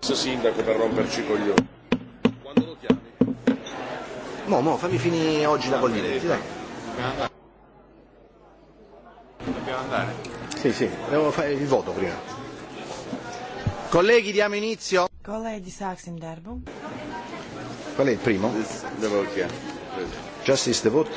Sindaco per romperci i coglioni. Quando lo chiami? Mo, mo, fammi finire oggi la Coldiretti, dai. Dobbiamo andare. Dobbiamo andare. Sì, sì, devo fare il voto prima. Colleghi, diamo inizio. Colleghi, sāksim darbu. Qual è il primo? This, the vote, yeah. Just is the vote.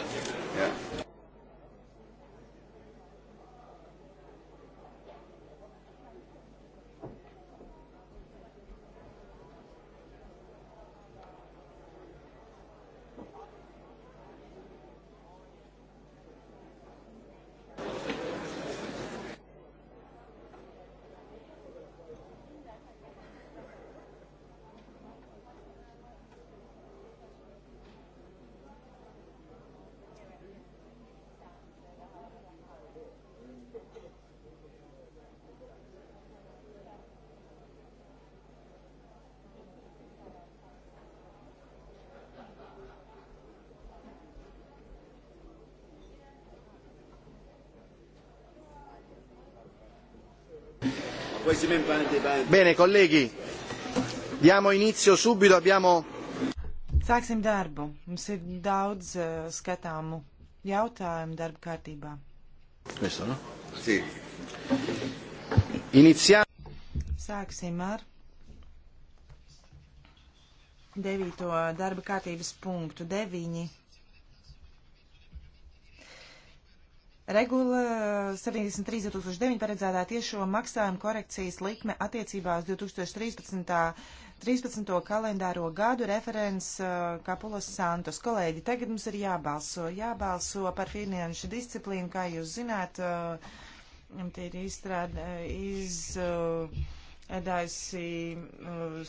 Bene, kolēģi, diamo inizio subito, abbiamo. Sāksim darbu. Mums ir daudz uh, skatāmu jautājumu darba kārtībā. Questo, no? Sì. Iniziamo. Sāksim ar devīto darba kārtības punktu deviņi. Regula 73.009 paredzētā tiešo maksājumu korekcijas likme attiecībā uz 2013. 13. kalendāro gadu referents uh, Kapulas Santos. Kolēģi, tagad mums ir jābalso. Jābalso par finanšu disciplīnu, kā jūs zināt, uh, tie ir izstrādā, uh, iz, dājusi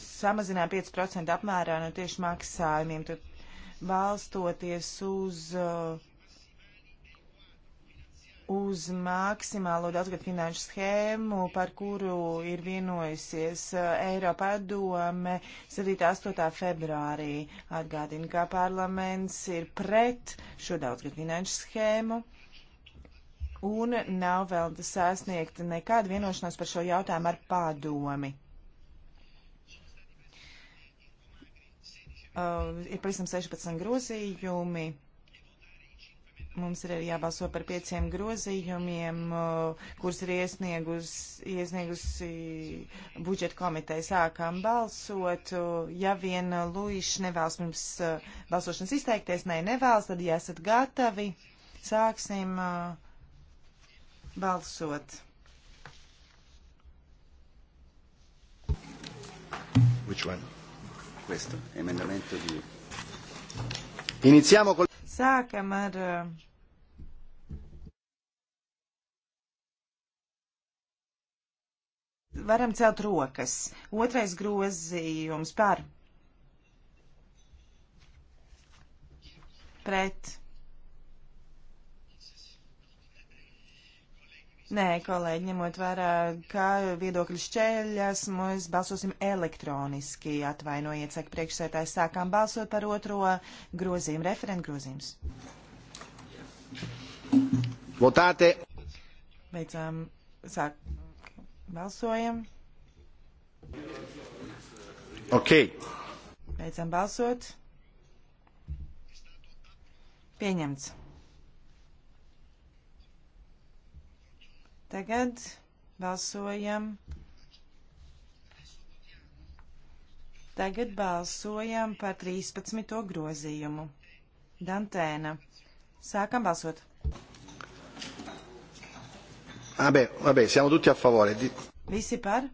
samazinājumi 5% apmērā no tieši maksājumiem, tad balstoties uz uh, uz maksimālo daudzgadu finanšu schēmu, par kuru ir vienojusies Eiropā dome 7.8. februārī. Atgādina, ka parlaments ir pret šo daudzgadu finanšu schēmu un nav vēl sasniegta nekāda vienošanās par šo jautājumu ar padomi. Uh, ir, pavisam 16 grozījumi Mums ir arī jābalso par pieciem grozījumiem, kurus ir iesniegus, iesniegusi budžeta komiteja. Sākām balsot. Ja vien Luīšs nevēlas mums balsošanas izteikties, nē, ne, nevēlas, tad ja esat gatavi, sāksim balsot. Which one? Questo emendamento di... Iniziamo col... Sākam ar uh, Varam celt rokas. Otrais grozījums par. Pret. Nē, kolēģi, ņemot vērā, ka viedokļi šķēļas, mēs balsosim elektroniski. Atvainojiet, saka priekšsētājs, sākām balsot par otro grozījumu, referentu grozījums. Votāte. Beidzām, sāk, balsojam. Ok. Beidzām balsot. Pieņemts. Tagad balsojam. Tagad balsojam par 13. grozījumu. Dantēna. Sākam balsot. Vabbè, vabbè, siamo tutti a favore. Di... Visi par?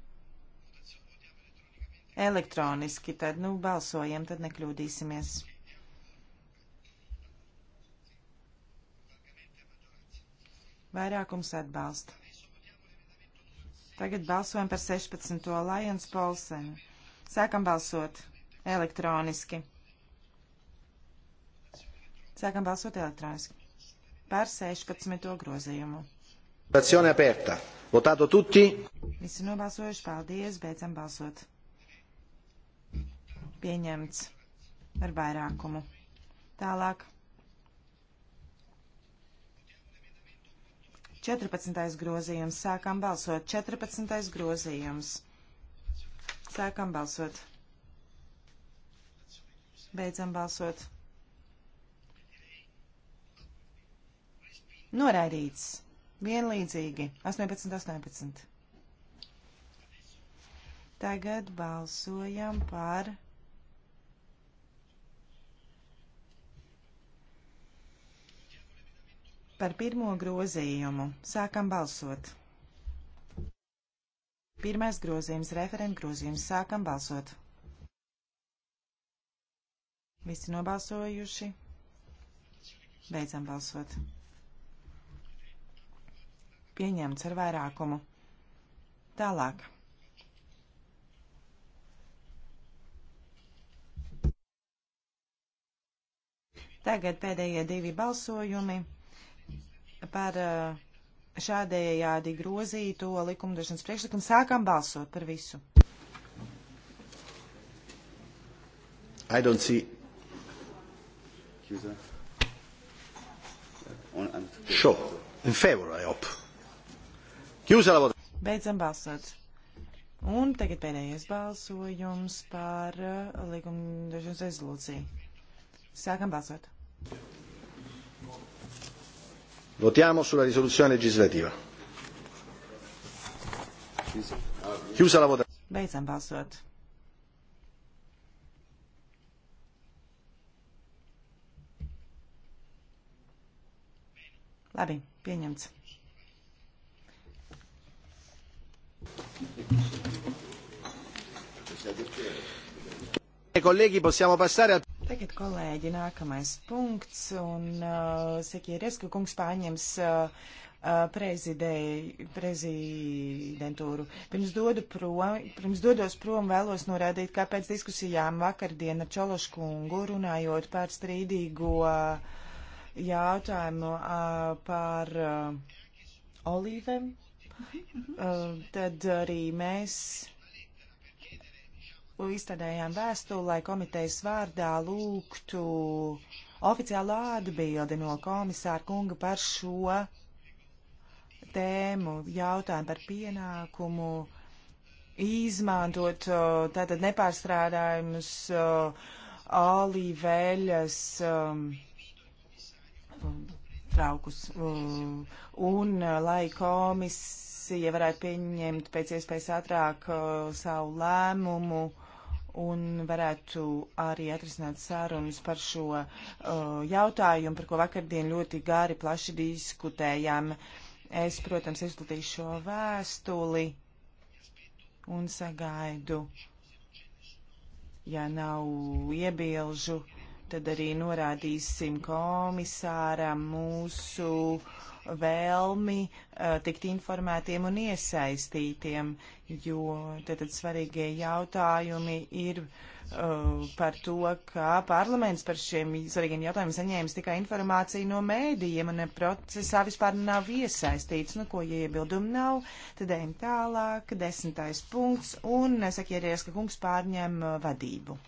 Elektroniski, tad nu balsojam, tad nekļūdīsimies. Vairākums atbalsta. Tagad balsojam par 16. Lions Polsen. Sākam balsot elektroniski. Sākam balsot elektroniski par 16. grozījumu. Votazione aperta. Votato tutti. Visi nobalsojuši, paldies, beidzam balsot. Pieņemts ar vairākumu. Tālāk. 14. grozījums. Sākam balsot. 14. grozījums. Sākam balsot. Beidzam balsot. Noraidīts. Vienlīdzīgi. 18, 18. Tagad balsojam par par pirmo grozījumu. Sākam balsot. Pirmais grozījums, referent grozījums. Sākam balsot. Visi nobalsojuši. Beidzam balsot. Pieņemts ar vairākumu. Tālāk. Tagad pēdējie divi balsojumi par eh, šādējādi grozīto likumdošanas priekšlikumu. Sākam balsot par visu. I don't see. Šo. In favor, I hope. Beidzam balsot. Un tagad pēdējais balsojums par eh, likumdošanas rezolūciju. Sākam balsot. Yeah. Votiamo sulla risoluzione legislativa. Chiusa la votazione. Beidzam balsot. Labi, pieņemts. Colleghi, possiamo passare al... Tagad, kolēģi, nākamais punkts, un uh, Sekieries, ka kungs pārņems uh, uh prezidei, prezidentūru. Pirms, dodu prom, pirms dodos prom vēlos norādīt, kāpēc diskusijām vakardien ar Čološu kungu runājot par strīdīgo uh, jautājumu uh, par olīviem, mhm, mhm. tad arī mēs izstādējām vēstuli, lai komitejas vārdā lūgtu oficiālu atbildi no komisāra kunga par šo tēmu, jautājumu par pienākumu izmantot tātad nepārstrādājumus olīveļas traukus un lai komisija varētu pieņemt pēc iespējas ātrāk savu lēmumu un varētu arī atrisināt sārunas par šo uh, jautājumu, par ko vakardien ļoti gāri plaši diskutējām. Es, protams, izplatīšu šo vēstuli un sagaidu, ja nav iebilžu, tad arī norādīsim komisāram mūsu uh, vēlmi uh, tikt informētiem un iesaistītiem, jo tad svarīgie jautājumi ir uh, par to, ka parlaments par šiem svarīgiem jautājumiem saņēmis tikai informāciju no mēdījiem un procesā vispār nav iesaistīts. Nu, ko, ja iebildumu nav, tad ejam tālāk, desmitais punkts un, eh, saka, ierieska kungs pārņem vadību.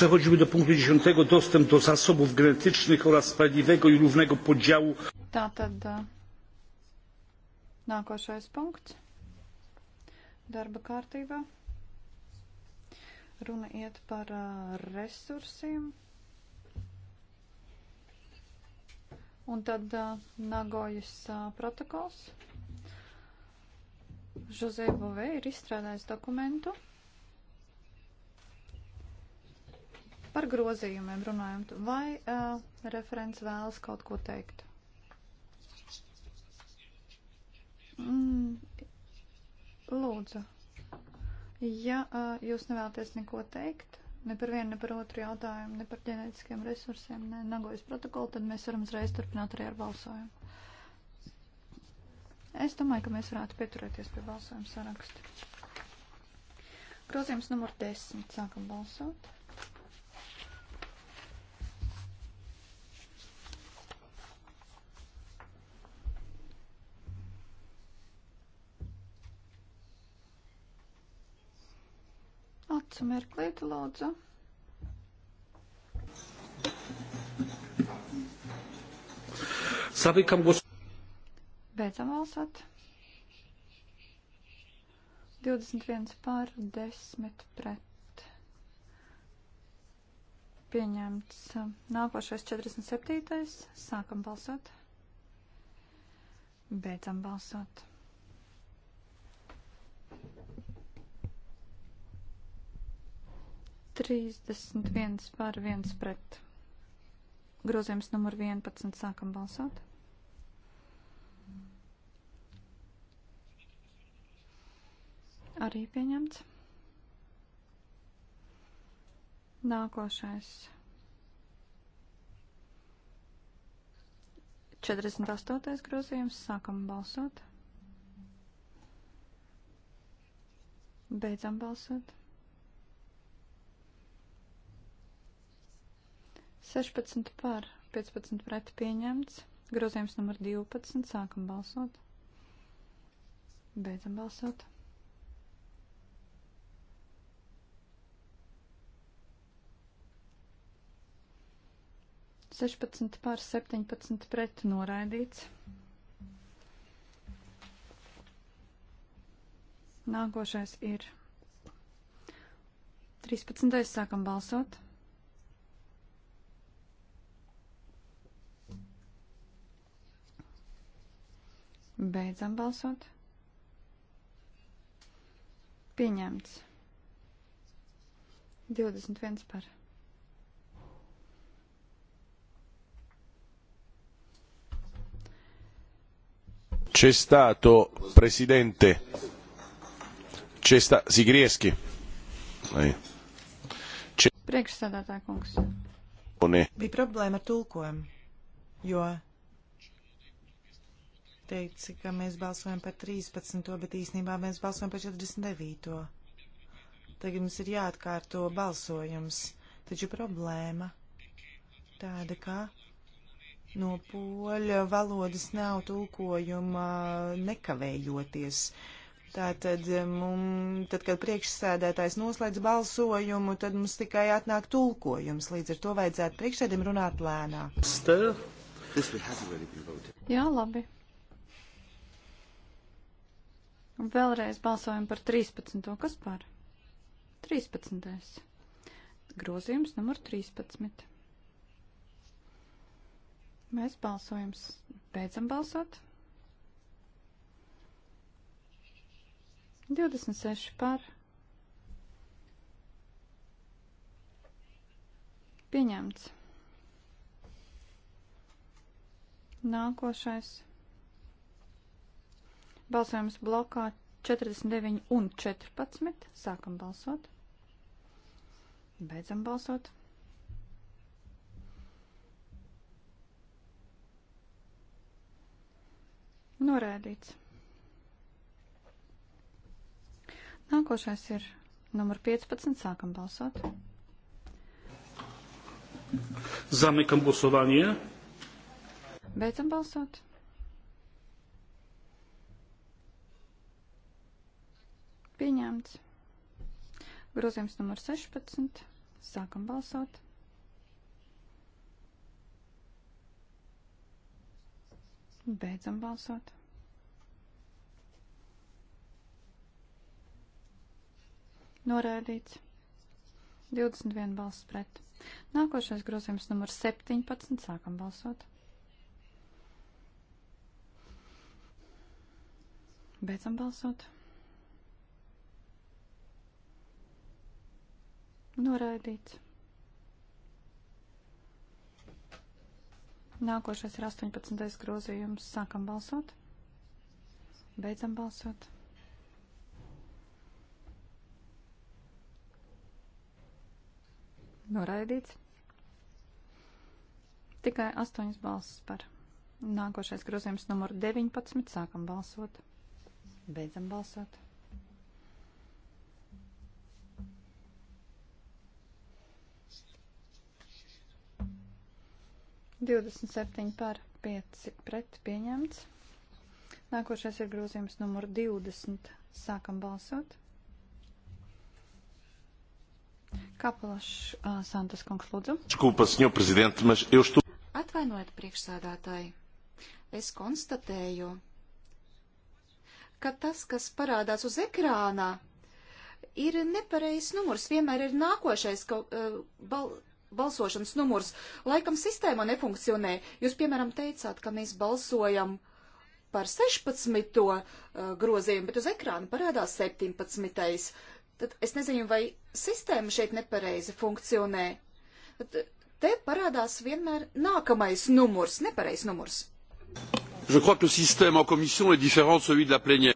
Przechodzimy do punktu 10. Dostęp do zasobów genetycznych oraz sprawiedliwego i równego podziału. Tātad nākošais punkts darba kārtībā. Runa iet par resursiem. Un tad Nagojas protokols. Žozē Bovē ir izstrādājis dokumentu. Par grozījumiem runājot, vai uh, referents vēlas kaut ko teikt? Mm, lūdzu. Ja uh, jūs nevēlaties neko teikt, ne par vienu, ne par otru jautājumu, ne par ģenētiskiem resursiem, ne nagojas protokolu, tad mēs varam uzreiz turpināt arī ar balsojumu. Es domāju, ka mēs varētu pieturēties pie balsojuma saraksta. Grozījums numur 10. Sākam balsot. Vārds Merklīta lūdzu. Savikam būs. Beidzam valsot. 21 pār 10 pret. Pieņemts nākošais 47. Sākam balsot. Beidzam balsot. 31 pār 1 pret. Grozījums numur 11. Sākam balsot. Arī pieņemts. Nākošais. 48. grozījums. Sākam balsot. Beidzam balsot. 16 par, 15 pret pieņemts. Grozījums numur 12. Sākam balsot. Beidzam balsot. Sešpadsmit pār septiņpadsmit pret noraidīts. Nākošais ir trīspadsmitais sākam balsot. Beidzam balsot. Pieņemts. 21 par. C'è stato, Presidente, c'è sta, Sigrieschi. Priekšsēdētā kungs. Bija problēma ar tulkojumu, jo teikts, ka mēs balsojam par 13, bet īsnībā mēs balsojam par 49. Tagad mums ir jāatkārto balsojums, taču problēma tāda, ka no poļa valodas nav tulkojuma nekavējoties. Tātad, mum, tad, kad priekšsēdētājs noslēdz balsojumu, tad mums tikai atnāk tulkojums. Līdz ar to vajadzētu priekšsēdim runāt lēnāk. Jā, labi. Un vēlreiz balsojam par 13. Kas par? 13. Grozījums numur 13. Mēs balsojam. Beidzam balsot. 26 par. Pieņemts. Nākošais. Balsojums blokā 49 un 14. Sākam balsot. Beidzam balsot. Norēdīts. Nākošais ir numur 15. Sākam balsot. Zamykam głosowanie. Beidzam balsot. Pieņemts. Grozījums numur 16. Sākam balsot. Beidzam balsot. Noraidīts. 21 balsts pret. Nākošais grozījums numur 17. Sākam balsot. Beidzam balsot. Noraidīts. Nākošais ir 18. grozījums. Sākam balsot. Beidzam balsot. Noraidīts. Tikai 8 balsis par. Nākošais grozījums numur 19. Sākam balsot. Beidzam balsot. 27 par 5 pret pieņemts. Nākošais ir grozījums numur 20. Sākam balsot. Kapelašs uh, Santas kungs, lūdzu. Desculpa, senhor presidente, mas eu estou... Atvainojiet, priekšsādātāji. Es konstatēju, ka tas, kas parādās uz ekrānā, ir nepareizs numurs. Vienmēr ir nākošais, ka, uh, bal, balsošanas numurs. Laikam sistēma nefunkcionē. Jūs, piemēram, teicāt, ka mēs balsojam par 16. Uh, grozījumu, bet uz ekrāna parādās 17. Tad es nezinu, vai sistēma šeit nepareizi funkcionē. Tad uh, te parādās vienmēr nākamais numurs, nepareizs numurs. Je crois que le système en commission est différent de celui de la plénière.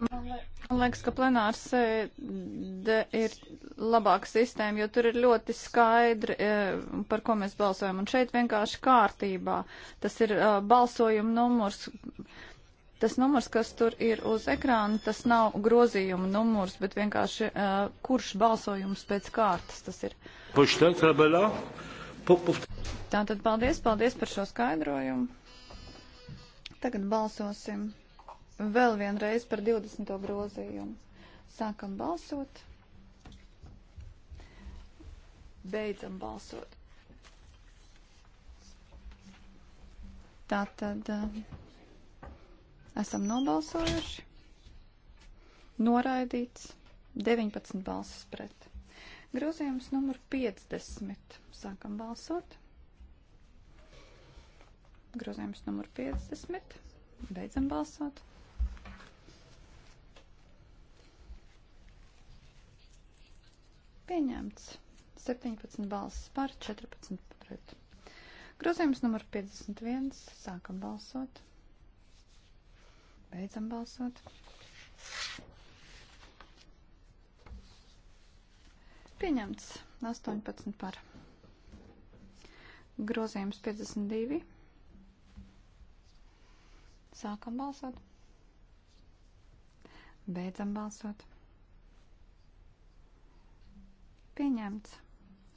Man liekas, ka plenārs sēde ir labāka sistēma, jo tur ir ļoti skaidri, e, par ko mēs balsojam. Un šeit vienkārši kārtībā. Tas ir e, balsojuma numurs. Tas numurs, kas tur ir uz ekrāna, tas nav grozījuma numurs, bet vienkārši e, kurš balsojums pēc kārtas tas ir. Tātad paldies, paldies par šo skaidrojumu. Tagad balsosim. Vēl vienreiz par 20. grozījumu. Sākam balsot. Beidzam balsot. Tātad eh, esam nobalsojuši. Noraidīts 19 balsis pret. Grozījums numur 50. Sākam balsot. Grozījums numur 50. Beidzam balsot. Pieņemts. 17 balsis par, 14 pret. Grozījums numur 51. Sākam balsot. Beidzam balsot. Pieņemts. 18 par. Grozījums 52. Sākam balsot. Beidzam balsot. Pieņemts.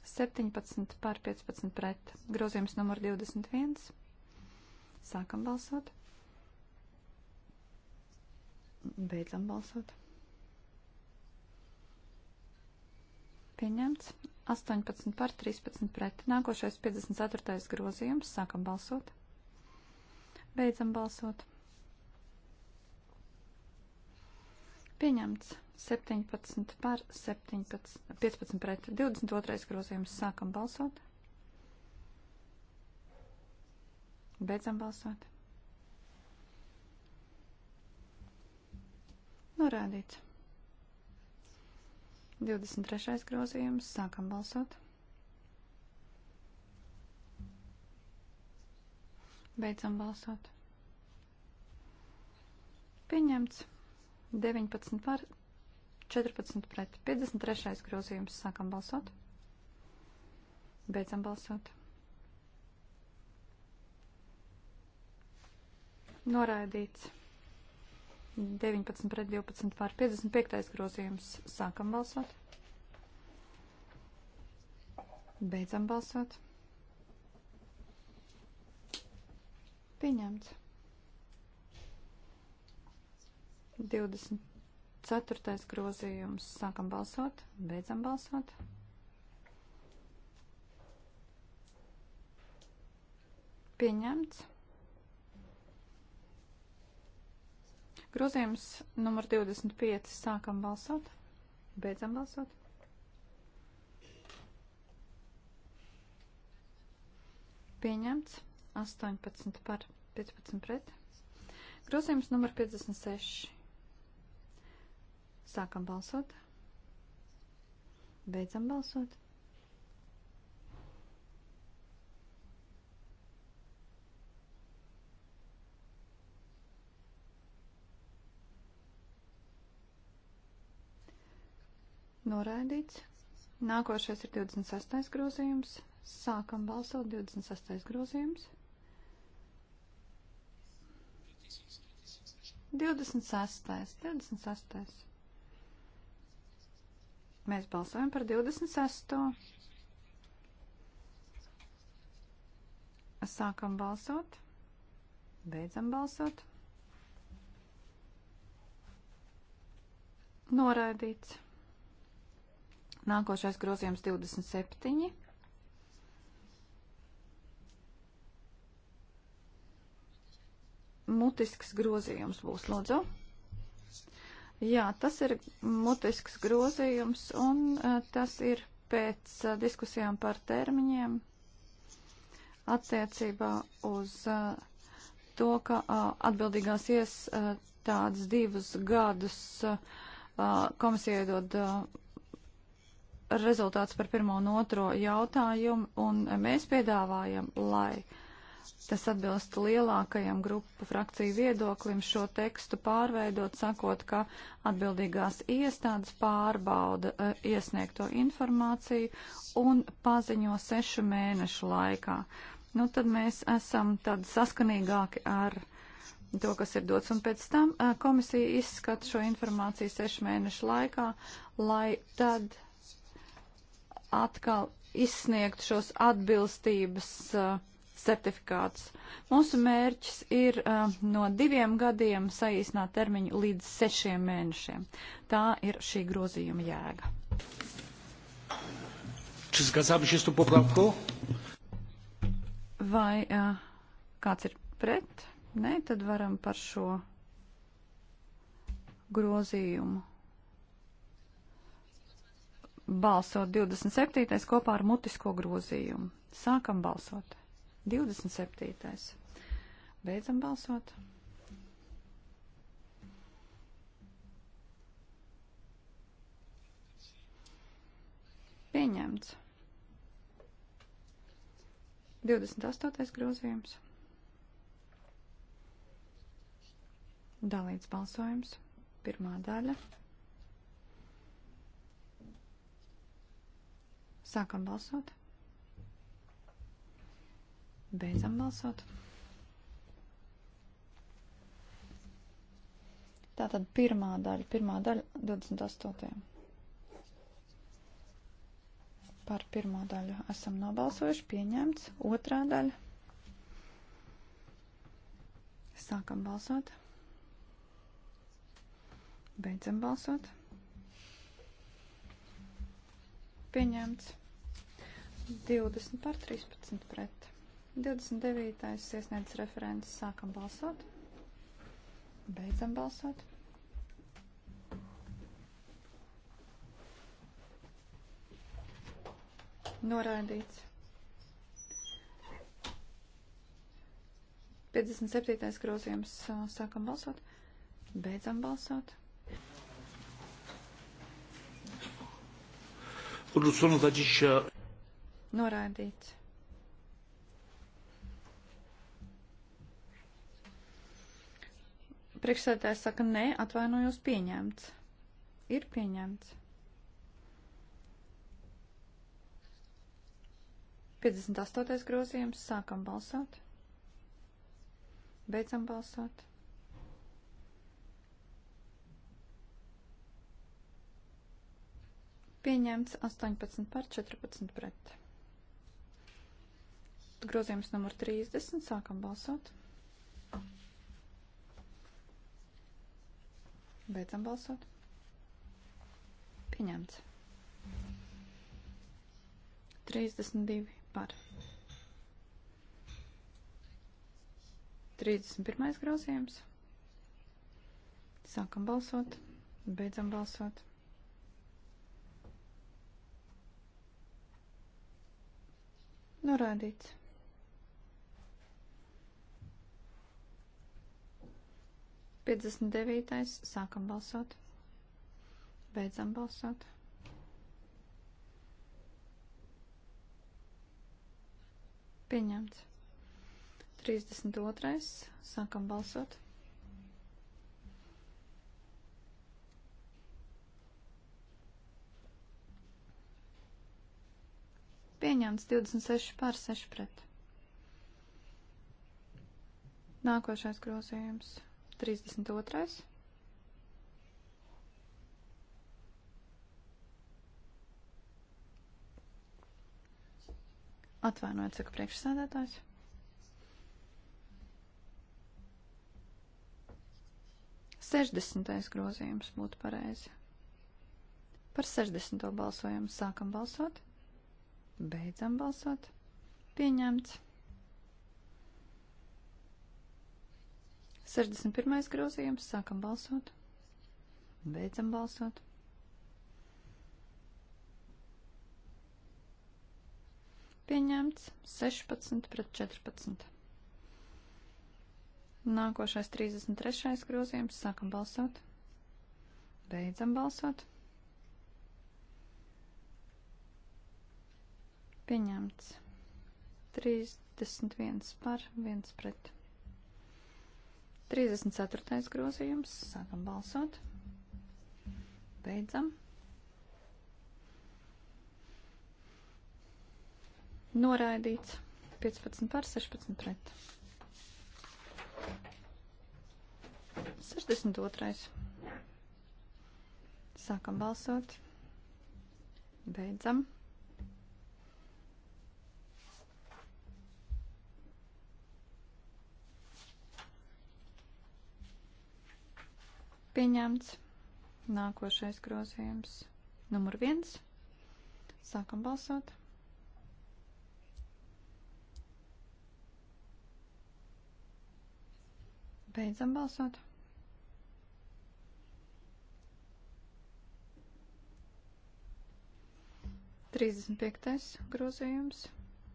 17 pār 15 pret. Grozījums numur 21. Sākam balsot. Beidzam balsot. Pieņemts. 18 par 13 pret. Nākošais 54. grozījums. Sākam balsot. Beidzam balsot. Pieņemts. 17 par 17, 15 pret 22 grozījums. Sākam balsot. Beidzam balsot. Norādīts. 23. grozījums. Sākam balsot. Beidzam balsot. Pieņemts. 19 par 14 pret. 53. grozījums. Sākam balsot. Beidzam balsot. Noraidīts. 19 pret 12 pār 55. grozījums. Sākam balsot. Beidzam balsot. Pieņemts. 20 Ceturtais grozījums. Sākam balsot, beidzam balsot. Pieņemts. Grozījums numur 25. Sākam balsot, beidzam balsot. Pieņemts. 18 par 15 pret. Grozījums numur 56. Sākam balsot. Beidzam balsot. Noraidīts. Nākošais ir 26. grozījums. Sākam balsot 26. grozījums. 26. 26. Mēs balsojam par 26. Sākam balsot. Beidzam balsot. Noraidīts. Nākošais grozījums 27. Mutisks grozījums būs, lūdzu. Jā, tas ir mutisks grozījums un uh, tas ir pēc uh, diskusijām par termiņiem attiecībā uz uh, to, ka atbildīgās iestādes divus gadus komisijai dod rezultāts par pirmo un otro jautājumu un mēs piedāvājam, lai Tas atbilst lielākajam grupu frakciju viedoklim šo tekstu pārveidot, sakot, ka atbildīgās iestādes pārbauda e, iesniegto informāciju un paziņo sešu mēnešu laikā. Nu, tad mēs esam tad saskanīgāki ar to, kas ir dots. Un pēc tam e, komisija izskata šo informāciju sešu mēnešu laikā, lai tad atkal izsniegt šos atbilstības uh, e, certifikātus. Mūsu mērķis ir uh, no diviem gadiem saīsināt termiņu līdz sešiem mēnešiem. Tā ir šī grozījuma jēga. Vai uh, kāds ir pret? Nē, tad varam par šo grozījumu balsot 27. kopā ar mutisko grozījumu. Sākam balsot. 27. Beidzam balsot. Pieņemts. 28. grozījums. Dalīts balsojums. Pirmā daļa. Sākam balsot. Beidzam balsot. Tātad pirmā daļa, pirmā daļa 28. Par pirmo daļu esam nobalsojuši, pieņemts. Otrā daļa. Sākam balsot. Beidzam balsot. Pieņemts. 20 par 13 pret. 29. iesniedz referents. Sākam balsot. Beidzam balsot. Noraidīts. 57. grozījums. Sākam balsot. Beidzam balsot. Odrzucono 20. E, Noraidīts. Priekšsēdētājs saka, nē, atvainojos, pieņemts. Ir pieņemts. 58. grozījums. Sākam balsot. Beidzam balsot. Pieņemts 18 par 14 pret. Grozījums numur 30. Sākam balsot. Beidzam balsot. Pieņemts. 32 par. 31. grozījums. Sākam balsot. Beidzam balsot. Norādīts. 59. Sākam balsot. Beidzam balsot. Pieņemts. 32. Sākam balsot. Pieņemts 26 pār 6 pret. Nākošais grozījums. 32. Atvainojiet, saka priekšsēdētājs. Sešdesmitais grozījums būtu pareizi. Par 60. balsojumu sākam balsot, beidzam balsot, pieņemts. 61. grozījums. Sākam balsot. Beidzam balsot. Pieņemts 16 pret 14. Nākošais 33. grozījums. Sākam balsot. Beidzam balsot. Pieņemts 31 par 1 pret 34. grozījums. Sākam balsot. Beidzam. Noraidīts. 15 par 16 pret. 62. Sākam balsot. Beidzam. Pieņemts. Nākošais grozījums. Numur viens. Sākam balsot. Beidzam balsot. Trīsdesmit piektais grozījums.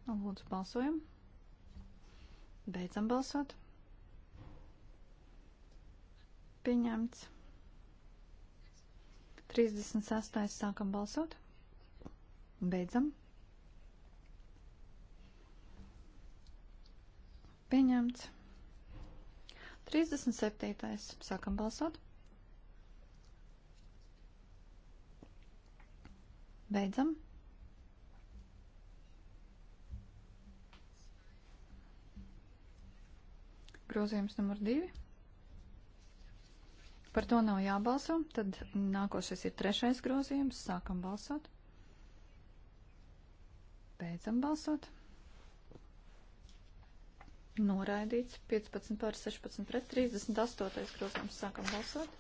Lūdzu, balsojam. Beidzam balsot. Pieņemts. 36. sākam balsot. Beidzam. Pieņemts. 37. sākam balsot. Beidzam. Grozījums numur 2. Par to nav jābalso. Tad nākošais ir trešais grozījums. Sākam balsot. Beidzam balsot. Noraidīts 15 pār 16 pret 38. grozījums. Sākam balsot.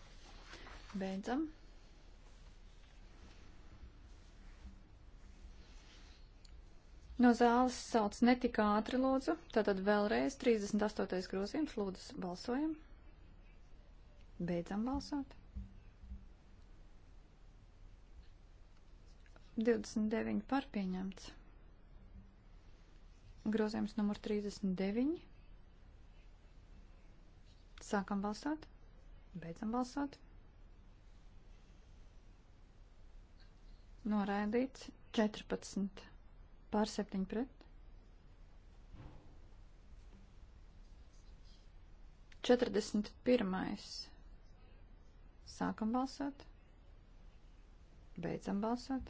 Beidzam. No zāles sauc netika ātri lūdzu, tātad vēlreiz 38. grozījums lūdzu balsojumu. Beidzam balsot. 29 par pieņemts. Grozījums numur 39. Sākam balsot. Beidzam balsot. Noraidīts 14 pār 7 pret. 41. Sākam balsot. Beidzam balsot.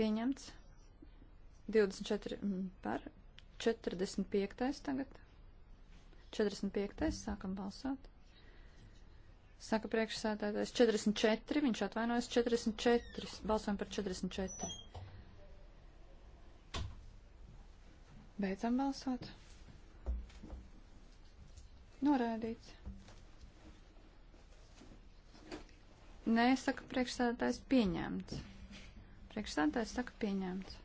Pieņemts. 24 mm, par. 45. tagad. 45. sākam balsot. Saka priekšsēdētājs 44, viņš atvainojas 44, balsojam par 44. Beidzam balsot. Norādīts. Nē, saka priekšsēdētājs pieņemts. Priekšsēdētājs saka pieņemts.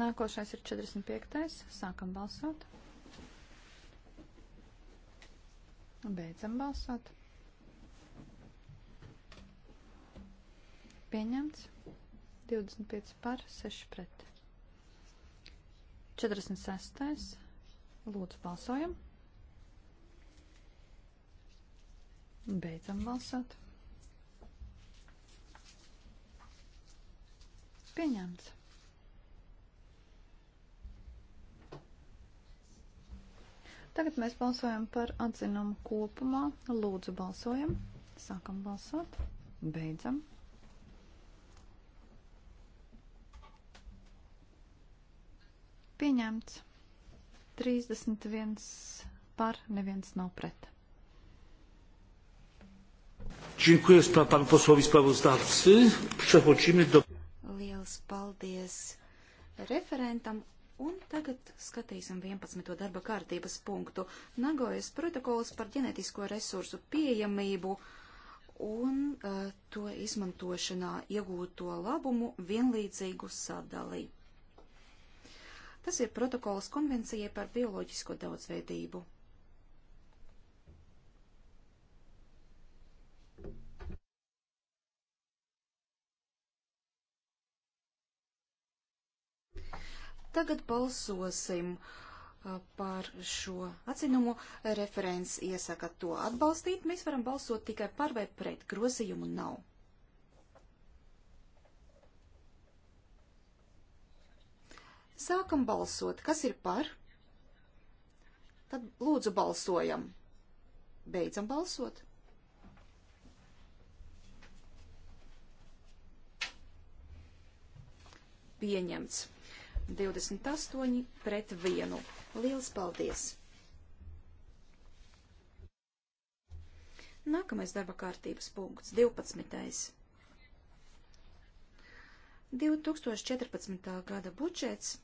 Nākošais ir 45. Sākam balsot. Beidzam balsot. Pieņemts. 25 par, 6 pret. 46. Lūdzu, balsojam. Beidzam balsot. Pieņemts. Tagad mēs balsojam par atzinumu kopumā. Lūdzu, balsojam. Sākam balsot. Beidzam. Pieņemts. 31 par, neviens nav pret. Dziękuję panu posłowi sprawozdawcy. Przechodzimy do. Liels paldies referentam. Un tagad skatīsim 11. darba kārtības punktu. Nagojas protokols par ģenetisko resursu pieejamību un uh, to izmantošanā iegūto labumu vienlīdzīgu sadalību. Tas ir protokols konvencijai par bioloģisko daudzveidību. Tagad balsosim uh, par šo atzinumu. Referents iesaka to atbalstīt. Mēs varam balsot tikai par vai pret. Grozījumu nav. Sākam balsot. Kas ir par? Tad lūdzu balsojam. Beidzam balsot. Pieņemts. 28 pret 1. Liels paldies! Nākamais darba kārtības punkts - 12. 2014. gada budžets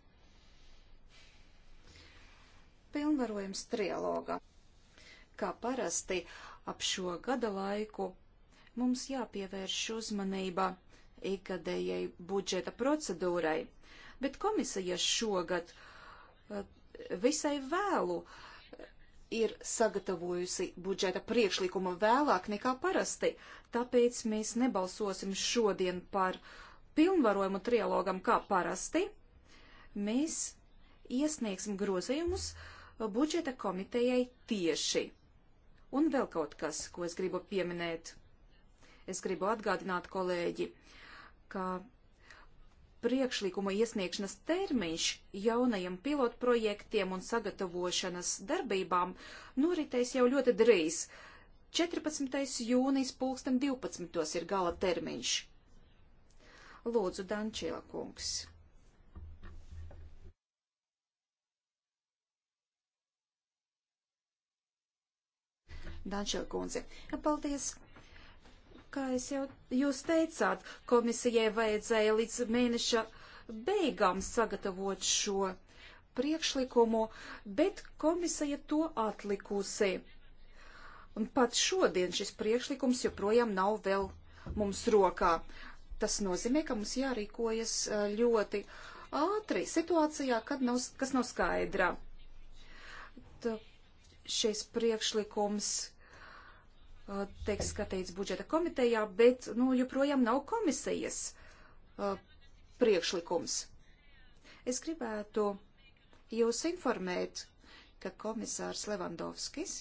pilnvarojums trialogam. Kā parasti ap šo gada laiku mums jāpievērš uzmanība ikgadējai budžeta procedūrai, bet komisija šogad eh, visai vēlu eh, ir sagatavojusi budžeta priekšlikumu vēlāk nekā parasti, tāpēc mēs nebalsosim šodien par pilnvarojumu trialogam kā parasti. Mēs iesniegsim grozījumus uh, budžeta komitejai tieši. Un vēl kaut kas, ko es gribu pieminēt. Es gribu atgādināt kolēģi, ka priekšlikuma iesniegšanas termiņš jaunajiem pilotprojektiem un sagatavošanas darbībām noritēs jau ļoti drīz. 14. jūnijas pulksten 12. ir gala termiņš. Lūdzu, Dančila kungs. Dančila kundze. Paldies! Kā es jau jūs teicāt, komisijai vajadzēja līdz mēneša beigām sagatavot šo priekšlikumu, bet komisija to atlikusi. Un pat šodien šis priekšlikums joprojām nav vēl mums rokā. Tas nozīmē, ka mums jārīkojas ļoti ātri situācijā, kad nav, kas nav skaidra. Tā šis priekšlikums Uh, tiek skatīts budžeta komitejā, bet nu, joprojām nav komisijas uh, priekšlikums. Es gribētu jūs informēt, ka komisārs Levandovskis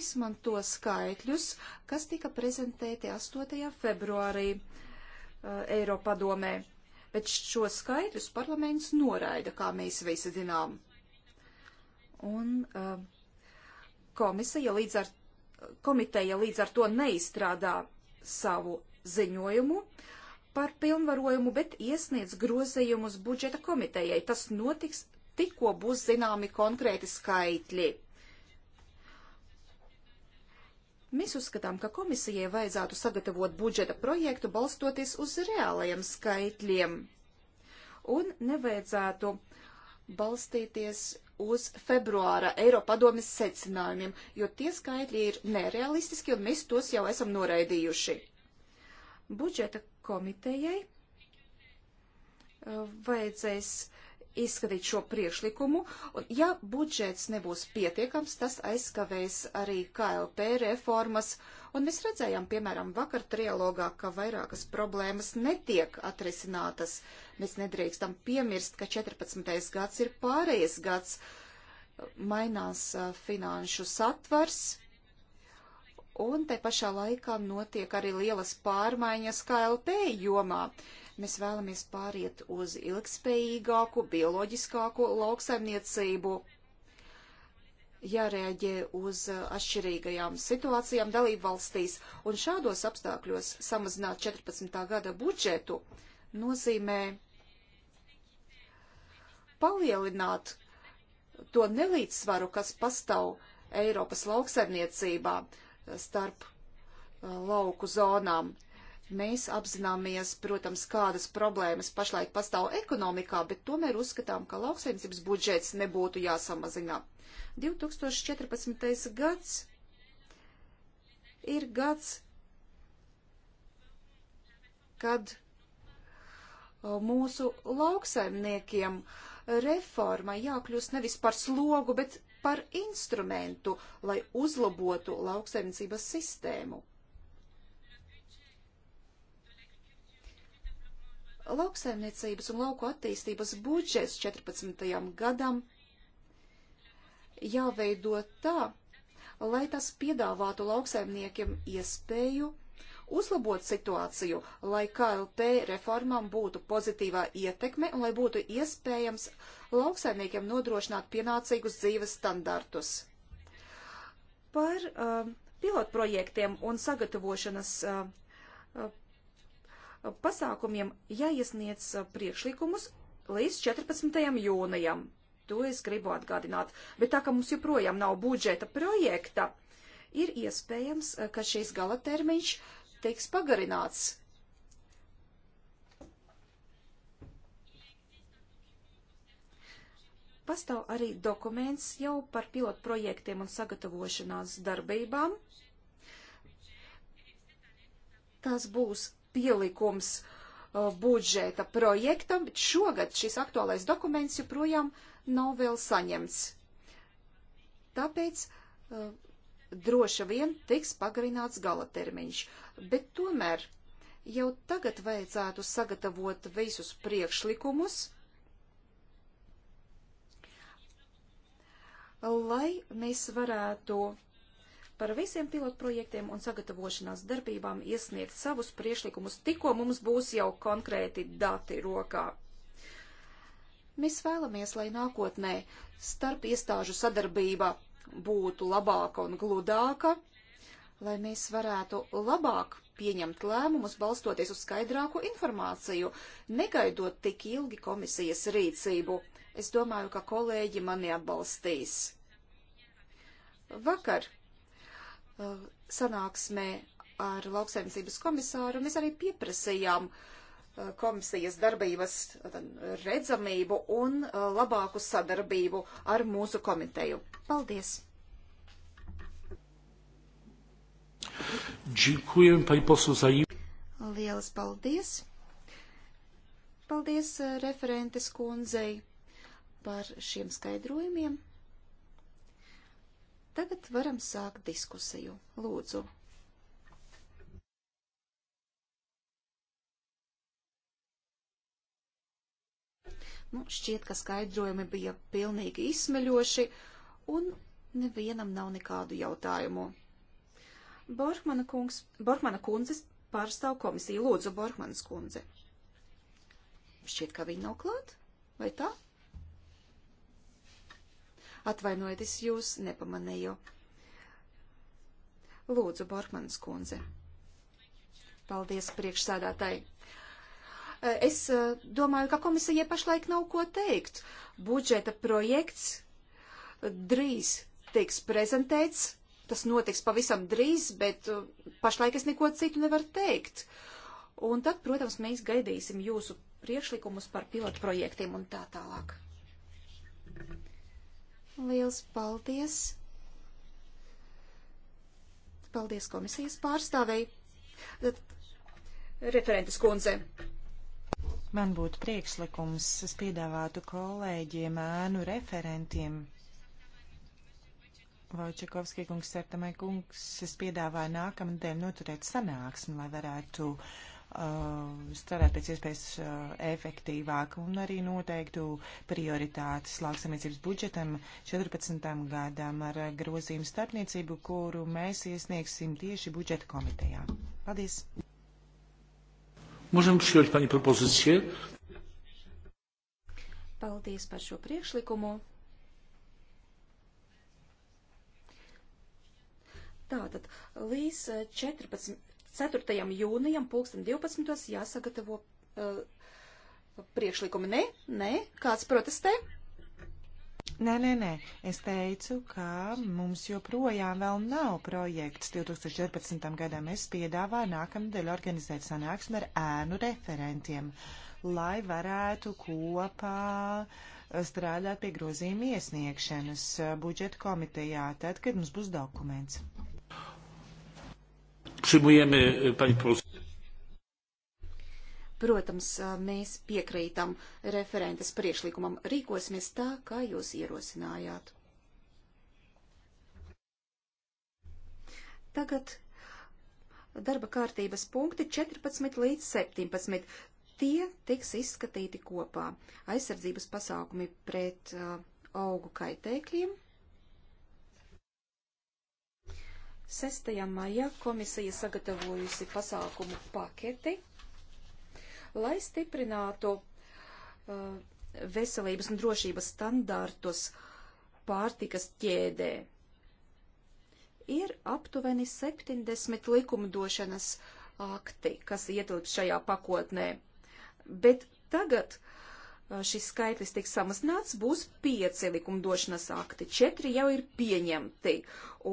izmanto skaitļus, kas tika prezentēti 8. februārī uh, Eiropadomē, bet šo skaitļus parlaments noraida, kā mēs visi zinām. Un uh, Komisija līdz ar, komiteja līdz ar to neizstrādā savu ziņojumu par pilnvarojumu, bet iesniedz grozījumus budžeta komitejai. Tas notiks tikko būs zināmi konkrēti skaitļi. Mēs uzskatām, ka komisijai vajadzētu sagatavot budžeta projektu balstoties uz reālajiem skaitļiem un nevajadzētu balstīties uz februāra Eiropadomes secinājumiem, jo tie skaitļi ir nerealistiski un mēs tos jau esam noraidījuši. Budžeta komitejai uh, vajadzēs izskatīt šo priekšlikumu, un ja budžets nebūs pietiekams, tas aizskavēs arī KLP reformas, un mēs redzējām, piemēram, vakar trialogā, ka vairākas problēmas netiek atrisinātas, Mēs nedrīkstam piemirst, ka 14. gads ir pārējais gads, mainās uh, finanšu satvars, un te pašā laikā notiek arī lielas pārmaiņas KLP jomā. Mēs vēlamies pāriet uz ilgspējīgāku, bioloģiskāku lauksaimniecību, jārēģē uz atšķirīgajām situācijām dalību valstīs, un šādos apstākļos samazināt 14. gada budžetu nozīmē palielināt to nelīdzsvaru, kas pastāv Eiropas lauksaimniecībā eh, starp eh, lauku zonām. Mēs apzināmies, protams, kādas problēmas pašlaik pastāv ekonomikā, bet tomēr uzskatām, ka lauksaimniecības budžets nebūtu jāsamazina. 2014. gads ir gads, kad eh, mūsu lauksaimniekiem uh, reformai jākļūst nevis par slogu, bet par instrumentu, lai uzlabotu lauksaimniecības sistēmu. Lauksaimniecības un lauku attīstības budžets 14. gadam jāveido tā, lai tas piedāvātu lauksaimniekiem iespēju uzlabot situāciju, lai KLP reformām būtu pozitīvā ietekme un lai būtu iespējams lauksaimniekiem nodrošināt pienācīgus dzīves standartus. Par uh, pilotprojektiem un sagatavošanas uh, pasākumiem jāiesniedz uh, priekšlikumus līdz 14. jūnijam. To es gribu atgādināt. Bet tā kā mums joprojām nav budžeta projekta, ir iespējams, uh, ka šīs gala termiņš tiks pagarināts. Pastāv arī dokuments jau par pilotprojektiem un sagatavošanās darbībām. Tas būs pielikums uh, budžeta projektam, bet šogad šis aktuālais dokuments joprojām nav vēl saņemts. Tāpēc uh, droši vien tiks pagarināts gala termiņš, bet tomēr jau tagad vajadzētu sagatavot visus priekšlikumus, lai mēs varētu par visiem pilotprojektiem un sagatavošanās darbībām iesniegt savus priešlikumus, tikko mums būs jau konkrēti dati rokā. Mēs vēlamies, lai nākotnē starp iestāžu sadarbība būtu labāka un gludāka, lai mēs varētu labāk pieņemt lēmumus, balstoties uz skaidrāku informāciju, negaidot tik ilgi komisijas rīcību. Es domāju, ka kolēģi mani atbalstīs. Vakar uh, sanāksmē ar lauksaimniecības komisāru mēs arī pieprasījām uh, Uh, komisijas darbības uh, redzamību un uh, labāku sadarbību ar mūsu komiteju. Paldies! Dziękuję pani poseł za Lielas paldies! Paldies referentes kundzei par šiem skaidrojumiem. Tagad varam sākt diskusiju. Lūdzu! Nu, šķiet, ka skaidrojumi bija pilnīgi izsmeļoši, un nevienam nav nekādu jautājumu. Borkmana, kungs, Borkmana kundzes pārstāv komisiju. Lūdzu, Borkmanas kundze. Šķiet, ka viņa nav klāt, vai tā? Atvainojiet, es jūs nepamanīju. Lūdzu, Borkmanas kundze. Paldies priekšsādātai. Eh, es eh, domāju, ka komisijai pašlaik nav ko teikt. Budžeta projekts eh, drīz tiks prezentēts. Tas notiks pavisam drīz, bet pašlaik es neko citu nevaru teikt. Un tad, protams, mēs gaidīsim jūsu priekšlikumus par pilotu projektiem un tā tālāk. Liels paldies! Paldies komisijas pārstāvei! Referentes kundze! Man būtu priekšlikums, es piedāvātu kolēģiem, ēnu referentiem. Vojčakovskij kungs, Sertamai kungs, es piedāvāju nākamnedēļ noturēt sanāksmi, lai varētu uh, strādāt pēc iespējas uh, efektīvāk un arī noteiktu prioritātes lauksamniecības budžetam 14. gadam ar uh, grozījumu starpniecību, kuru mēs iesniegsim tieši budžeta komitejā. Paldies! Możemy przyjąć Pani propozycję. Paldies par šo priekšlikumu. Tātad līdz 14, 4. jūnijam, 2012. jāsagatavo uh, priekšlikumi. Nē, nē, kāds protestē? Nē, nē, nē. Es teicu, ka mums joprojām vēl nav projekts 2014. gadam. Es piedāvāju nākamnedēļ organizēt sanāksmi ar ēnu referentiem, lai varētu kopā strādāt pie grozījuma iesniegšanas budžeta komitejā, tad, kad mums būs dokuments. Przyjmujemy, pani poseł. Protams, mēs piekrītam referentes priekšlikumam. Rīkosimies tā, kā jūs ierosinājāt. Tagad darba kārtības punkti 14 līdz 17. Tie tiks izskatīti kopā. Aizsardzības pasākumi pret uh, augu kaitēkļiem. 6. maijā komisija sagatavojusi pasākumu paketi lai stiprinātu uh, veselības un drošības standārtus pārtikas ķēdē. Ir aptuveni 70 likumdošanas akti, kas ietilpst šajā pakotnē, bet tagad uh, šis skaitlis tiks samazināts, būs pieci likumdošanas akti, četri jau ir pieņemti,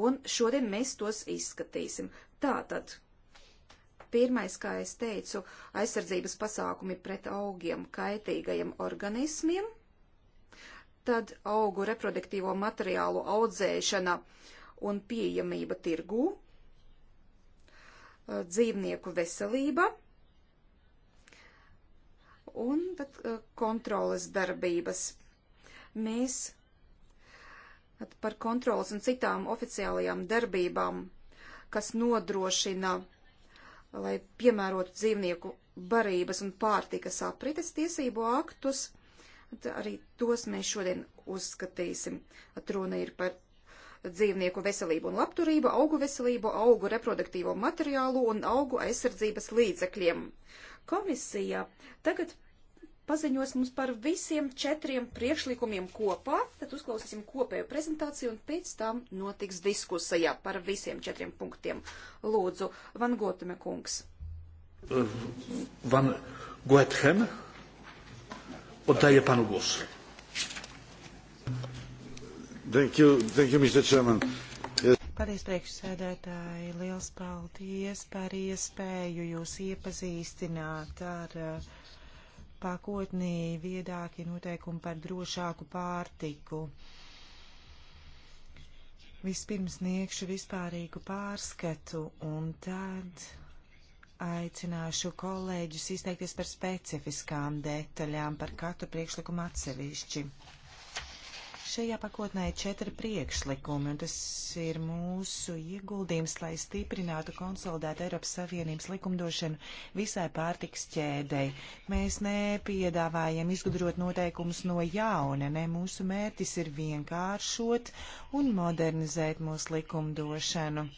un šodien mēs tos izskatīsim. Tātad Pirmais, kā es teicu, aizsardzības pasākumi pret augiem kaitīgajiem organismiem, tad augu reproduktīvo materiālu audzēšana un pieejamība tirgū, dzīvnieku veselība un tad kontroles darbības. Mēs par kontrolas un citām oficiālajām darbībām, kas nodrošina uh, lai piemērotu dzīvnieku barības un pārtikas aprites tiesību aktus. Arī tos mēs šodien uzskatīsim. Runa ir par dzīvnieku veselību un labturību, augu veselību, augu reproduktīvo materiālu un augu aizsardzības līdzekļiem. Komisija tagad paziņos mums par visiem četriem priekšlikumiem kopā, tad uzklausīsim kopēju prezentāciju un pēc tam notiks diskusija par visiem četriem punktiem. Lūdzu, Van Goteme kungs. Van Goethem, oddaję panu głos. Thank you, thank you, Mr. Chairman. Yes. Paldies, priekšsēdētāji. Liels paldies par iespēju jūs iepazīstināt ar uh, pakotnī viedākie noteikumi par drošāku pārtiku. Vispirms sniegšu vispārīgu pārskatu un tad aicināšu kolēģus izteikties par specifiskām detaļām par katru priekšlikumu atsevišķi. Šajā pakotnē ir četri priekšlikumi, un tas ir mūsu ieguldījums, lai stiprinātu konsolidētu Eiropas Savienības likumdošanu visai pārtiks ķēdei. Mēs nepiedāvājam izgudrot noteikumus no jauna, ne mūsu mērķis ir vienkāršot un modernizēt mūsu likumdošanu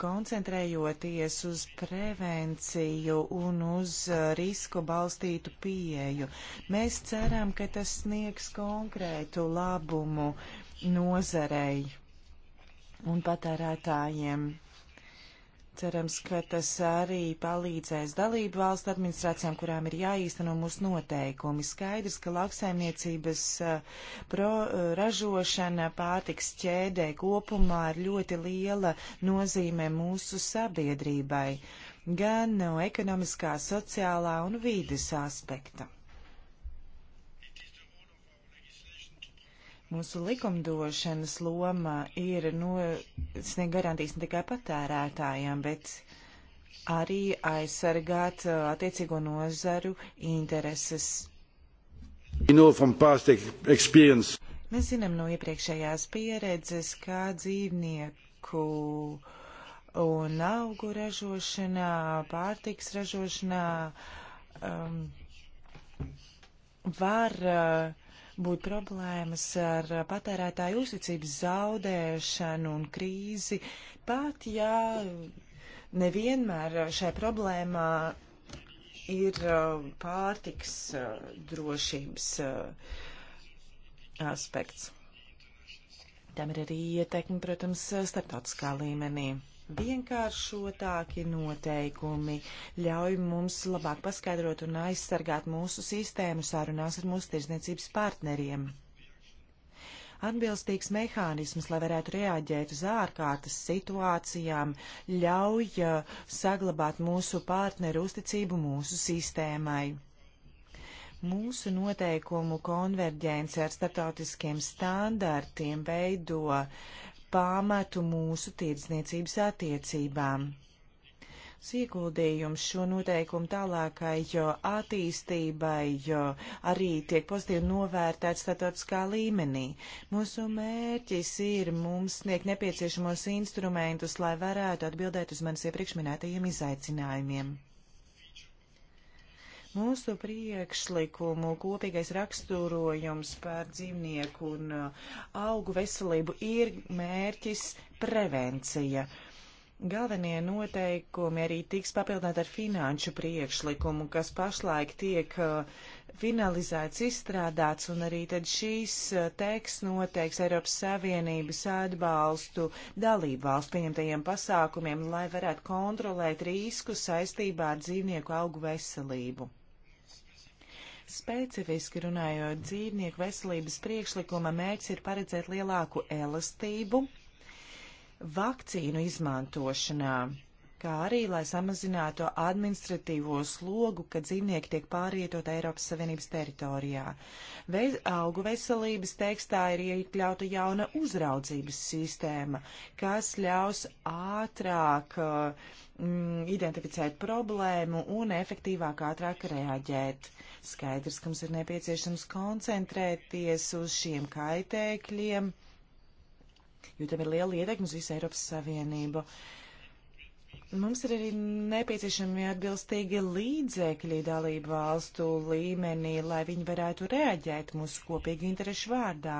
koncentrējoties uz prevenciju un uz uh, risku balstītu pieeju. Mēs ceram, ka tas sniegs konkrētu labumu nozarei un patērētājiem. Cerams, ka tas arī palīdzēs dalību valstu administrācijām, kurām ir jāīsteno mūsu noteikumi. Skaidrs, ka lauksaimniecības eh, pro, eh, ražošana pārtiks ķēdē kopumā ir ļoti liela nozīme mūsu sabiedrībai, gan no ekonomiskā, sociālā un vīdes aspekta. Mūsu likumdošanas loma ir no, sniegt garantijas ne tikai patērētājiem, bet arī aizsargāt uh, attiecīgo nozaru intereses. You know from past experience. Mēs zinām no iepriekšējās pieredzes, kā dzīvnieku un augu ražošanā, pārtiks ražošanā um, var uh, būt problēmas ar patērētāju uzticības zaudēšanu un krīzi, pat ja nevienmēr šai problēmā ir uh, pārtiks uh, drošības uh, aspekts. Tam ir arī ietekme, protams, starptautiskā līmenī vienkāršotāki noteikumi, ļauj mums labāk paskaidrot un aizsargāt mūsu sistēmu sārunās ar mūsu tirzniecības partneriem. Atbilstīgs mehānisms, lai varētu reaģēt uz ārkārtas situācijām, ļauj uh, saglabāt mūsu partneru uzticību mūsu sistēmai mūsu noteikumu konverģence ar starptautiskiem standartiem veido pamatu mūsu tirdzniecības attiecībām. Sīkuldījums šo noteikumu tālākai attīstībai arī tiek pozitīvi novērtēts statotiskā līmenī. Mūsu mērķis ir mums sniegt nepieciešamos instrumentus, lai varētu atbildēt uz manis iepriekš minētajiem izaicinājumiem. Mūsu priekšlikumu kopīgais raksturojums par dzīvnieku un uh, augu veselību ir mērķis prevencija. Galvenie noteikumi arī tiks papildināti ar finanšu priekšlikumu, kas pašlaik tiek uh, finalizēts, izstrādāts, un arī tad šīs uh, teksts noteiks Eiropas Savienības atbalstu dalību valstu pieņemtajiem pasākumiem, lai varētu kontrolēt risku saistībā ar dzīvnieku augu veselību. Specifiski runājot, dzīvnieku veselības priekšlikuma mērķis ir paredzēt lielāku elastību vakcīnu izmantošanā kā arī, lai samazinātu administratīvo slogu, kad dzīvnieki tiek pārvietot Eiropas Savienības teritorijā. Veiz, augu veselības tekstā ir iekļauta jauna uzraudzības sistēma, kas ļaus ātrāk uh, mm, identificēt problēmu un efektīvāk ātrāk reaģēt. Skaidrs, ka mums ir nepieciešams koncentrēties uz šiem kaitēkļiem, jo tam ir liela ietekme uz visu Eiropas Savienību. Uh, Mums ir arī nepieciešami atbilstīgi līdzekļi dalību valstu līmenī, lai viņi varētu reaģēt mūsu kopīgu interešu vārdā.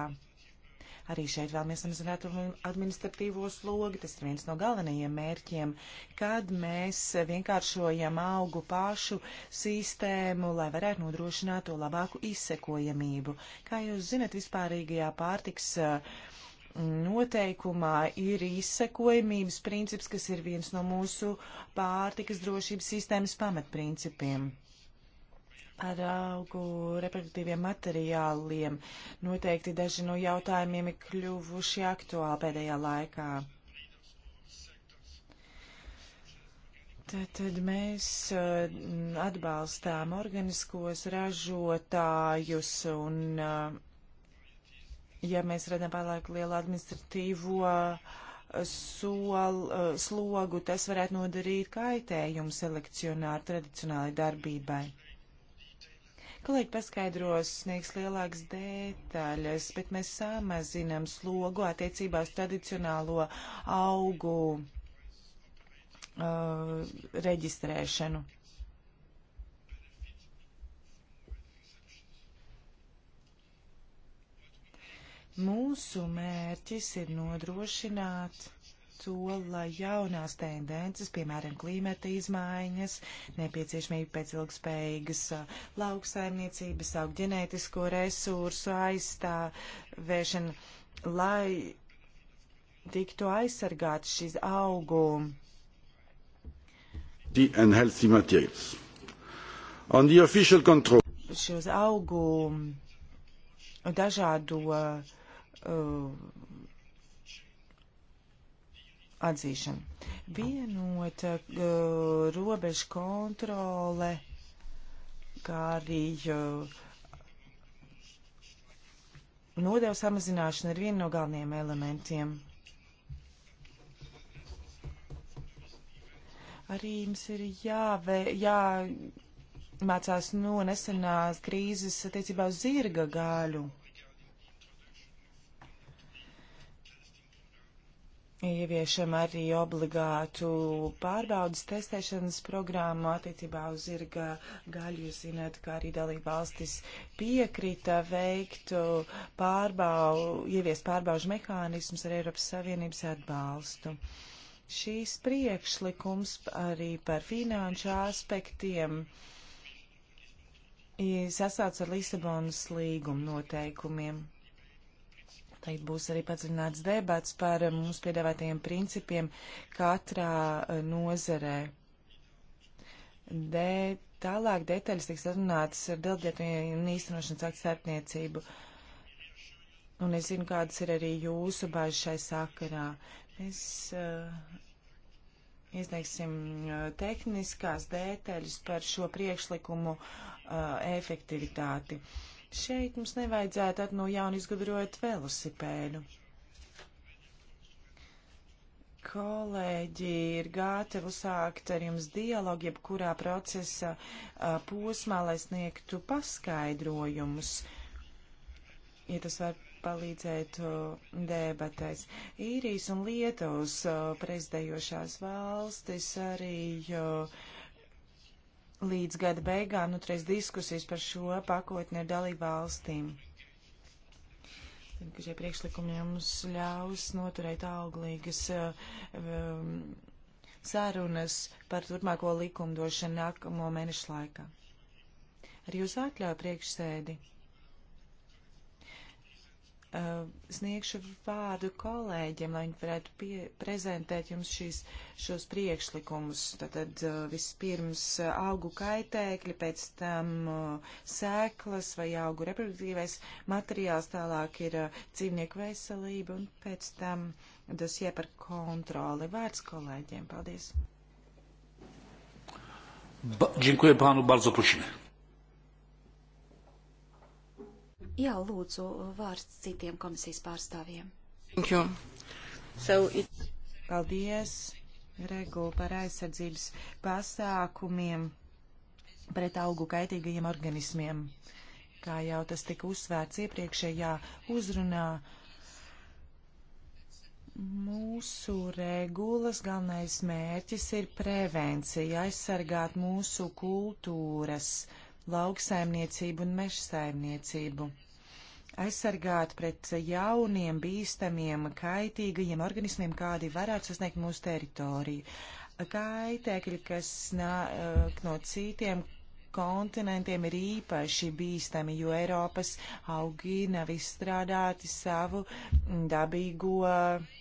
Arī šeit vēlamies samazināt administratīvo slogu, tas ir viens no galvenajiem mērķiem, kad mēs vienkāršojam augu pašu sistēmu, lai varētu nodrošināt to labāku izsekojamību. Kā jūs zinat, vispārīgajā pārtiks uh, noteikumā ir izsekojamības princips, kas ir viens no mūsu pārtikas drošības sistēmas pamatprincipiem. Par augu reproduktīviem materiāliem noteikti daži no jautājumiem ir kļuvuši aktuāli pēdējā laikā. Tātad mēs uh, atbalstām organiskos ražotājus un uh, ja mēs redzam pārlieku lielu administratīvo eh, sol, eh, slogu, tas varētu nodarīt kaitējumu selekcionāru tradicionālai darbībai. Kolēģi paskaidros, sniegs lielākas detaļas, bet mēs samazinam slogu attiecībā uz tradicionālo augu uh, reģistrēšanu. Mūsu mērķis ir nodrošināt to, lai jaunās tendences, piemēram, klimata izmaiņas, nepieciešamība pēc ilgspējīgas lauksaimniecības, augģenētisko resursu aizstāvēšana, lai tiktu aizsargāts šis augu. Šos augu dažādo uh, uh, atzīšanu. Vienota uh, robežu kontrole, kā arī uh, nodevu samazināšana ir viena no galvenajiem elementiem. Arī mums ir jāvē, jā, mācās no nesenās krīzes attiecībā uz zirga gaļu. Ieviešam arī obligātu pārbaudas testēšanas programmu attiecībā uz zirga gaļu. Jūs zināt, kā arī dalība valstis piekrita veikt pārbau, ievies pārbaužu mehānismus ar Eiropas Savienības atbalstu. Šīs priekšlikums arī par finanšu aspektiem sasauc ar Lisabonas līguma noteikumiem. Tai būs arī padziļināts debats par eh, mūsu piedāvātajiem principiem katrā eh, nozerē. De, tālāk detaļas tiks atrunātas ar delģētajiem īstenošanas aktu starpniecību. Un es zinu, kādas ir arī jūsu bažas šai sakarā. Mēs uh, eh, izteiksim tehniskās detaļas par šo priekšlikumu uh, efektivitāti. Uh, Šeit mums nevajadzētu no jauna izgudrot velosipēdu. Kolēģi ir gatavi sākt ar jums dialogu, jebkurā procesa a, posmā, lai sniegtu paskaidrojumus, ja tas var palīdzēt debatēs. Īrijas un Lietuvas prezidējošās valstis arī. Uh, līdz gada beigām nutreiz diskusijas par šo pakotni ar dalību valstīm. Tad, ka šie priekšlikumi mums ļaus noturēt auglīgas uh, um, sarunas par turpmāko likumdošanu nākamo mēnešu laikā. Ar jūsu atļauju priekšsēdi Uh, sniegšu vārdu kolēģiem, lai viņi varētu pie, prezentēt jums šīs, šos priekšlikumus. Tātad uh, vispirms uh, augu kaitēkļi, pēc tam sēklas vai augu reproduktīvais materiāls, tālāk ir dzīvnieku veselība un pēc tam dosie par kontroli. Vārds kolēģiem. Paldies. Ba, dziękuję panu, bardzo prosimy. Jā, lūdzu, vārds citiem komisijas pārstāvjiem. So it... Paldies, regula par aizsardzības pasākumiem pret augu kaitīgajiem organismiem. Kā jau tas tika uzsvērts iepriekšējā uzrunā, Mūsu regulas galvenais mērķis ir prevencija, aizsargāt mūsu kultūras, uh, lauksaimniecību un mežsaimniecību, aizsargāt pret jauniem, bīstamiem, kaitīgajiem organismiem, kādi varētu sasniegt mūsu teritoriju, kaitēkļi, kas nāk no citiem kontinentiem ir īpaši bīstami, jo Eiropas augi nav izstrādāti savu dabīgo uh,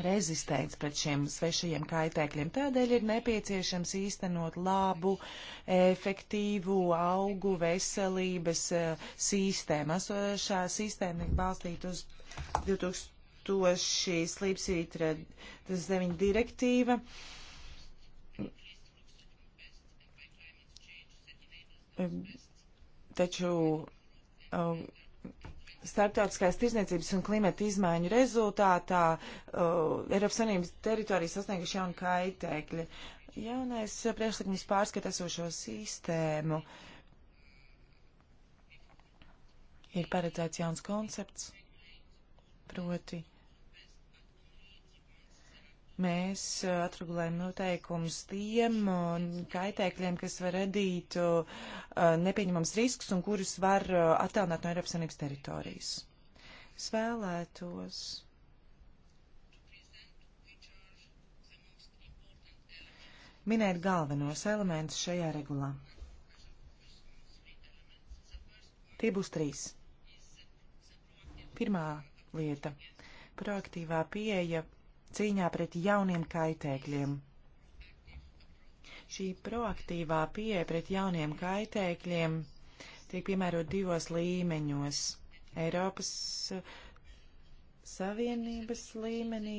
rezistents pret šiem svešajiem kaitēkļiem. Tādēļ ir nepieciešams īstenot labu, efektīvu augu veselības uh, sistēmu. Esošā eh, sistēma ir balstīta uz 2000 slīpsvītra 9 direktīva. Taču uh, Startautiskās tirzniecības un klimata izmaiņu rezultātā uh, Eiropas Savienības teritorijas sasnieguši jaunu kaitēkļi. Jaunais priekšlikums pārskata esošo sistēmu. Ir paredzēts jauns koncepts, proti Mēs eh, atregulējam noteikumus tiem eh, kaitēkļiem, kas var radīt eh, nepieņemams risks un kurus var attālināt no Eiropas Savienības teritorijas. Es vēlētos. Minēt galvenos elementus šajā regulā. Tie būs trīs. Pirmā lieta - proaktīvā pieeja cīņā pret jauniem kaitēkļiem. Šī proaktīvā pieeja pret jauniem kaitēkļiem tiek piemērot divos līmeņos - Eiropas Savienības līmenī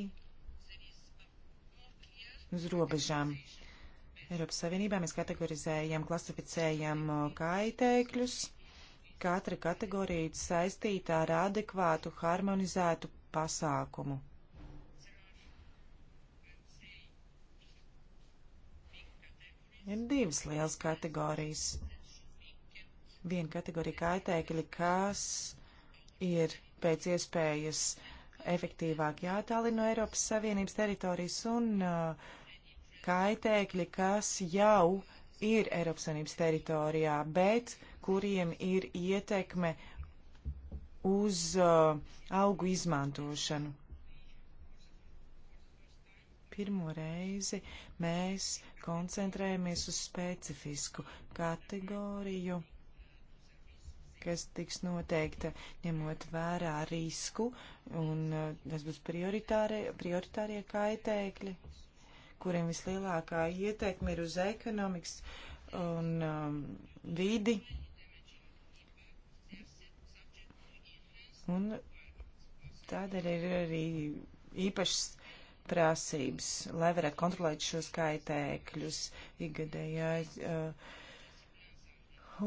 uz robežām. Eiropas Savienībā mēs kategorizējam, klasificējam kaitēkļus. Katra kategorija saistīta ar adekvātu harmonizētu pasākumu. Ir divas lielas kategorijas. Viena kategorija kaitēkļi, kas ir pēc iespējas efektīvāk jātālina no Eiropas Savienības teritorijas un uh, kaitēkļi, kas jau ir Eiropas Savienības teritorijā, bet kuriem ir ietekme uz uh, augu izmantošanu pirmo reizi mēs koncentrējamies uz specifisku kategoriju, kas tiks noteikta ņemot vērā risku, un eh, tas būs prioritārie, prioritārie kaitēkļi, kuriem vislielākā ietekme ir uz ekonomikas un um, vidi. Un tādēļ ir arī īpašs prasības, lai varētu kontrolēt šos kaitēkļus. Igadējā uh,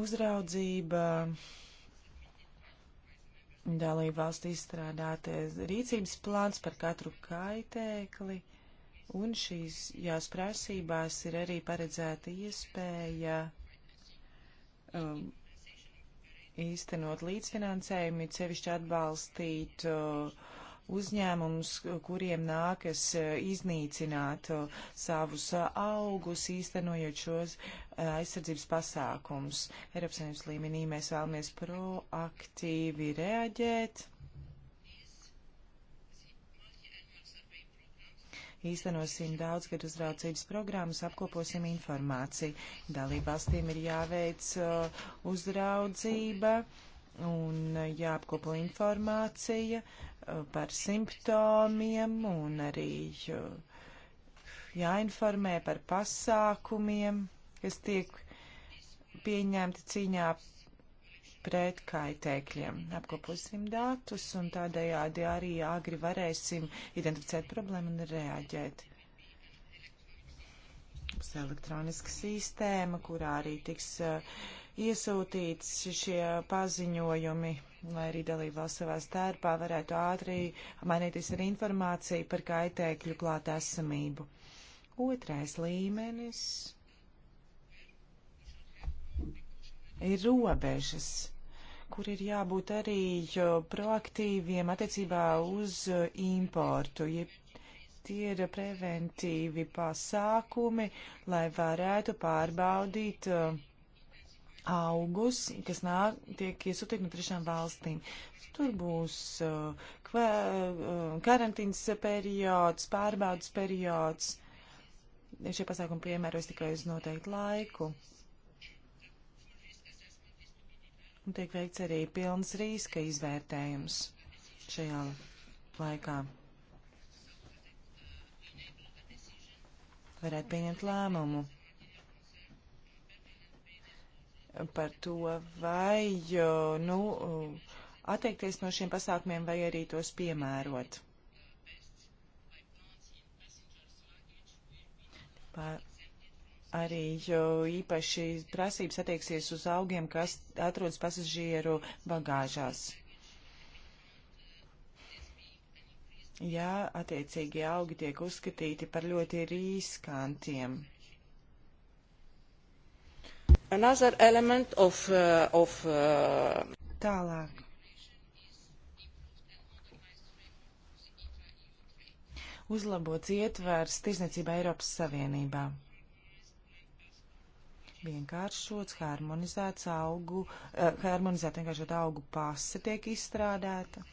uzraudzība, dalība valsts izstrādāties rīcības plāns par katru kaitēkli, un šīs jās prasībās ir arī paredzēta iespēja um, īstenot līdzfinansējumu, sevišķi atbalstīt uh, uzņēmumus, kuriem nākas e, iznīcināt e, savus e, augus, īstenojot šos aizsardzības pasākums. Eiropas Savienības līmenī mēs vēlamies proaktīvi reaģēt. Īstenosim daudzgad uzraucības programmas, apkoposim informāciju. Dalībvalstīm ir jāveic uzraudzība. Uh, un jāapkopo informācija uh, par simptomiem un arī uh, jāinformē par pasākumiem, kas tiek pieņemti cīņā pret kaitēkļiem. Apkoposim datus un tādējādi arī agri varēsim identificēt problēmu un reaģēt. Būs elektroniska sistēma, kurā arī tiks uh, iesūtīts šie paziņojumi, lai arī dalībvalsts savā starpā varētu ātri mainīties ar informāciju par kaitēkļu klātesamību. Otrais līmenis ir robežas kur ir jābūt arī proaktīviem attiecībā uz importu. Ja tie ir preventīvi pasākumi, lai varētu pārbaudīt uh, augus, kas nāk, tiek iesūtīti no trešām valstīm. Tur būs uh, uh, karantīnas periods, pārbaudas periods. Šie pasākumi piemēros tikai uz noteiktu laiku. Un tiek veikts arī pilns riska izvērtējums šajā laikā. Varētu pieņemt lēmumu par to, vai nu, atteikties no šiem pasākumiem, vai arī tos piemērot. Pār, arī īpaši prasības attieksies uz augiem, kas atrodas pasažieru bagāžās. Ja attiecīgi augi tiek uzskatīti par ļoti riskantiem. Another element of, uh, of uh, Tālāk. Uzlabots ietvērs tirzniecībā Eiropas Savienībā. Vienkāršots, harmonizēts augu, uh, harmonizēta vienkāršot augu pase tiek izstrādēta.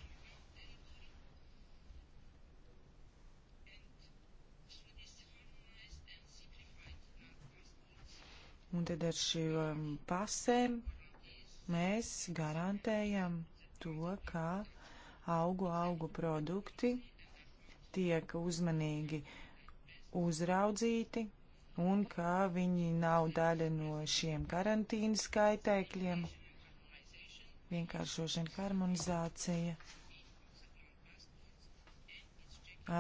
Un tad ar šo pasēm mēs garantējam to, ka augu augu produkti tiek uzmanīgi uzraudzīti un ka viņi nav daļa no šiem karantīnas kaitēkļiem. Vienkāršošana, harmonizācija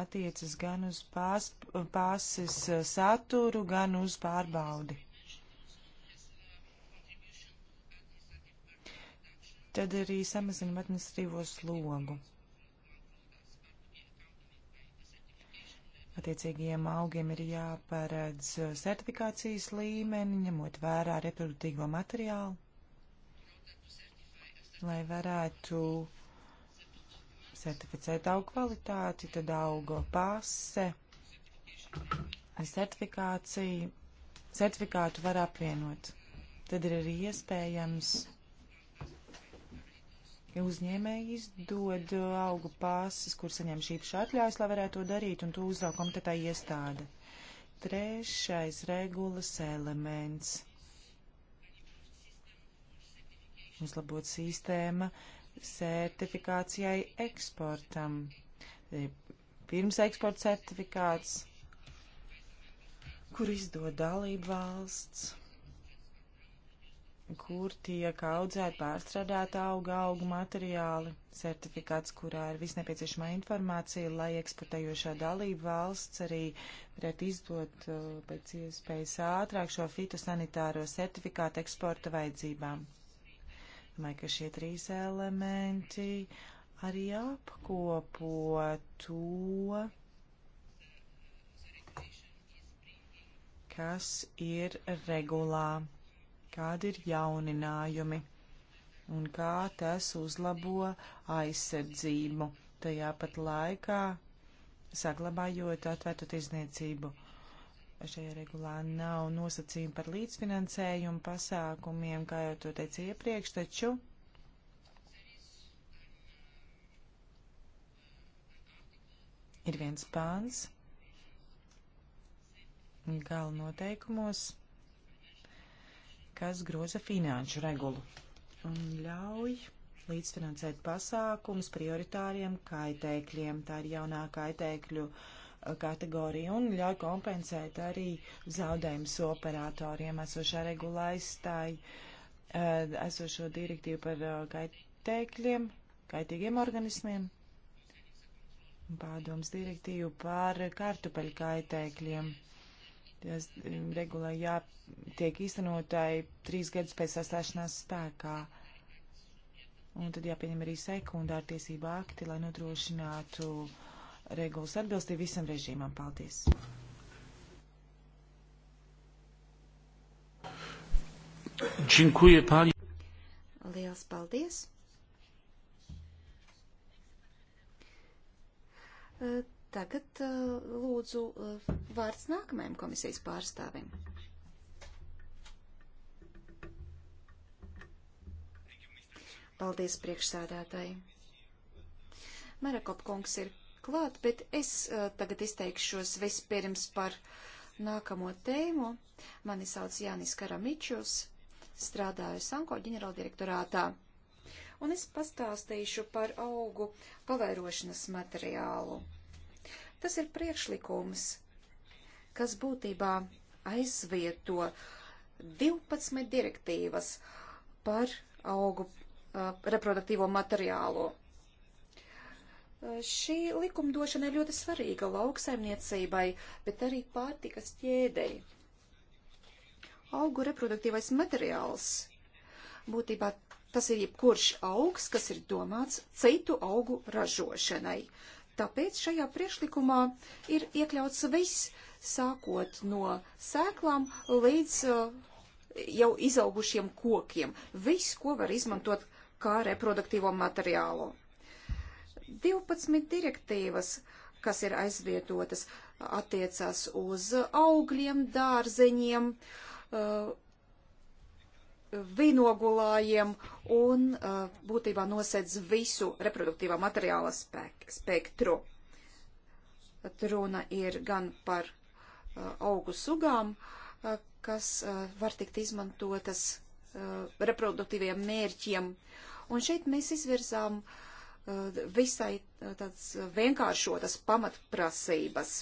attiecas gan uz pās, pāses saturu, gan uz pārbaudi. tad arī samazinam administratīvo slogu. Attiecīgajiem augiem ir jāparedz certifikācijas līmeni, ņemot vērā reproduktīvo materiālu, lai varētu certificēt augu kvalitāti, tad augo pase, certifikāciju, certifikātu var apvienot. Tad ir arī iespējams uzņēmēji izdod uh, augu pāses, kur saņem šī paša atļaujas, lai varētu to darīt, un to uzrauga komitetā iestāde. Trešais regulas elements. Uzlabot sistēma certifikācijai eksportam. E, pirms eksporta certifikāts, kur izdod dalību valsts kur tiek audzēti pārstrādāti auga augu materiāli, certifikāts, kurā ir visnepieciešamā informācija, lai eksportējošā dalība valsts arī varētu izdot uh, pēc iespējas ātrāk šo fitosanitāro certifikātu eksporta vajadzībām. Domāju, ka šie trīs elementi arī apkopo to, kas ir regulā kādi ir jauninājumi un kā tas uzlabo aizsardzību, tajā pat laikā saglabājot atvērtu tirzniecību. Šajā regulā nav nosacījumi par līdzfinansējumu pasākumiem, kā jau to teicu iepriekš, taču ir viens pāns galvenoteikumos. noteikumos kas groza finanšu regulu un ļauj līdzfinansēt pasākums prioritāriem kaitēkļiem. Tā ir jaunā kaitēkļu uh, kategorija un ļauj kompensēt arī zaudējumus operatoriem esošā regulā aizstāj uh, esošo direktīvu par uh, kaitēkļiem, kaitīgiem organismiem. Pārdoms direktīvu par kartupeļu kaitēkļiem Tas mm, regulē jātiek īstenotai trīs gadus pēc sastāšanās spēkā. Un tad jāpieņem arī sekundāri tiesība akti, lai nodrošinātu regulas atbilstību visam režīmam. Paldies! Činkuja pāri. Liels paldies! Tagad uh, lūdzu uh, vārds nākamajam komisijas pārstāvim. Paldies priekšsādātāji. Merakop kungs ir klāt, bet es uh, tagad izteikšos vispirms par nākamo tēmu. Mani sauc Jānis Karamičus, strādāju Sanko ģenerāldirektorātā. Un es pastāstīšu par augu pavērošanas materiālu Tas ir priekšlikums, kas būtībā aizvieto 12 direktīvas par augu uh, reproduktīvo materiālu. Uh, šī likumdošana ir ļoti svarīga lauksaimniecībai, bet arī pārtikas ķēdei. Augu reproduktīvais materiāls būtībā tas ir jebkurš augs, kas ir domāts citu augu ražošanai. Uh, Tāpēc šajā priekšlikumā ir iekļauts viss, sākot no sēklām līdz uh, jau izaugušiem kokiem. Viss, ko var izmantot kā reproduktīvo materiālu. 12 direktīvas, kas ir aizvietotas, attiecās uz augļiem, dārzeņiem, uh, vīnogulājiem un eh, būtībā nosedz visu reproduktīvā materiāla spektru. Runa ir gan par eh, augu sugām, eh, kas var tikt izmantotas reproduktīviem mērķiem. Un šeit mēs izvirzām visai tāds vienkāršotas pamatprasības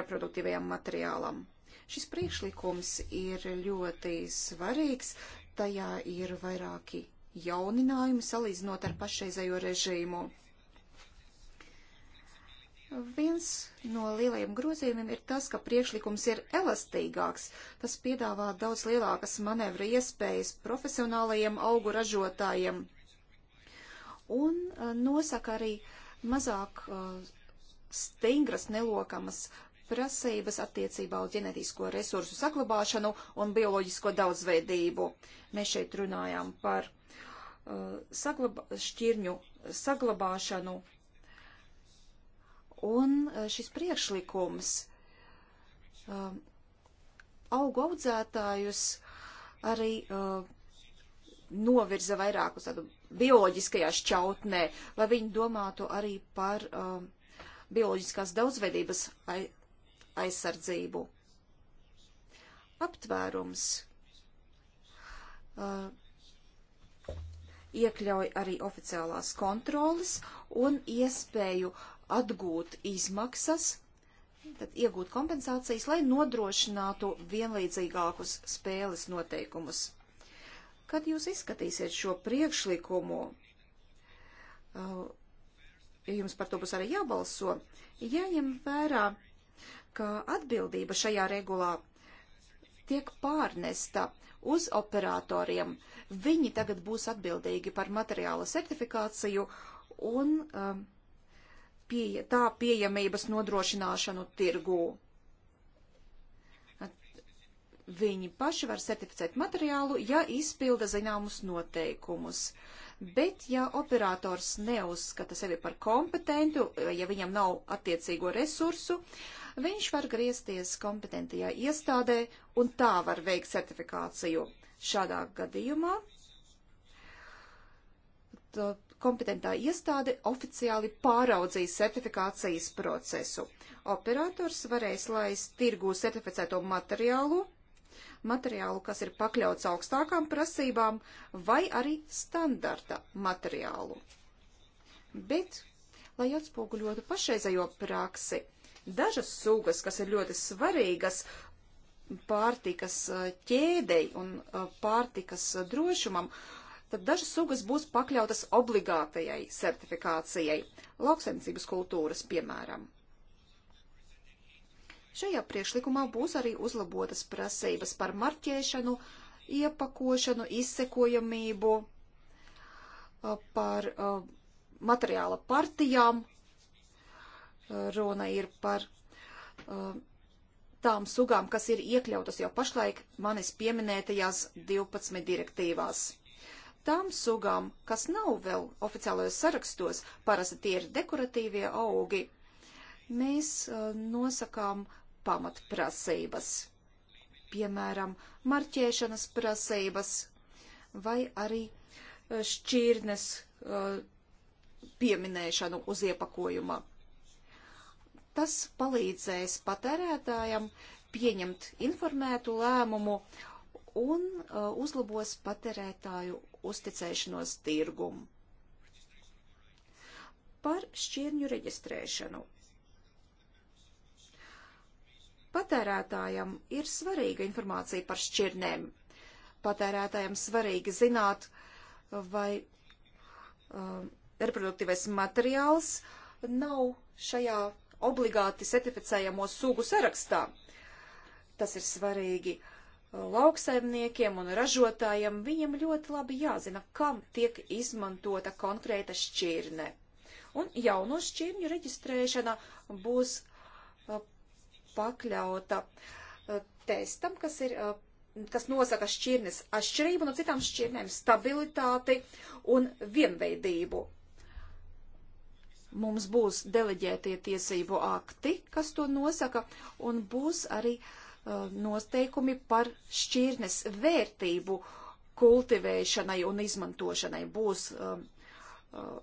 reproduktīvajam materiālam. Šis priekšlikums ir ļoti svarīgs, tajā ir vairāki jauninājumi salīdzinot ar pašreizējo režīmu. Viens no lielajiem grozījumiem ir tas, ka priekšlikums ir elastīgāks. Tas piedāvā daudz lielākas manevra iespējas profesionālajiem augu ražotājiem un eh, nosaka arī mazāk eh, stingras nelokamas prasības attiecībā uz ģenetisko resursu saglabāšanu un bioloģisko daudzveidību. Mēs šeit runājām par uh, saglabā, šķirņu saglabāšanu. Un uh, šis priekšlikums uh, augu audzētājus arī uh, novirza vairāk uz tādu bioloģiskajā šķautnē, lai viņi domātu arī par uh, bioloģiskās daudzveidības aizsardzību. Aptvērums uh, iekļauj arī oficiālās kontroles un iespēju atgūt izmaksas, tad iegūt kompensācijas, lai nodrošinātu vienlīdzīgākus spēles noteikumus. Kad jūs izskatīsiet šo priekšlikumu, uh, jums par to būs arī jābalso, jāņem vērā ka atbildība šajā regulā tiek pārnesta uz operatoriem. Viņi tagad būs atbildīgi par materiāla certifikāciju un um, pie, tā pieejamības nodrošināšanu tirgū. Viņi paši var certificēt materiālu, ja izpilda zināmus noteikumus. Uh, Bet, ja operators neuzskata sevi par kompetentu, ja viņam nav attiecīgo resursu, viņš var griezties kompetentajā iestādē un tā var veikt certifikāciju. Šādā gadījumā kompetentā iestāde oficiāli pāraudzīs certifikācijas procesu. Operators varēs laist tirgū certificēto materiālu materiālu, kas ir pakļauts augstākām prasībām, vai arī standarta materiālu. Bet, lai atspoguļotu pašreizējo praksi, dažas sugas, kas ir ļoti svarīgas pārtikas uh, ķēdei un uh, pārtikas uh, drošumam, tad dažas sugas būs pakļautas obligātajai certifikācijai, lauksaimniecības kultūras piemēram. Šajā priekšlikumā būs arī uzlabotas prasības par marķēšanu, iepakošanu, izsekojamību, par materiāla partijām. Runa ir par tām sugām, kas ir iekļautas jau pašlaik manis pieminētajās 12 direktīvās. Tām sugām, kas nav vēl oficiālajos sarakstos, parasti tie ir dekoratīvie augi, mēs uh, nosakām pamatprasības, piemēram, marķēšanas prasības vai arī eh, šķirnes eh, pieminēšanu uz iepakojuma. Tas palīdzēs patērētājam pieņemt informētu lēmumu un eh, uzlabos patērētāju uzticēšanos tirgumu. Par šķirņu reģistrēšanu. Patērētājam ir svarīga informācija par šķirnēm. Patērētājam svarīgi zināt, vai um, reproduktīvais materiāls nav šajā obligāti certificējamo sugu sarakstā. Tas ir svarīgi uh, lauksaimniekiem un ražotājiem. Viņiem ļoti labi jāzina, kam tiek izmantota konkrēta šķirne. Un jauno šķirņu reģistrēšana būs pakļauta uh, testam, kas ir uh, kas nosaka šķirnes atšķirību no citām šķirnēm - stabilitāti un vienveidību. Mums būs deleģētie tiesību akti, kas to nosaka, un būs arī uh, noteikumi par šķirnes vērtību kultivēšanai un izmantošanai. Būs uh, uh,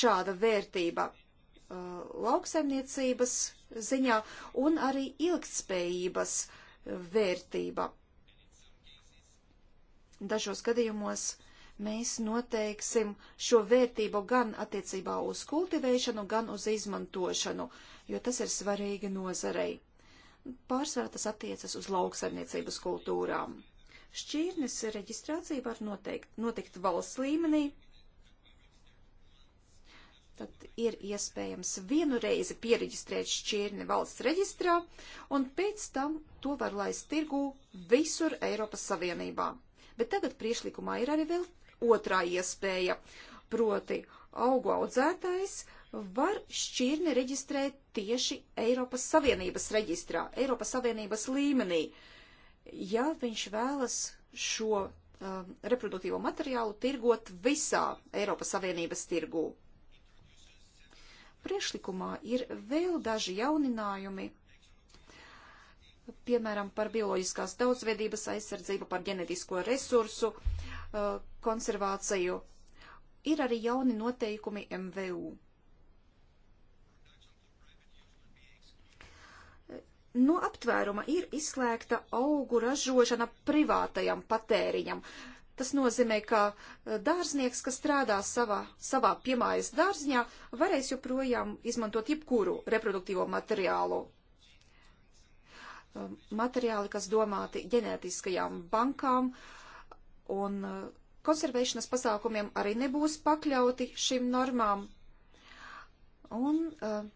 šāda vērtība uh, lauksaimniecības ziņā un arī ilgtspējības vērtība. Dažos gadījumos mēs noteiksim šo vērtību gan attiecībā uz kultivēšanu, gan uz izmantošanu, jo tas ir svarīgi nozarei. Pārsvarā tas attiecas uz lauksaimniecības kultūrām. Šķīrnes reģistrācija var noteikt, notikt valsts līmenī, Tad ir iespējams vienu reizi pieregistrēt šķirni valsts reģistrā, un pēc tam to var laist tirgū visur Eiropas Savienībā. Bet tagad priešlikumā ir arī vēl otrā iespēja, proti augu audzētājs var šķirni reģistrēt tieši Eiropas Savienības reģistrā, Eiropas Savienības līmenī, ja viņš vēlas šo um, reproduktīvo materiālu tirgot visā Eiropas Savienības tirgū priešlikumā ir vēl daži jauninājumi, piemēram, par bioloģiskās daudzveidības aizsardzību, par ģenetisko resursu uh, konservāciju. Ir arī jauni noteikumi MVU. No aptvēruma ir izslēgta augu ražošana privātajam patēriņam. Uh, Tas nozīmē, ka eh, dārznieks, kas strādā savā, savā piemājas dārziņā, varēs joprojām izmantot jebkuru reproduktīvo materiālu. Eh, materiāli, kas domāti ģenētiskajām bankām un eh, konservēšanas pasākumiem, arī nebūs pakļauti šīm normām. Un uh,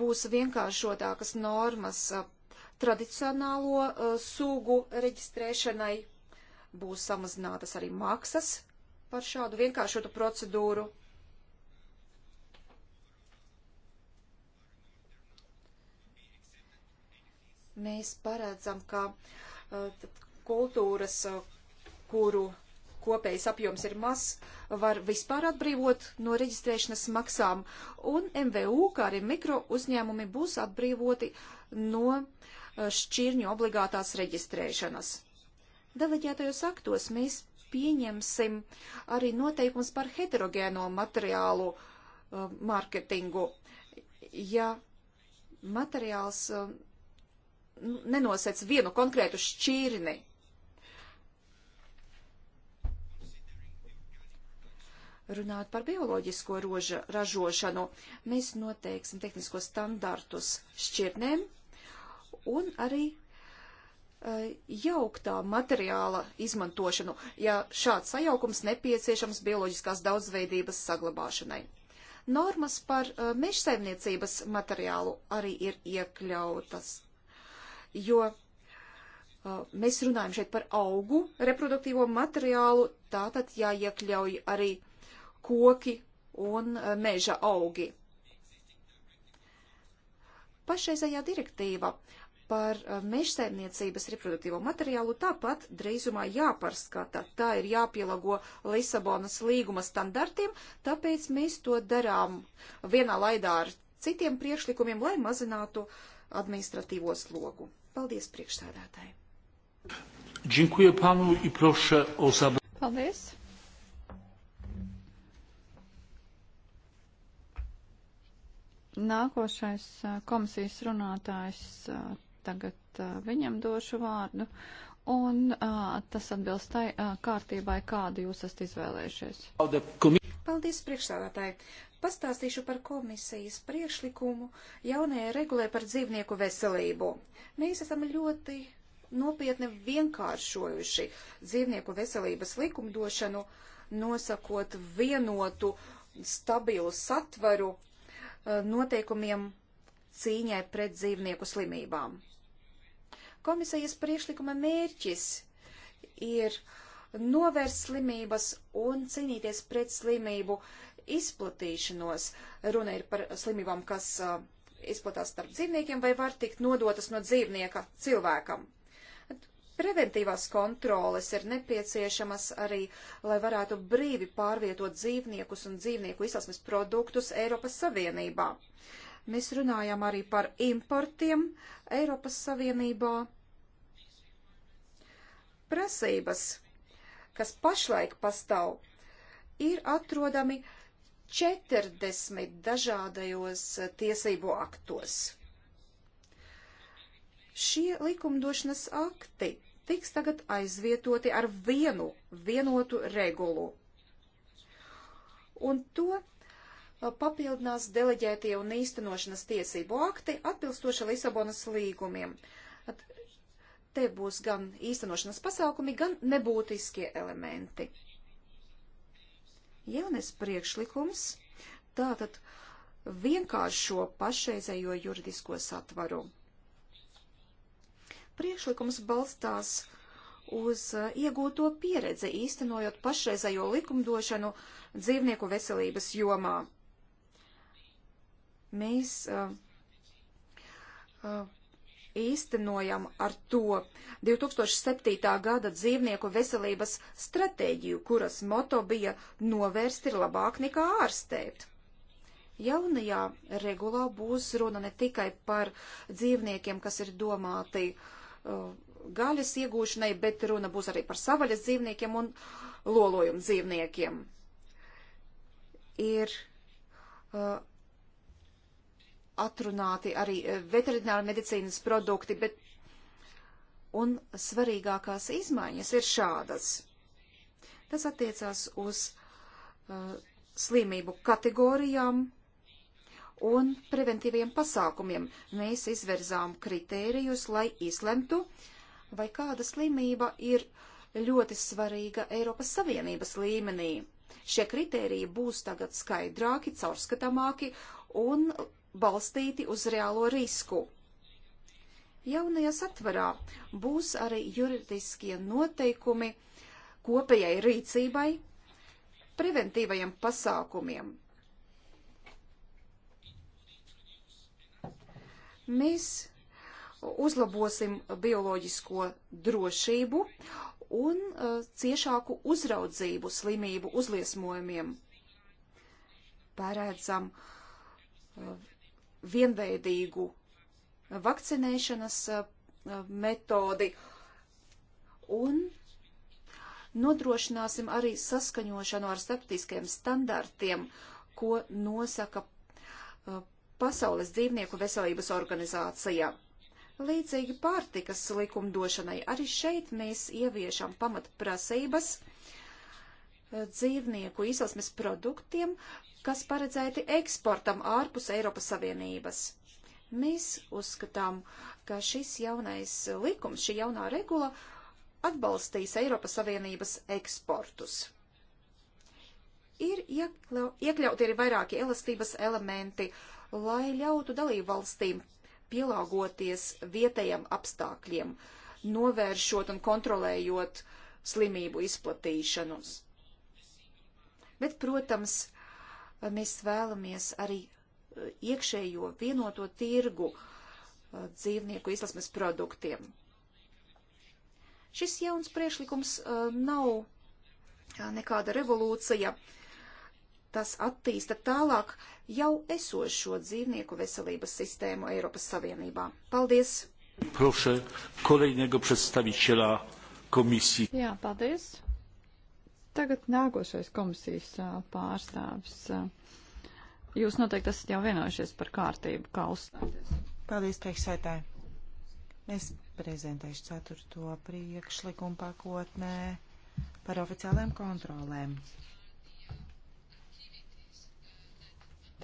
būs vienkāršotākas normas uh, tradicionālo uh, sugu reģistrēšanai būs samazinātas arī maksas par šādu vienkāršotu procedūru. Mēs paredzam, ka uh, kultūras, uh, kuru kopējs apjoms ir mazs, var vispār atbrīvot no reģistrēšanas maksām, un MVU, kā arī mikro uzņēmumi, būs atbrīvoti no uh, šķirņu obligātās reģistrēšanas. Deleģētajos aktos mēs pieņemsim arī noteikums par heterogēno materiālu uh, mārketingu. Ja materiāls uh, nenosec vienu konkrētu šķirni, runāt par bioloģisko roža, ražošanu, mēs noteiksim tehniskos standartus šķirnēm un arī Eh, jauktā materiāla izmantošanu, ja šāds sajaukums nepieciešams bioloģiskās daudzveidības saglabāšanai. Normas par eh, mežsaimniecības materiālu arī ir iekļautas, jo eh, mēs runājam šeit par augu reproduktīvo materiālu, tātad jāiekļauj arī koki un meža augi. Pašreizējā direktīva uh, par eh, mežsaimniecības reproduktīvo materiālu tāpat drīzumā jāpārskata. Tā ir jāpielāgo Lisabonas līguma standartiem, tāpēc mēs to darām vienā laidā ar citiem priekšlikumiem, lai mazinātu administratīvo slogu. Paldies priekšsēdētāji! Dziękuję panu i proszę o zabranie. Paldies. Nākošais eh, komisijas runātājs eh, tagad uh, viņam došu vārdu, un uh, tas atbilst tai uh, kārtībai, kādu jūs esat izvēlējušies. Paldies, priekšsādātāji! Pastāstīšu par komisijas priekšlikumu jaunajai regulē par dzīvnieku veselību. Mēs esam ļoti nopietni vienkāršojuši dzīvnieku veselības likumdošanu, nosakot vienotu, stabilu satvaru noteikumiem cīņai pret dzīvnieku slimībām. Komisijas priekšlikuma mērķis ir novērst slimības un cīnīties pret slimību izplatīšanos. Runa ir par slimībām, kas uh, izplatās starp dzīvniekiem vai var tikt nodotas no dzīvnieka cilvēkam. Preventīvās kontroles ir nepieciešamas arī, lai varētu brīvi pārvietot dzīvniekus un dzīvnieku izsasmes produktus Eiropas Savienībā. Uh, Mēs runājam arī par importiem Eiropas Savienībā. Prasības, kas pašlaik pastāv, ir atrodami 40 dažādajos tiesību aktos. Šie likumdošanas akti tiks tagad aizvietoti ar vienu vienotu regulu. Un to Uh, papildinās deleģētie un īstenošanas tiesību akti atbilstoši Lisabonas līgumiem. Te būs gan īstenošanas pasākumi, gan nebūtiskie elementi. Jaunais priekšlikums tātad vienkāršo pašreizējo juridisko satvaru. Priekšlikums balstās uz uh, iegūto pieredzi īstenojot pašreizējo likumdošanu dzīvnieku veselības jomā mēs uh, uh, īstenojam ar to 2007. gada dzīvnieku veselības stratēģiju, kuras moto bija novērst ir labāk nekā ārstēt. Jaunajā regulā būs runa ne tikai par dzīvniekiem, kas ir domāti uh, gaļas iegūšanai, bet runa būs arī par savaļas dzīvniekiem un lolojumu dzīvniekiem. Ir uh, atrunāti arī eh, veterināra medicīnas produkti, bet un svarīgākās izmaiņas ir šādas. Tas attiecās uz uh, slimību kategorijām un preventīviem pasākumiem. Mēs izverzām kritērijus, lai izlemtu, vai kāda slimība ir ļoti svarīga Eiropas Savienības līmenī. Šie kritēriji būs tagad skaidrāki, caurskatāmāki un balstīti uz reālo risku. Jaunajā satvarā būs arī juridiskie noteikumi kopējai rīcībai, preventīvajiem pasākumiem. Mēs uzlabosim bioloģisko drošību un uh, ciešāku uzraudzību slimību uzliesmojumiem. Pērēdzam uh, vienveidīgu vakcinēšanas eh, metodi un nodrošināsim arī saskaņošanu ar starptiskiem standartiem, ko nosaka eh, Pasaules dzīvnieku veselības organizācija. Līdzīgi pārtikas likumdošanai arī šeit mēs ieviešam pamatprasības eh, dzīvnieku izlasmes produktiem, kas paredzēti eksportam ārpus Eiropas Savienības. Mēs uzskatām, ka šis jaunais likums, šī jaunā regula atbalstīs Eiropas Savienības eksportus. Ir iekļau, iekļauti arī vairāki elastības elementi, lai ļautu dalību valstīm pielāgoties vietējiem apstākļiem, novēršot un kontrolējot slimību izplatīšanos. Bet, protams, vai mēs vēlamies arī eh, iekšējo vienoto tirgu eh, dzīvnieku izlasmes produktiem. Šis jauns priešlikums eh, nav nekāda revolūcija. Tas attīsta tālāk jau esošo dzīvnieku veselības sistēmu Eiropas Savienībā. Paldies! Prošu, Jā, paldies! Tagad nākošais komisijas pārstāvis. Jūs noteikti esat jau vienojušies par kārtību, kā uzstāties. Paldies, priekšsētāji. Es prezentēšu ceturto priekšlikumu pakotnē par oficiālajām kontrolēm.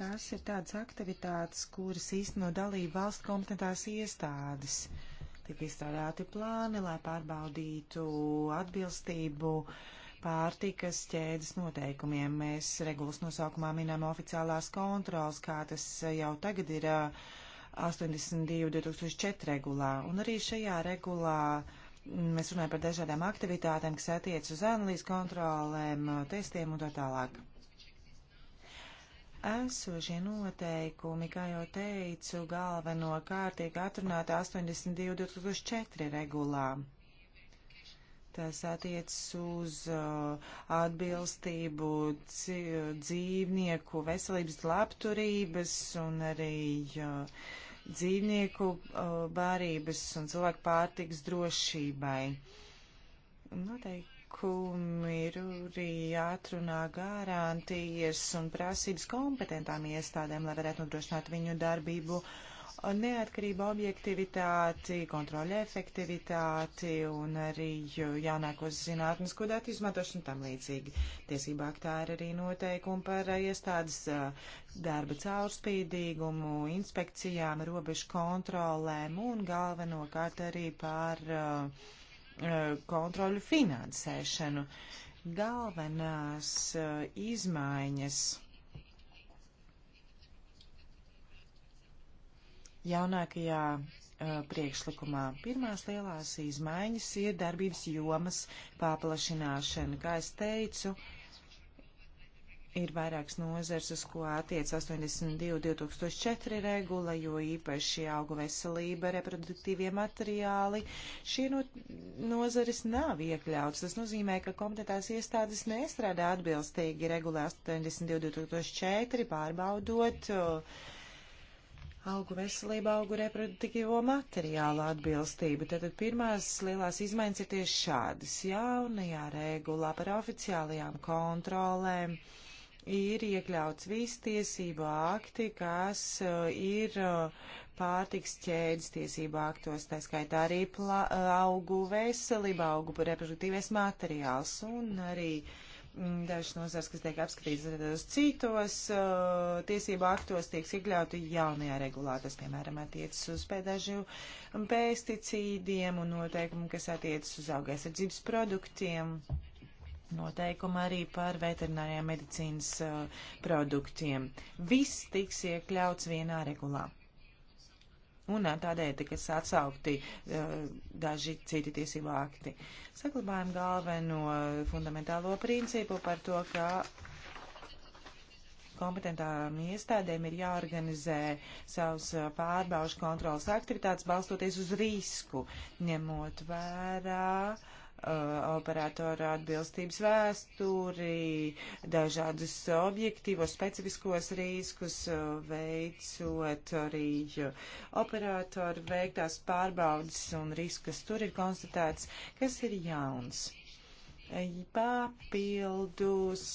Tās ir tādas aktivitātes, kuras īsteno dalību valsts kompetentās iestādes. Tik izstrādāti plāni, lai pārbaudītu atbilstību uh, pārtikas ķēdes noteikumiem. Mēs regulas nosaukumā minām oficiālās kontrols, kā tas jau tagad ir 82.2004 regulā. Un arī šajā regulā mēs runājam par dažādām aktivitātēm, kas attiec uz analīzes kontrolēm, testiem un tā tālāk. Esošie noteikumi, kā jau teicu, galvenokārt tiek atrunāti 82.2004 regulā. Tas attiecas uz uh, atbilstību dzīvnieku veselības labturības un arī uh, dzīvnieku uh, bārības un cilvēku pārtiks drošībai. Noteikumi ir arī jāatrunā garantijas un prasības kompetentām iestādēm, lai varētu nodrošināt viņu darbību uh, neatkarību, objektivitāti, kontroļa efektivitāti un arī jaunākos zinātnes, ko datu izmantošanu tam līdzīgi. Tiesībā aktā ir arī noteikumi par iestādes darba caurspīdīgumu, inspekcijām, robežu kontrolēm un galvenokārt arī par kontroļu finansēšanu. Galvenās izmaiņas jaunākajā priekšlikumā. Pirmās lielās izmaiņas ir darbības jomas paplašināšana. Kā es teicu, ir vairākas nozars, uz ko attiec 82.2004 regula, jo īpaši augu veselība, reproduktīvie materiāli. Šie no, nozaris nav iekļauts. Tas nozīmē, ka kompetentās iestādes nestrādā atbilstīgi regulē 82.2004 pārbaudot. Uh, augu veselību, augu reproduktīvo materiālu atbilstību. Tātad pirmās lielās izmaiņas ir tieši šādas. Jaunajā regulā par oficiālajām kontrolēm ir iekļauts visi tiesību akti, kas uh, ir uh, pārtiks ķēdes tiesību aktos, tā skaitā arī uh, augu veselība, augu reproduktīvais materiāls un arī uh, Dažas nozars, kas tiek apskatītas citos uh, tiesību aktos, tiek iekļauti jaunajā regulā. Tas, piemēram, attiecas uz pēdažu pesticīdiem un noteikumu, kas attiecas uz augaisardzības produktiem. Noteikumi arī par veterinārijām medicīnas uh, produktiem. Viss tiks iekļauts vienā regulā un tādēļ tika atsaukti daži citi tiesību akti. Saglabājam galveno fundamentālo principu par to, ka kompetentām iestādēm ir jāorganizē savus pārbaužu kontrolas aktivitātes balstoties uz risku, ņemot vērā uh, Uh, operatora atbilstības vēsturi, dažādus objektīvos specifiskos riskus, uh, veicot arī uh, operatoru veiktās pārbaudas un risks, kas tur ir konstatēts, kas ir jauns. Papildus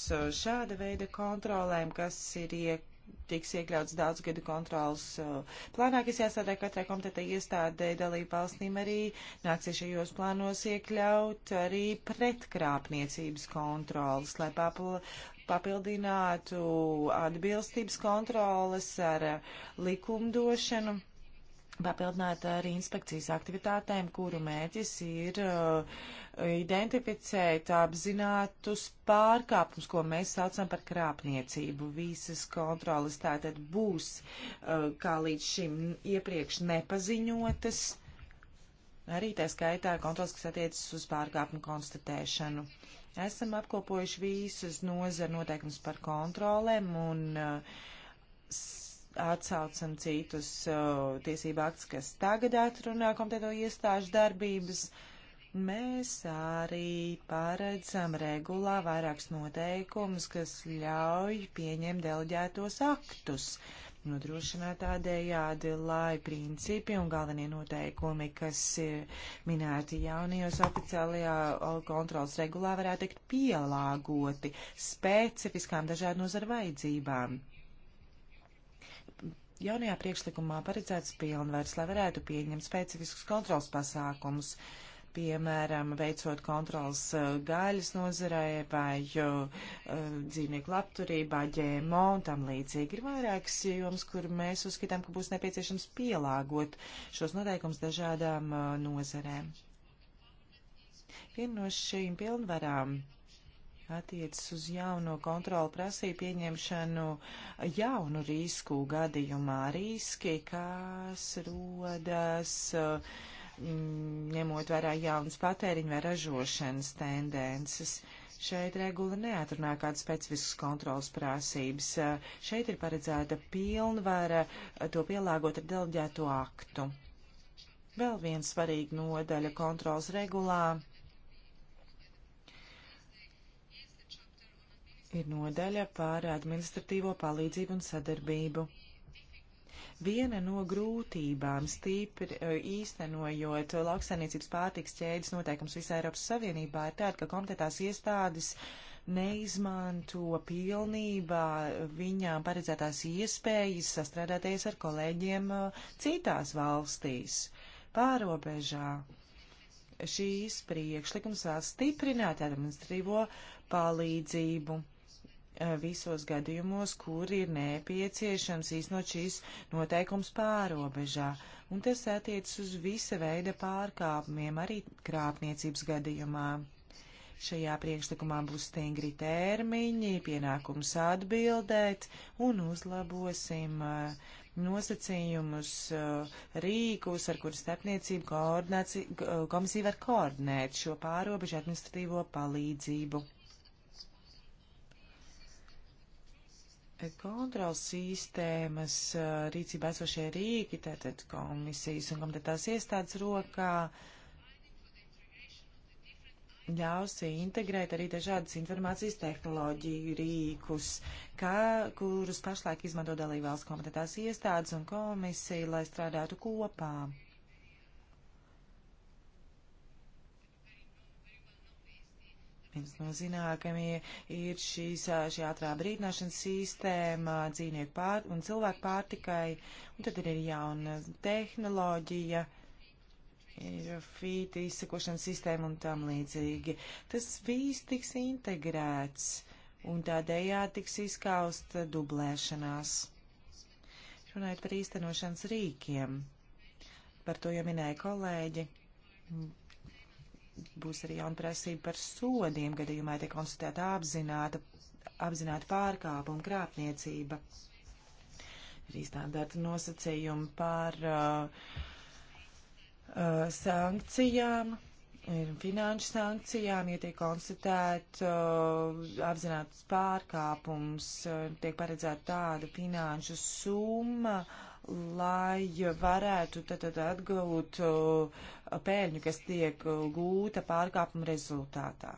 šāda veida kontrolēm, kas ir iekļauts tiks iekļauts daudz gadu kontrols uh, plānā, kas jāsādē katrai komitētai iestādē dalību valstīm arī nāksies šajos plānos iekļaut arī pretkrāpniecības kontrols, lai papla, papildinātu atbilstības kontroles ar likumdošanu papildināt arī inspekcijas aktivitātēm, kuru mērķis ir uh, identificēt apzinātus pārkāpumus, ko mēs saucam par krāpniecību. Visas kontrolas tātad būs, uh, kā līdz šim iepriekš nepaziņotas, arī tā skaitā kontrolas, kas attiecas uz pārkāpumu konstatēšanu. Esam apkopojuši visus nozaru noteikumus par kontrolēm un uh, atsaucam citus uh, tiesību aktus, kas tagad atrunā komitēto iestāžu darbības. Mēs arī paredzam regulā vairākus noteikumus, kas ļauj pieņemt deleģētos aktus, nodrošināt tādējādi, lai principi un galvenie noteikumi, kas ir minēti jaunajos oficiālajā kontrols regulā, varētu tikt pielāgoti specifiskām dažādu nozaru vajadzībām. Jaunajā priekšlikumā paredzēts pilnvērs, lai varētu pieņemt specifiskus kontrols pasākumus, piemēram, veicot kontrols eh, gaļas nozarē vai eh, dzīvnieku labturībā, ģēmo un tam līdzīgi. Ir vairākas joms, kur mēs uzskatām, ka būs nepieciešams pielāgot šos noteikums dažādām eh, nozarēm. Viena no šīm pilnvarām attiecas uz jauno kontrolu prasību pieņemšanu jaunu risku gadījumā. Riski, kas rodas mm, ņemot vērā jaunas patēriņu vai ražošanas tendences. Šeit regula neatrunā kādas specifiskas kontrolas prasības. Šeit ir paredzēta pilnvara to pielāgot ar deleģēto aktu. Vēl viens svarīga nodaļa kontrolas regulā ir nodaļa par administratīvo palīdzību un sadarbību. Viena no grūtībām stīpri e, īstenojot lauksainiecības pārtiks ķēdes noteikums visā Eiropas Savienībā ir tāda, ka kompetentās iestādes neizmanto pilnībā viņām paredzētās iespējas sastrādāties ar kolēģiem e, citās valstīs, pārobežā šīs priekšlikums vēl stiprināt administratīvo palīdzību. Eh, visos gadījumos, kur ir nepieciešams īstenot šīs noteikums pārobežā. Un tas attiecas uz visa veida pārkāpumiem, arī krāpniecības gadījumā. Šajā priekšlikumā būs stingri termiņi, pienākums atbildēt un uzlabosim eh, nosacījumus, eh, rīkus, ar kuru starpniecību komisija var koordinēt šo pārobežu administratīvo palīdzību. kontrols sistēmas rīcībā esošie rīki, tātad komisijas un komitētās iestādes rokā ļaus integrēt arī dažādas informācijas tehnoloģiju rīkus, kā, kurus pašlaik izmanto dalībvalsts komitētās iestādes un komisija, lai strādātu kopā. Viens no zināmākajiem ir šīs, šī ātrā brīdināšanas sistēma dzīvnieku pār, un cilvēku pārtikai, un tad ir jauna tehnoloģija, ir fīti izsakošanas sistēma un tam līdzīgi. Tas viss tiks integrēts, un tādējā tiks izskaust dublēšanās. Runājot par īstenošanas rīkiem, par to jau minēja kolēģi būs arī jauna prasība par sodiem, gadījumā tiek konstatēta apzināta, apzināta pārkāpuma krāpniecība. Ir izstādāta nosacījuma par uh, uh, sankcijām, ir finanšu sankcijām, ja tiek konstatēta uh, apzināts pārkāpums, uh, tiek paredzēta tāda finanšu summa. Uh, lai varētu tad, tad atgūt uh, pēļņu, kas tiek uh, gūta pārkāpuma rezultātā.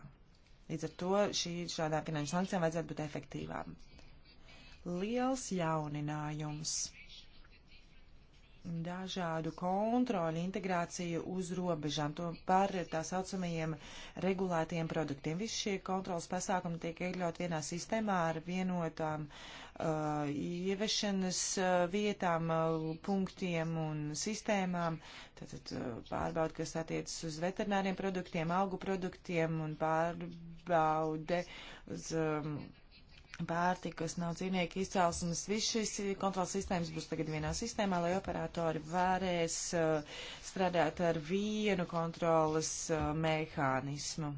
Līdz ar to šī šādā finanšu sankcijām vajadzētu būt efektīvām. Liels jauninājums dažādu kontroļu integrāciju uz robežām, to par tā saucamajiem regulētiem produktiem. Visi šie kontrolas pasākumi tiek iekļaut vienā sistēmā ar vienotām uh, ieviešanas uh, vietām, uh, punktiem un sistēmām. Tātad uh, pārbaud, kas attiecas uz veterināriem produktiem, augu produktiem un pārbaude uz. Um, pārtikas, nav dzīvnieku izcelsmes. Viss šīs kontrols sistēmas būs tagad vienā sistēmā, lai operatori varēs uh, strādāt ar vienu kontrolas uh, mehānismu.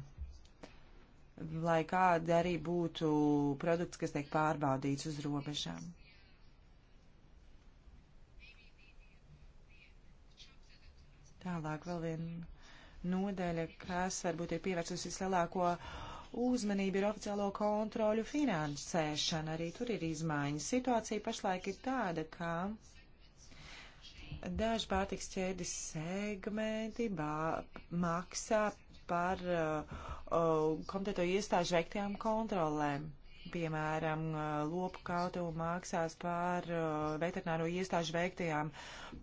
Lai kāda arī būtu produkts, kas tiek pārbaudīts uz robežām. Tālāk vēl viena nodaļa, kas varbūt ir pievērsusies lielāko uh, uzmanība ir oficiālo kontroļu finansēšana. Arī tur ir izmaiņas. Situācija pašlaik ir tāda, ka daži pārtiks ķēdes segmenti bā, maksā par uh, uh, komitēto iestāžu veiktajām kontrolēm piemēram, uh, lopu kautu maksās par uh, veterināro iestāžu veiktajām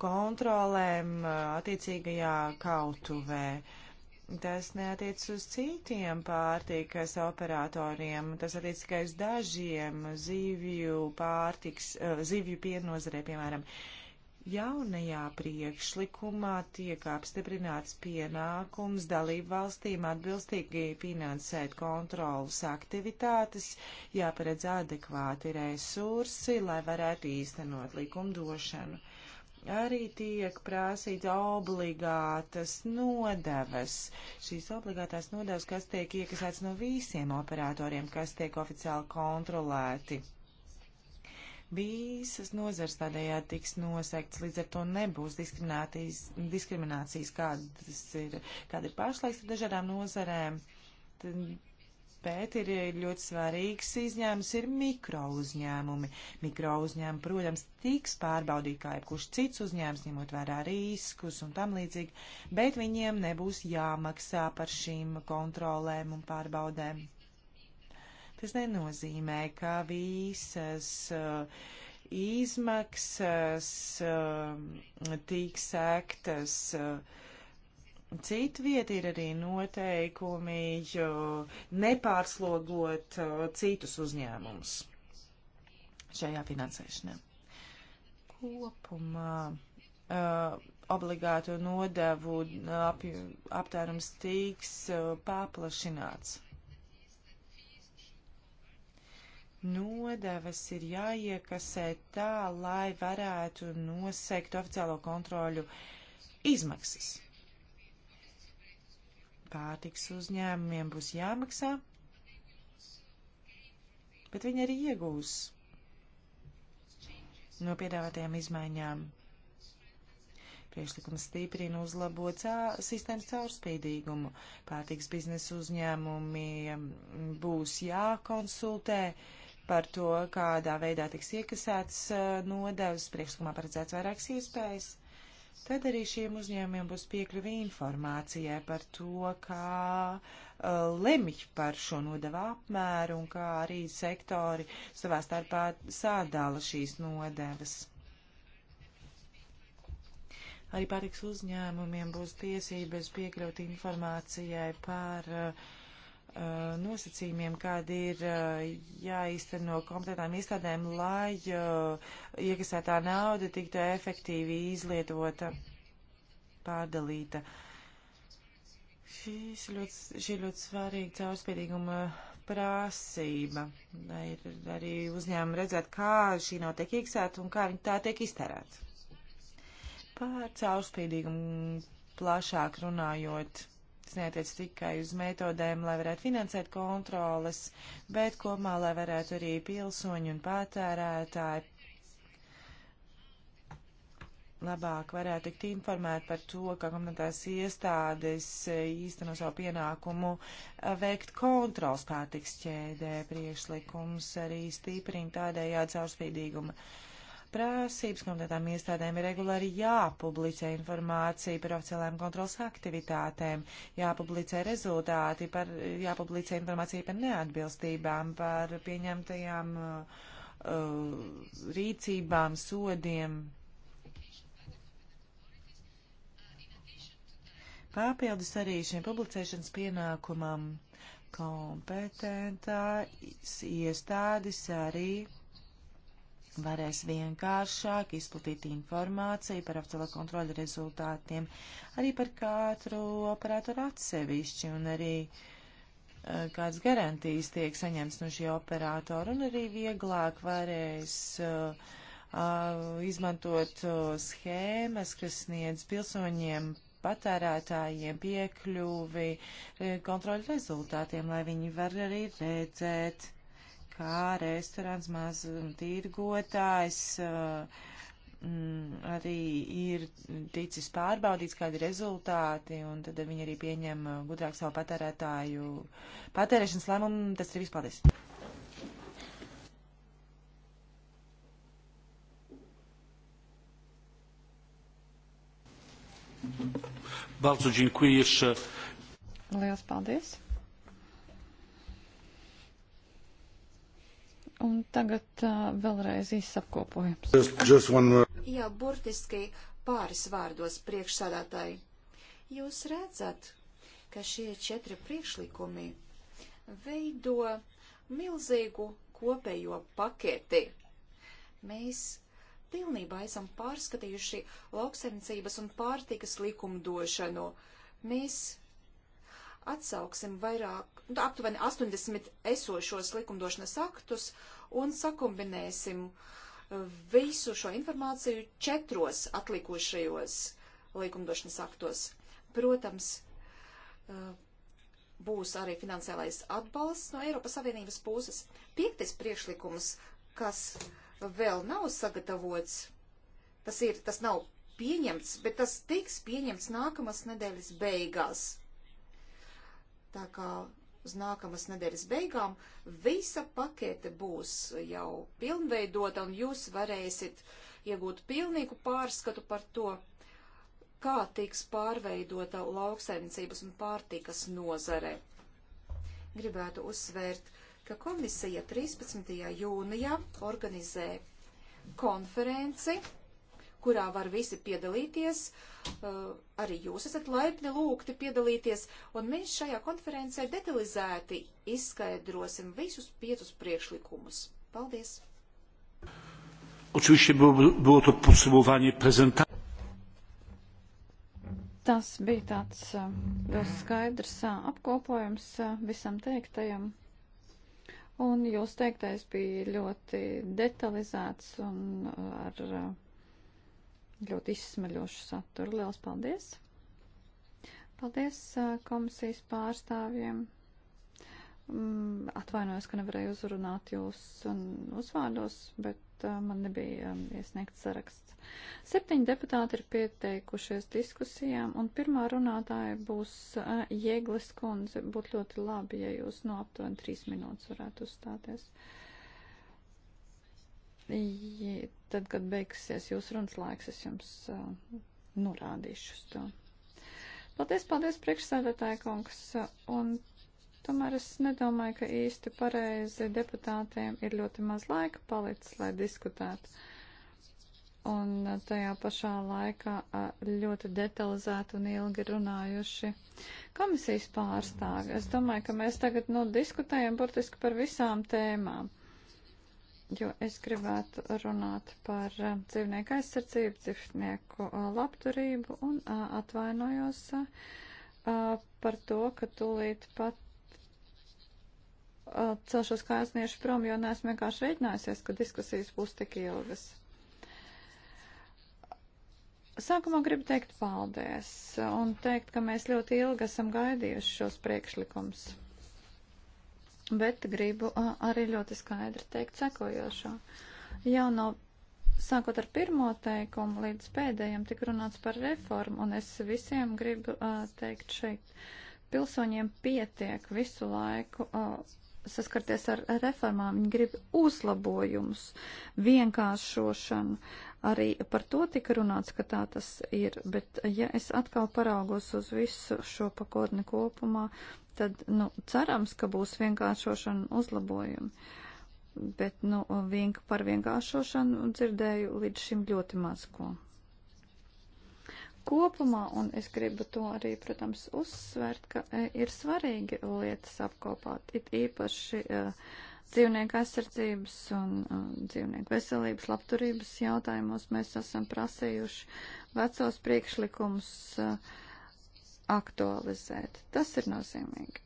kontrolēm uh, attiecīgajā kautuvē. Uh, Tas neatiec uz citiem pārtikas operatoriem, tas attiec tikai uz dažiem zivju pārtiks, eh, zivju piennozarē, piemēram. Jaunajā priekšlikumā tiek apstiprināts pienākums dalību valstīm atbilstīgi finansēt kontrolas aktivitātes, jāparedz adekvāti resursi, lai varētu īstenot likumdošanu. došanu arī tiek prasīts obligātas nodevas. Šīs obligātās nodevas, kas tiek iekasēts no visiem operatoriem, kas tiek oficiāli kontrolēti. Visas nozars tādējā tiks nosekts, līdz ar to nebūs diskriminācijas, kādas ir, kāda ir pašlaiks ar dažādām nozarēm. Tad bet ir ļoti svarīgs izņēmums ir mikrouzņēmumi. Mikrouzņēmumi, protams, tiks pārbaudīti kā jebkurš cits uzņēmums, ņemot vērā riskus un tam līdzīgi, bet viņiem nebūs jāmaksā par šīm kontrolēm un pārbaudēm. Tas nenozīmē, ka visas uh, izmaksas uh, tiks sektas. Uh, Cita vieta ir arī noteikumi nepārslogot uh, citus uzņēmumus šajā finansēšanā. Kopumā uh, obligāto nodevu uh, ap, aptērums tiks uh, paplašināts. Nodevas ir jāiekasē tā, lai varētu nosekt oficiālo kontroļu izmaksas pārtiks uzņēmumiem būs jāmaksā, bet viņi arī iegūs no piedāvātajām izmaiņām. Priekšlikums stiprina uzlabo cā, sistēmas caurspīdīgumu. Pārtiks biznesa uzņēmumi būs jākonsultē par to, kādā veidā tiks iekasēts eh, nodevs. Priekšlikumā paredzēts vairākas iespējas. Tad arī šiem uzņēmumiem būs piekļuvi informācijai par to, kā uh, lemj par šo nodevu apmēru un kā arī sektori savā starpā sādāla šīs nodevas. Arī pārtiks uzņēmumiem būs tiesības piekļūt informācijai par uh, Eh, nosacījumiem, kādi ir eh, jāīsteno kompletām iestādēm, lai eh, iekasētā nauda tiktu efektīvi izlietota, pārdalīta. Šis ļoti, šī ļoti svarīga caurspīdīguma prasība. Ir arī uzņēmumi redzēt, kā šī nav tiek iekasēta un kā viņa tā tiek iztērēta. Par caurspīdīgumu plašāk runājot Tas netiec tikai uz metodēm, lai varētu finansēt kontroles, bet kopumā, lai varētu arī pilsoņi un patērētāji labāk varētu tikt informēti par to, ka komunitās iestādes īsteno savu pienākumu eh, veikt kontrols pārtiks ķēdē priekšlikums, arī stiprina tādējādi caurspīdīguma uh, prasības konkrētām iestādēm ir regulāri jāpublicē informācija par oficiālām kontrolas aktivitātēm, jāpublicē rezultāti, par, jāpublicē informācija par neatbilstībām, par pieņemtajām uh, rīcībām, sodiem. Papildus arī šiem publicēšanas pienākumam kompetentās iestādes arī varēs vienkāršāk izplatīt informāciju par apcelo kontroļu rezultātiem, arī par katru operatoru atsevišķi un arī uh, eh, kāds garantijas tiek saņemts no šī operatora un arī vieglāk varēs uh, uh, izmantot schēmas, kas sniedz pilsoņiem patērētājiem piekļuvi eh, kontroļu rezultātiem, lai viņi var arī redzēt kā restorāns, maz tirgotājs, uh, mm, arī ir ticis pārbaudīts, kādi rezultāti, un tad viņi arī pieņem uh, gudrāk savu patērētāju patērēšanas lēmumu. Tas ir vispaldies. Bardzo dziękuję jeszcze. Liels paldies. Un tagad uh, vēlreiz izsapkopojums. Just, just one... Jā, burtiski pāris vārdos priekšsādātāji. Jūs redzat, ka šie četri priekšlikumi veido milzīgu kopējo paketi. Mēs pilnībā esam pārskatījuši lauksaimniecības un pārtikas likumdošanu. Mēs atsauksim vairāk, nu, aptuveni 80 esošos likumdošanas aktus un sakumbinēsim uh, visu šo informāciju četros atlikušajos likumdošanas aktos. Protams, uh, būs arī finansiālais atbalsts no Eiropas Savienības puses. Piektais priekšlikums, kas vēl nav sagatavots, tas ir, tas nav pieņemts, bet tas tiks pieņemts nākamas nedēļas beigās Tā kā uz nākamas nedēļas beigām visa pakete būs jau pilnveidota un jūs varēsiet iegūt pilnīgu pārskatu par to, kā tiks pārveidota lauksaimniecības un pārtikas nozare. Gribētu uzsvērt, ka komisija 13. jūnijā organizē konferenci kurā var visi piedalīties. Uh, arī jūs esat laipni lūgti piedalīties, un mēs šajā konferencē detalizēti izskaidrosim visus piecus priekšlikumus. Paldies! Oczywiście było, było to podsumowanie prezentacji. Tas bija tāds eh, ļoti skaidrs eh, apkopojums visam teiktajam. Un jūs teiktais bija ļoti detalizēts un ar ļoti izsmeļošu saturu. Liels paldies! Paldies komisijas pārstāvjiem! Mm, atvainojos, ka nevarēju uzrunāt jūs uzvārdos, bet man nebija iesniegts saraksts. Septiņi deputāti ir pieteikušies diskusijām, un pirmā runātāja būs Jēglis Konze. Būtu ļoti labi, ja jūs no aptuveni trīs minūtes varētu uzstāties. Uh, Tad, kad beigsies jūsu runas laiks, es jums uh, norādīšu uz to. Paldies, paldies, priekšsēdētāja kungs. Un tomēr es nedomāju, ka īsti pareizi deputātiem ir ļoti maz laika palicis, lai diskutētu. Un uh, tajā pašā laikā uh, ļoti detalizēti un ilgi runājuši komisijas pārstāvi. Es domāju, ka mēs tagad, nu, diskutējam burtiski par visām tēmām jo es gribētu runāt par eh, dzīvnieku aizsardzību, dzīvnieku eh, labturību un eh, atvainojos par to, ka tūlīt pat celšos kājasniešu prom, jo neesmu vienkārši reiķinājusies, ka diskusijas būs tik ilgas. Sākumā gribu teikt paldies un teikt, ka mēs ļoti ilgi esam gaidījuši šos priekšlikumus bet gribu arī ļoti skaidri teikt sekojošo. Jau no sākot ar pirmo teikumu līdz pēdējiem tika runāts par reformu, un es visiem gribu uh, teikt šeit, pilsoņiem pietiek visu laiku uh, saskarties ar reformām, viņi grib uzlabojumus, vienkāršošanu. Arī par to tika runāts, ka tā tas ir, bet ja es atkal paraugos uz visu šo pakotni kopumā, tad, nu, cerams, ka būs vienkāršošana un uzlabojumi. Bet, nu, vienk par vienkāršošanu dzirdēju līdz šim ļoti maz ko. Kopumā, un es gribu to arī, protams, uzsvērt, ka e, ir svarīgi lietas apkopāt, it īpaši uh, dzīvnieku aizsardzības un uh, dzīvnieku veselības labturības jautājumos mēs esam prasījuši vecos priekšlikumus. Uh, aktualizēt. Tas ir nozīmīgi.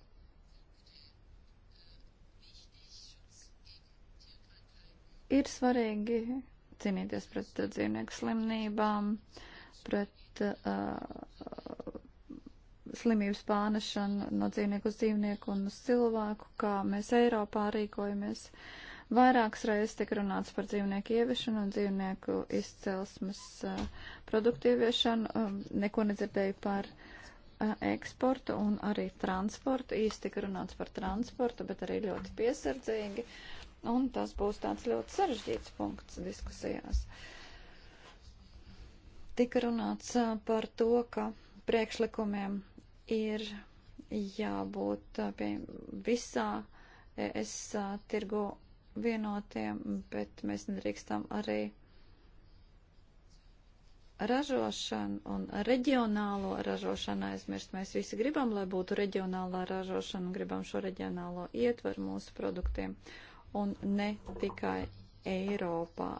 Ir svarīgi cīnīties pret uh, dzīvnieku slimnībām, pret uh, slimības pārnešanu no dzīvnieku uz dzīvnieku un uz cilvēku, kā mēs Eiropā rīkojamies. Vairākas reizes tika runāts par dzīvnieku ieviešanu un dzīvnieku izcelsmes uh, produktu ieviešanu. Um, neko nedzirdēju par uh, E, eksportu un arī transportu. Īsti tika runāts par transportu, bet arī ļoti piesardzīgi. Un tas būs tāds ļoti sarežģīts punkts diskusijās. Tika runāts e, par to, ka priekšlikumiem ir jābūt e, pie visā es tirgu vienotiem, bet mēs nedrīkstam arī ražošanu un reģionālo ražošanu aizmirst. Mēs visi gribam, lai būtu reģionālā ražošana un gribam šo reģionālo ietvaru mūsu produktiem. Un ne tikai Eiropā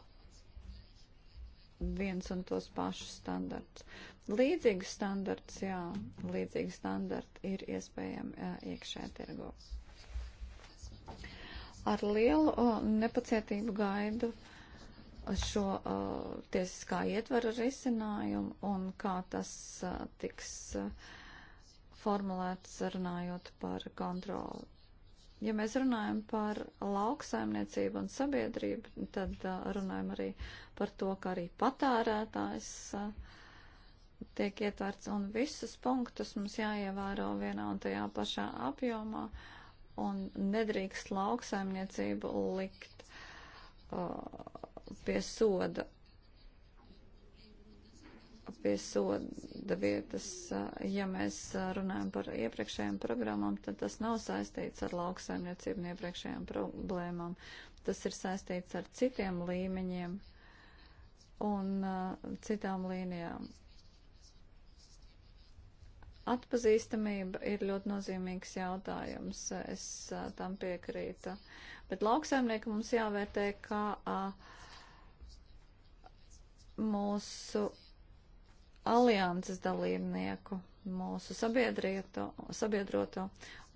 viens un tos pašus standarts. Līdzīgi standarts, jā, līdzīgi standarti ir iespējami iekšē tirgo. Ar lielu nepacietību gaidu uh, šo uh, tiesiskā ietvara risinājumu un kā tas uh, tiks uh, formulēts runājot par kontroli. Ja mēs runājam par lauksaimniecību un sabiedrību, tad uh, runājam arī par to, ka arī patērētājs uh, tiek ietverts un visus punktus mums jāievēro vienā un tajā pašā apjomā un nedrīkst lauksaimniecību likt uh, pie soda, pie soda vietas, ja mēs runājam par iepriekšējām programmām, tad tas nav saistīts ar lauksaimniecību un iepriekšējām problēmām. Tas ir saistīts ar citiem līmeņiem un uh, citām līnijām. Atpazīstamība ir ļoti nozīmīgs jautājums, es a, tam piekrītu. Bet lauksaimnieku mums jāvērtē kā a, mūsu alianses dalībnieku, mūsu sabiedroto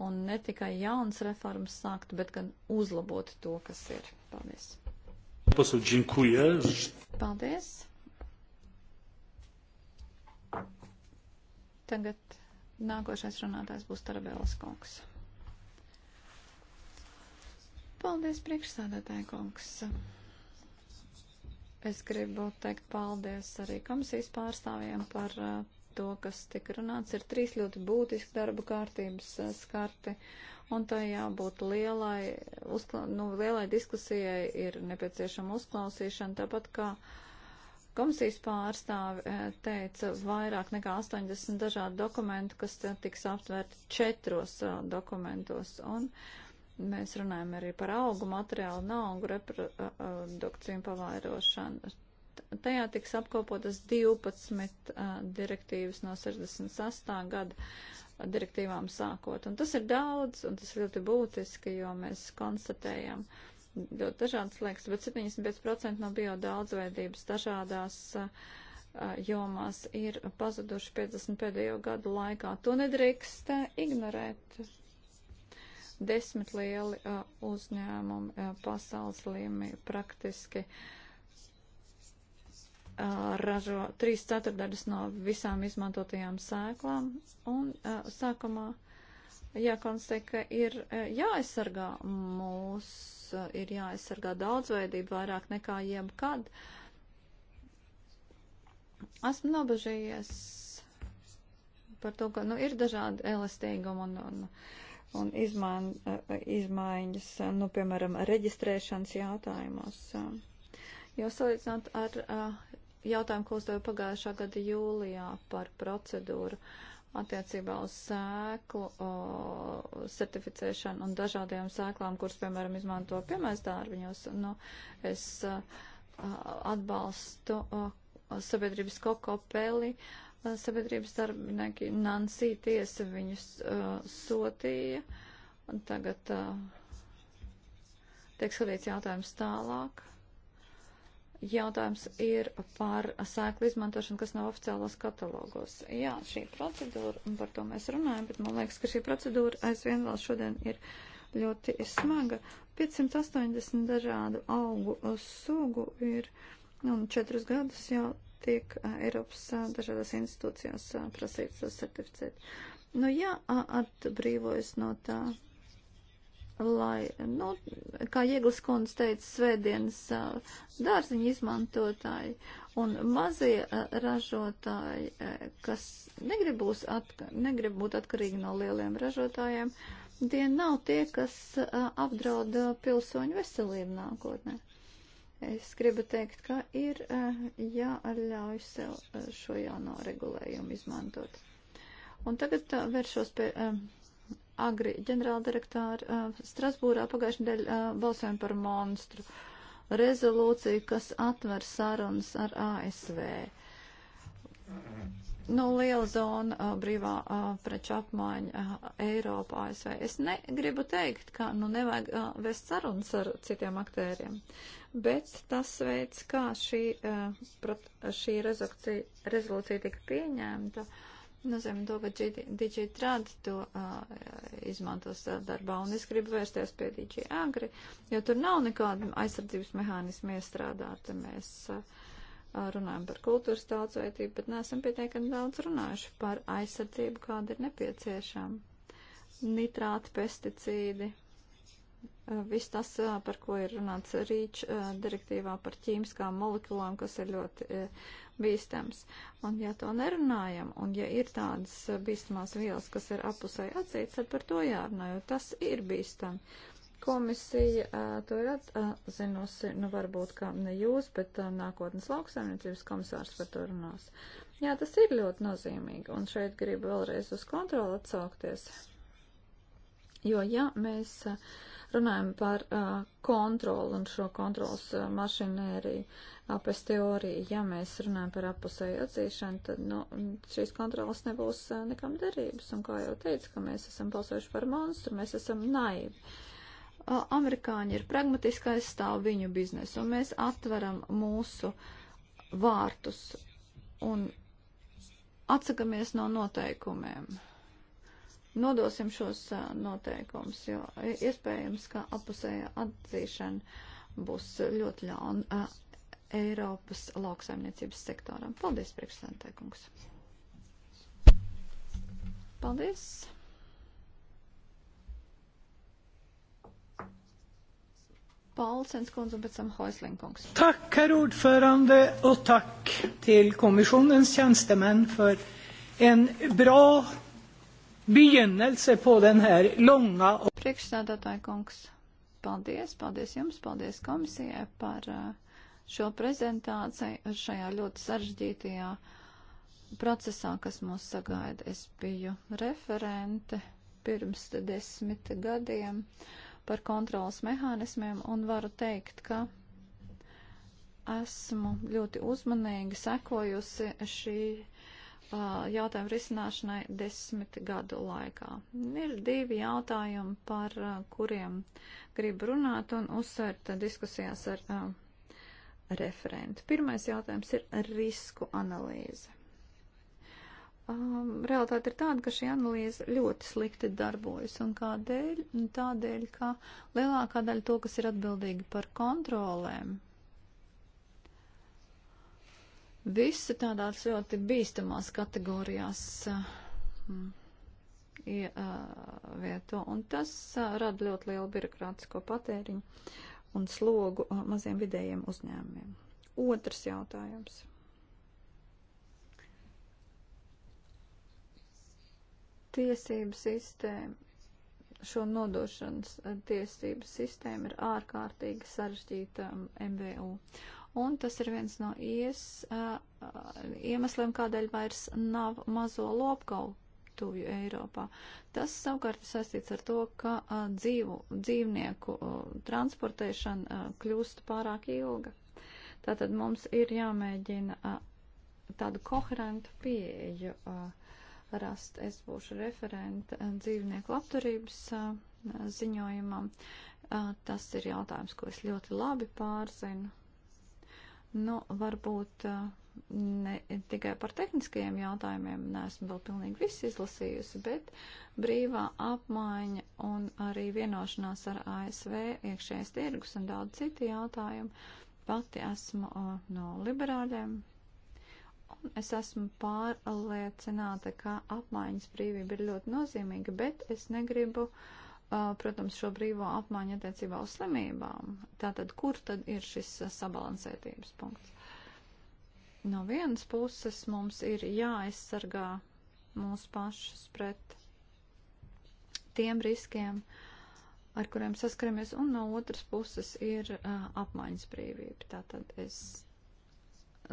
un ne tikai jaunas reformas sākt, bet gan uzlabot to, kas ir. Paldies! Paldies! Tagad nākošais runātājs būs Tarabēlas kungs. Paldies, priekšsādātāja kungs! Es gribu teikt paldies arī komisijas pārstāvjiem par uh, to, kas tika runāts. Ir trīs ļoti būtiski darba kārtības uh, skarti, un tai jābūt lielai, uzkla, nu, lielai diskusijai, ir nepieciešama uzklausīšana, tāpat kā komisijas pārstāvi uh, teica, vairāk nekā 80 dažādu dokumentu, kas tiks aptverti četros dokumentos. Un, uh, Mēs runājam arī par augu materiālu, naugu reprodukciju un pavairošanu. Tajā tiks apkopotas 12 uh, direktīvas no 68. gada direktīvām sākot. Un tas ir daudz, un tas ir ļoti būtiski, jo mēs konstatējam ļoti dažādas liekas, bet 75% no biodaudzveidības dažādās uh, jomās ir pazuduši 50 pēdējo gadu laikā. To nedrīkst uh, ignorēt Desmit lieli uh, uzņēmumi uh, pasaules līmenī praktiski uh, ražo trīs ceturdaļas no visām izmantotajām sēklām un uh, sākumā jākonstatē, ka ir uh, jāaizsargā mūs, uh, ir jāaizsargā daudzveidība vairāk nekā jebkad. Esmu nobežījies par to, ka nu, ir dažādi elastīgumi un, un un izmaiņ, eh, izmaiņas, eh, nu, piemēram, reģistrēšanas jautājumos. Eh, jo salīdzinot ar jautājumu, ko uzdevu pagājušā gada jūlijā par procedūru attiecībā uz sēklu o, certificēšanu un dažādiem sēklām, kuras, piemēram, izmanto piemērs dārviņos, nu, es atbalstu sabiedrības kokopeli. Uh, sabiedrības darbinieki Nansī tiesa viņus uh, sotīja. Un tagad uh, tiek skatīts jautājums tālāk. Jautājums ir par sēklu izmantošanu, kas nav oficiālos katalogos. Jā, šī procedūra, un par to mēs runājam, bet man liekas, ka šī procedūra aizvien vēl šodien ir ļoti smaga. 580 dažādu augu uh, sugu ir, un četrus gadus jau tiek Eiropas dažādās institūcijās prasīts to certificēt. Nu jā, atbrīvojas no tā, lai, nu, kā Ieglis kundze teica, svētdienas dārziņu izmantotāji un mazie ražotāji, kas negrib, būs atka, negrib būt atkarīgi no lieliem ražotājiem, tie nav tie, kas apdraud pilsoņu veselību nākotnē. Es gribu teikt, ka ir eh, jāļauj sev eh, šo jauno regulējumu izmantot. Un tagad eh, vēršos pie agri ģenerāldirektāra Strasbūrā pagājušajā nedēļā balsojam par monstru rezolūciju, kas atver sarunas ar ASV nu, liela zona uh, brīvā uh, preču apmaiņa uh, Eiropā, ASV. Es negribu teikt, ka nu, nevajag uh, vest sarunas ar citiem aktēriem, bet tas veids, kā šī, uh, prat, šī rezolūcija, rezolūcija tika pieņemta, nozīmē nu, to, ka DigiTrad to uh, izmantos darbā. Un es gribu vērsties pie DigiAgri, jo tur nav nekāda aizsardzības mehānisma iestrādāta. Mēs, uh, runājam par kultūras daudzveidību, bet neesam pietiekami daudz runājuši par aizsardzību, kāda ir nepieciešama. Nitrāti, pesticīdi, viss tas, par ko ir runāts rīč direktīvā par ķīmiskām molekulām, kas ir ļoti bīstams. Un ja to nerunājam, un ja ir tādas bīstamās vielas, kas ir apusai atzīts, tad par to jārunā, jo tas ir bīstami. Komisija uh, to ir atzinusi, nu varbūt, ka ne jūs, bet uh, nākotnes lauksaimniecības komisārs par to runās. Jā, tas ir ļoti nozīmīgi, un šeit gribu vēlreiz uz kontroli atsaukties. Jo, ja mēs uh, runājam par uh, kontroli un šo kontrols uh, mašinēriju, apes teoriju, ja mēs runājam par apusēju atzīšanu, tad nu, šīs kontrolas nebūs uh, nekam derības. Un kā jau teicu, ka mēs esam balsojuši par monstru, mēs esam naivi amerikāņi ir pragmatiski aizstāv viņu biznesu, un mēs atveram mūsu vārtus un atsakamies no noteikumiem. Nodosim šos noteikumus, jo iespējams, ka apusēja atzīšana būs ļoti ļauna Eiropas lauksaimniecības sektoram. Paldies, priekšsēdētāj kungs! Paldies! Paulsens kundze un pēc tam Hoislinkungs. Tack, herr ordförande, och tack till kommissionens tjänstemän för en bra begynnelse på den här långa... Priekšsēdētāji kungs, paldies, paldies jums, paldies komisijai par eh, šo prezentāciju šajā ļoti sarežģītajā procesā, kas mūs sagaida. Es biju referente pirms desmit gadiem. Uh, par kontrolas mehānismiem un varu teikt, ka esmu ļoti uzmanīgi sekojusi šī uh, jautājuma risināšanai desmit gadu laikā. Ir divi jautājumi, par uh, kuriem gribu runāt un uzsvērt diskusijās ar uh, referentu. Pirmais jautājums ir risku analīze um, realitāte ir tāda, ka šī analīze ļoti slikti darbojas. Un kādēļ? Tādēļ, ka lielākā daļa to, kas ir atbildīgi par kontrolēm, visi tādās ļoti bīstamās kategorijās um, ievieto. Uh, un tas uh, rada ļoti lielu birokrātisko patēriņu un slogu uh, maziem vidējiem uzņēmumiem. Otrs jautājums. tiesību sistēma, šo nodošanas eh, tiesību sistēma ir ārkārtīgi sarežģīta MVU. Um, Un tas ir viens no ies, eh, eh, iemesliem, kādēļ vairs nav mazo lopkalu tuvju Eiropā. Tas savukārt ir saistīts ar to, ka dzīvu, dzīvnieku transportēšana kļūst pārāk ilga. Tātad mums ir jāmēģina tādu koherentu pieeju. Uh, rast. Es būšu referente eh, dzīvnieku labturības eh, ziņojumam. Eh, tas ir jautājums, ko es ļoti labi pārzinu. Nu, varbūt ne tikai par tehniskajiem jautājumiem neesmu vēl pilnīgi viss izlasījusi, bet brīvā apmaiņa un arī vienošanās ar ASV iekšējais tirgus un daudz citu jautājumu. Pati esmu no liberāļiem, Es esmu pārliecināta, ka apmaiņas brīvība ir ļoti nozīmīga, bet es negribu, protams, šo brīvo apmaiņu attiecībā uz slimībām. Tātad, kur tad ir šis sabalansētības punkts? No vienas puses mums ir jāaizsargā mūsu pašus pret tiem riskiem, ar kuriem saskaramies, un no otras puses ir uh, apmaiņas brīvība. Tātad es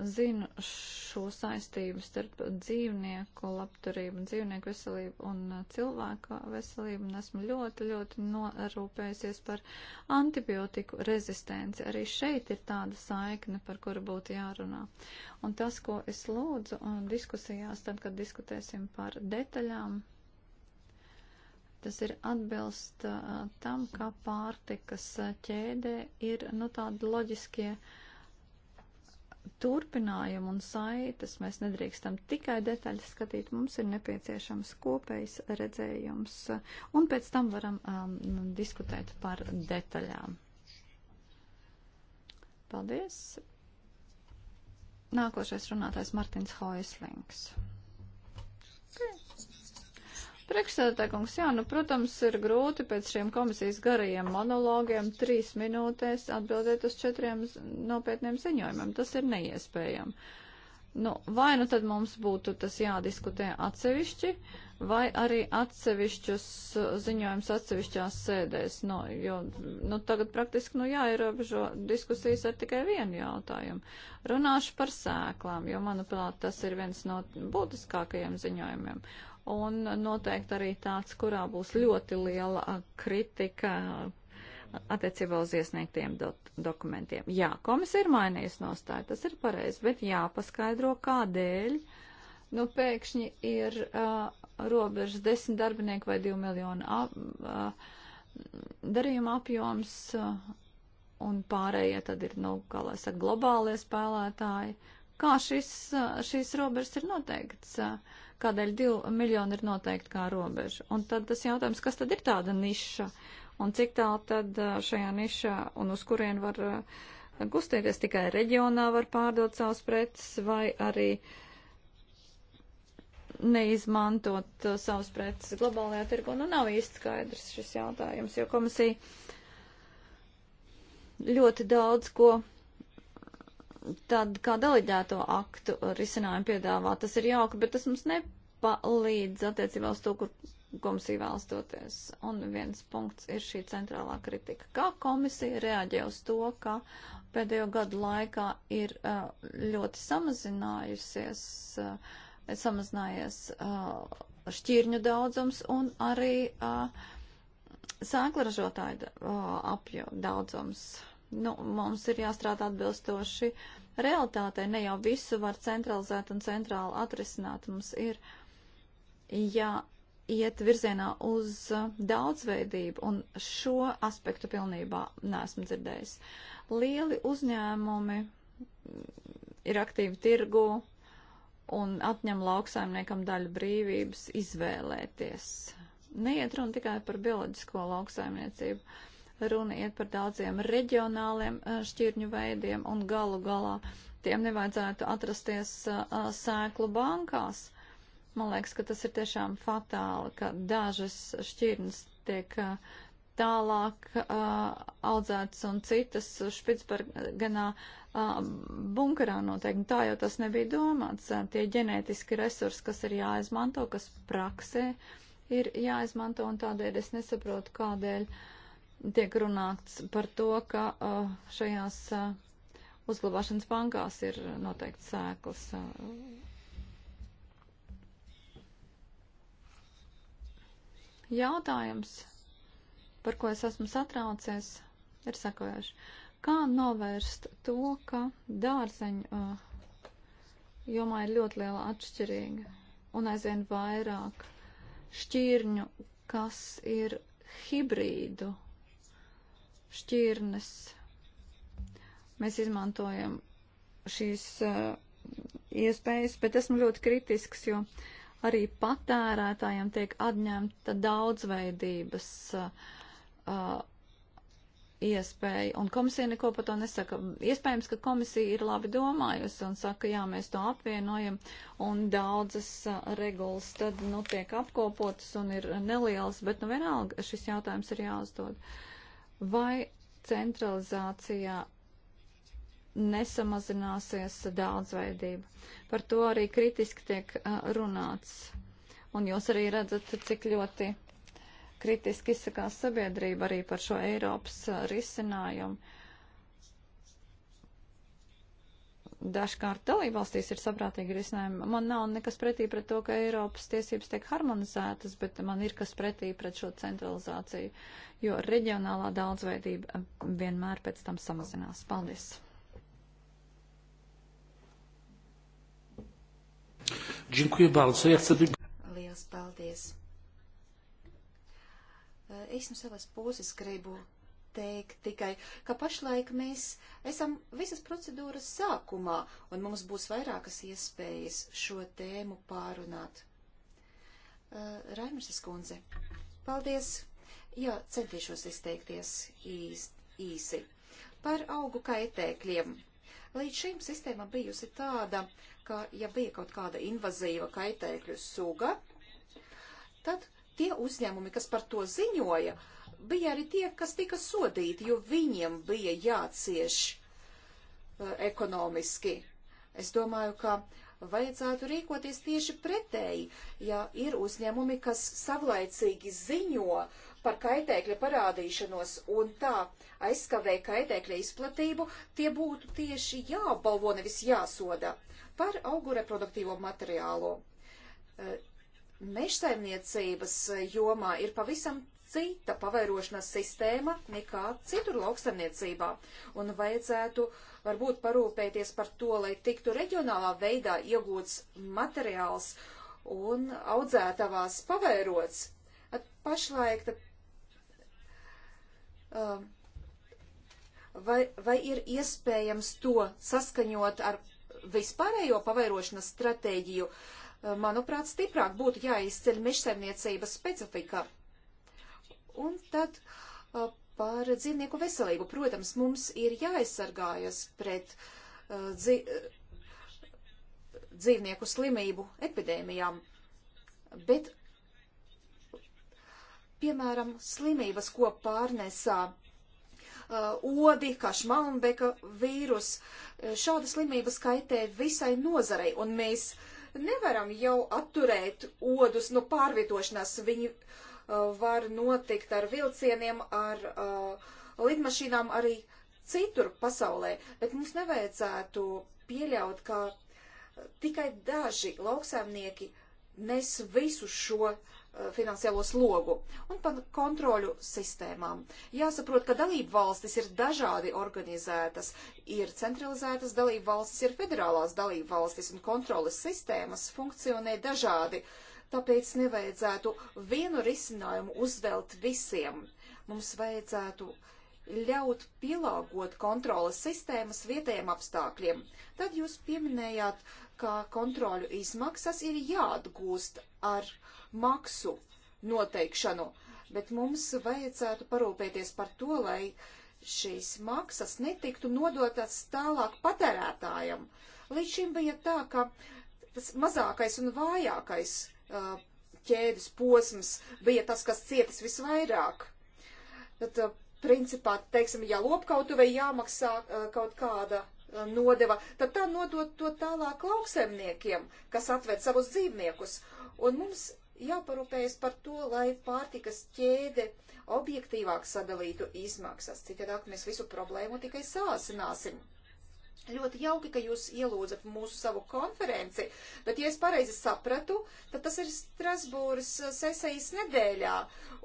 zinu šo saistību starp dzīvnieku labturību, dzīvnieku veselību un uh, cilvēka veselību, un esmu ļoti, ļoti norūpējusies par antibiotiku rezistenci. Arī šeit ir tāda saikne, par kuru būtu jārunā. Un tas, ko es lūdzu uh, diskusijās, tad, kad diskutēsim par detaļām, tas ir atbilst uh, tam, kā pārtikas uh, ķēdē ir, nu, tādi loģiskie uh, turpinājumu un saites mēs nedrīkstam tikai detaļas skatīt, mums ir nepieciešams kopējs redzējums, un pēc tam varam um, nu, diskutēt par detaļām. Paldies! Nākošais runātājs Martins Hoislings. Okay. Priekšsēdētājkungs, jā, nu, protams, ir grūti pēc šiem komisijas garajiem monologiem trīs minūtēs atbildēt uz četriem nopietniem ziņojumiem. Tas ir neiespējami. Nu, vai nu tad mums būtu tas jādiskutē atsevišķi, vai arī atsevišķus ziņojums atsevišķās sēdēs, nu, jo, nu, tagad praktiski, nu, jāierobežo diskusijas ar tikai vienu jautājumu. Runāšu par sēklām, jo, manuprāt, tas ir viens no būtiskākajiem ziņojumiem un noteikti arī tāds, kurā būs ļoti liela kritika attiecībā uz iesniegtiem do dokumentiem. Jā, komisija ir mainījusi nostāju, tas ir pareizi, bet jāpaskaidro, kādēļ nu, pēkšņi ir uh, robežas desmit darbinieku vai divu miljonu ap, uh, darījuma apjoms, uh, un pārējie tad ir, nu, kā lai saka, globālie spēlētāji. Kā šis, uh, šīs robežas ir noteikts? Uh, kādēļ divi miljoni ir noteikti kā robeža. Un tad tas jautājums, kas tad ir tāda niša un cik tālu tad šajā nišā un uz kurien var gustēties tikai reģionā var pārdot savus preces vai arī neizmantot savus preces globālajā tirgu. Nu, nav īsti skaidrs šis jautājums, jo komisija ļoti daudz ko tad kā deleģēto aktu risinājumu piedāvā, tas ir jauki, bet tas mums nepalīdz attiecībā uz to, kur komisija vēlas doties. Un viens punkts ir šī centrālā kritika. Kā komisija reaģē uz to, ka pēdējo gadu laikā ir uh, ļoti samazinājusies, uh, samazinājies uh, šķirņu daudzums un arī sēklaražotāju apjo daudzums? nu, mums ir jāstrādā atbilstoši realitātei. Ne jau visu var centralizēt un centrāli atrisināt. Mums ir jāiet virzienā uz daudzveidību, un šo aspektu pilnībā neesmu dzirdējis. Lieli uzņēmumi ir aktīvi tirgu un atņem lauksaimniekam daļu brīvības izvēlēties. Neiet runa tikai par bioloģisko lauksaimniecību. Uh, Runa iet par daudziem reģionāliem eh, šķirņu veidiem un galu galā tiem nevajadzētu atrasties eh, sēklu bankās. Man liekas, ka tas ir tiešām fatāli, ka dažas šķirnes tiek eh, tālāk audzētas un citas Špitsbergenā bunkarā noteikti. Tā jau tas nebija domāts. Tie ģenētiski resursi, kas ir jāizmanto, kas praksē ir jāizmanto, un tādēļ es nesaprotu, kādēļ uh, tiek runāts par to, ka uh, šajās uh, uzglabāšanas bankās ir noteikti sēklas. Uh. Jautājums, par ko es esmu satraucies, ir sakojoši. Kā novērst to, ka dārzeņu uh, jomā ir ļoti liela atšķirīga un aizvien vairāk šķirņu, kas ir hibrīdu šķirnes. Mēs izmantojam šīs uh, iespējas, bet esmu ļoti kritisks, jo arī patērētājiem tiek atņemta daudzveidības uh, iespēja, un komisija neko par to nesaka. Iespējams, ka komisija ir labi domājusi un saka, jā, mēs to apvienojam, un daudzas eh, regulas tad, nu, tiek apkopotas un ir nelielas, bet, nu, vienalga šis jautājums ir jāuzdod. Uh, vai centralizācijā nesamazināsies daudzveidība. Par to arī kritiski tiek runāts. Un jūs arī redzat, cik ļoti kritiski izsakās sabiedrība arī par šo Eiropas risinājumu. dažkārt dalībvalstīs ir saprātīgi risinājumi. Man nav nekas pretī pret to, ka Eiropas tiesības tiek harmonizētas, bet man ir kas pretī pret šo centralizāciju, jo reģionālā daudzveidība vienmēr pēc tam samazinās. Paldies! Dziękuję bardzo. Ja chcę... Liels paldies! Es no savas puses gribu teikt tikai, ka pašlaik mēs esam visas procedūras sākumā, un mums būs vairākas iespējas šo tēmu pārunāt. Uh, Raimarsas kundze, paldies! Jā, centīšos izteikties īs, īsi. Par augu kaitēkļiem. Līdz šim sistēma bijusi tāda, ka ja bija kaut kāda invazīva kaitēkļu suga, tad tie uzņēmumi, kas par to ziņoja, uh, bija arī tie, kas tika sodīti, jo viņiem bija jācieš uh, ekonomiski. Es domāju, ka vajadzētu rīkoties tieši pretēji, ja ir uzņēmumi, kas savlaicīgi ziņo par kaitēkļa parādīšanos un tā aizskavē kaitēkļa izplatību, tie būtu tieši jāapbalvo, nevis jāsoda par augureproduktīvo materiālu. Uh, mežsaimniecības jomā ir pavisam cita pavairošanas sistēma nekā citur lauksaimniecībā, un vajadzētu varbūt parūpēties par to, lai tiktu reģionālā veidā iegūts materiāls un audzētavās pavairots. At pašlaik tad, um, vai, vai ir iespējams to saskaņot ar vispārējo pavairošanas stratēģiju? Uh, manuprāt, stiprāk būtu jāizceļ mežsaimniecības specifika. Un tad uh, par dzīvnieku veselību. Protams, mums ir jāaizsargājas pret uh, dzi dzīvnieku slimību epidēmijām, bet, piemēram, slimības, ko pārnesā uh, odi, kā šmalmbeka vīrus, šāda slimība skaitē visai nozarei, un mēs nevaram jau atturēt odus no pārvietošanās. Viņi uh, Uh, var notikt ar vilcieniem, ar uh, lidmašīnām arī citur pasaulē, bet mums nevajadzētu pieļaut, ka tikai daži lauksaimnieki nes visu šo uh, finansiālo slogu un par kontroļu sistēmām. Jāsaprot, ka dalību valstis ir dažādi organizētas, ir centralizētas dalību valstis, ir federālās dalību valstis un kontrolas sistēmas funkcionē dažādi. Uh, Tāpēc nevajadzētu vienu risinājumu uzvelt visiem. Mums vajadzētu ļaut pielāgot kontrolas sistēmas vietējiem apstākļiem. Tad jūs pieminējāt, ka kontroļu izmaksas ir jāatgūst ar maksu noteikšanu, bet mums vajadzētu parūpēties par to, lai šīs maksas netiktu nodotas tālāk patērētājam. Līdz šim bija tā, ka tas mazākais un vājākais Uh, ķēdes posms bija tas, kas cietis visvairāk. Tad, uh, principā, teiksim, ja lopkautuvē jāmaksā uh, kaut kāda nodeva, tad tā nodot to tālāk lauksaimniekiem, kas atved savus dzīvniekus. Un mums jāparūpējas par to, lai pārtikas ķēde objektīvāk sadalītu izmaksas. Citādāk mēs visu problēmu tikai sāsināsim. Ļoti jauki, ka jūs ielūdzat mūsu savu konferenci, bet, ja es pareizi sapratu, tad tas ir Strasbūras uh, sesijas nedēļā,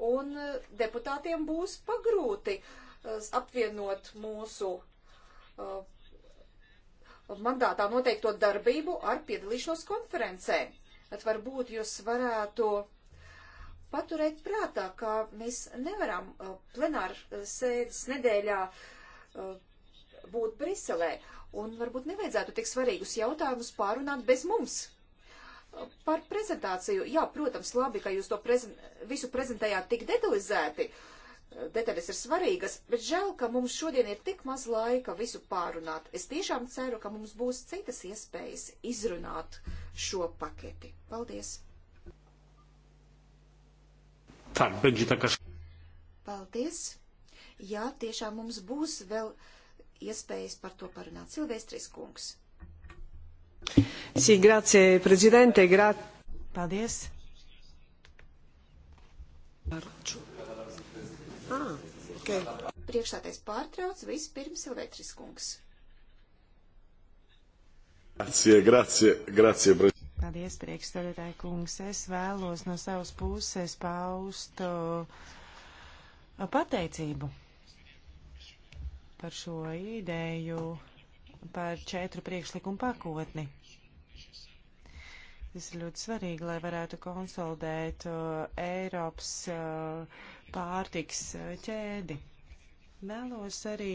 un uh, deputātiem būs pagrūti uh, apvienot mūsu uh, mandātā noteikto darbību ar piedalīšanos konferencē. Bet varbūt jūs varētu paturēt prātā, ka mēs nevaram plenāru sēdes nedēļā uh, būt Briselē. Uh, Un varbūt nevajadzētu tik svarīgus jautājumus pārunāt bez mums. Par prezentāciju. Jā, protams, labi, ka jūs to prezen visu prezentējāt tik detalizēti. Detaļas ir svarīgas, bet žēl, ka mums šodien ir tik maz laika visu pārunāt. Es tiešām ceru, ka mums būs citas iespējas izrunāt šo paketi. Paldies! Tā, Paldies! Jā, tiešām mums būs vēl. Uh, iespējas par to parunāt. Silvestris kungs. Sī, grazie, prezidente, grā... Paldies. Ah, okay. Priekšstātais pārtrauc vispirms Silvestris kungs. Grazie, grazie, grazie, prezidente. Paldies, priekšstādātāji kungs. Es vēlos no savas puses paust uh, pateicību par šo ideju, par četru priekšlikumu pakotni. Tas ir ļoti svarīgi, lai varētu konsolidēt uh, Eiropas uh, pārtiks uh, ķēdi. Vēlos arī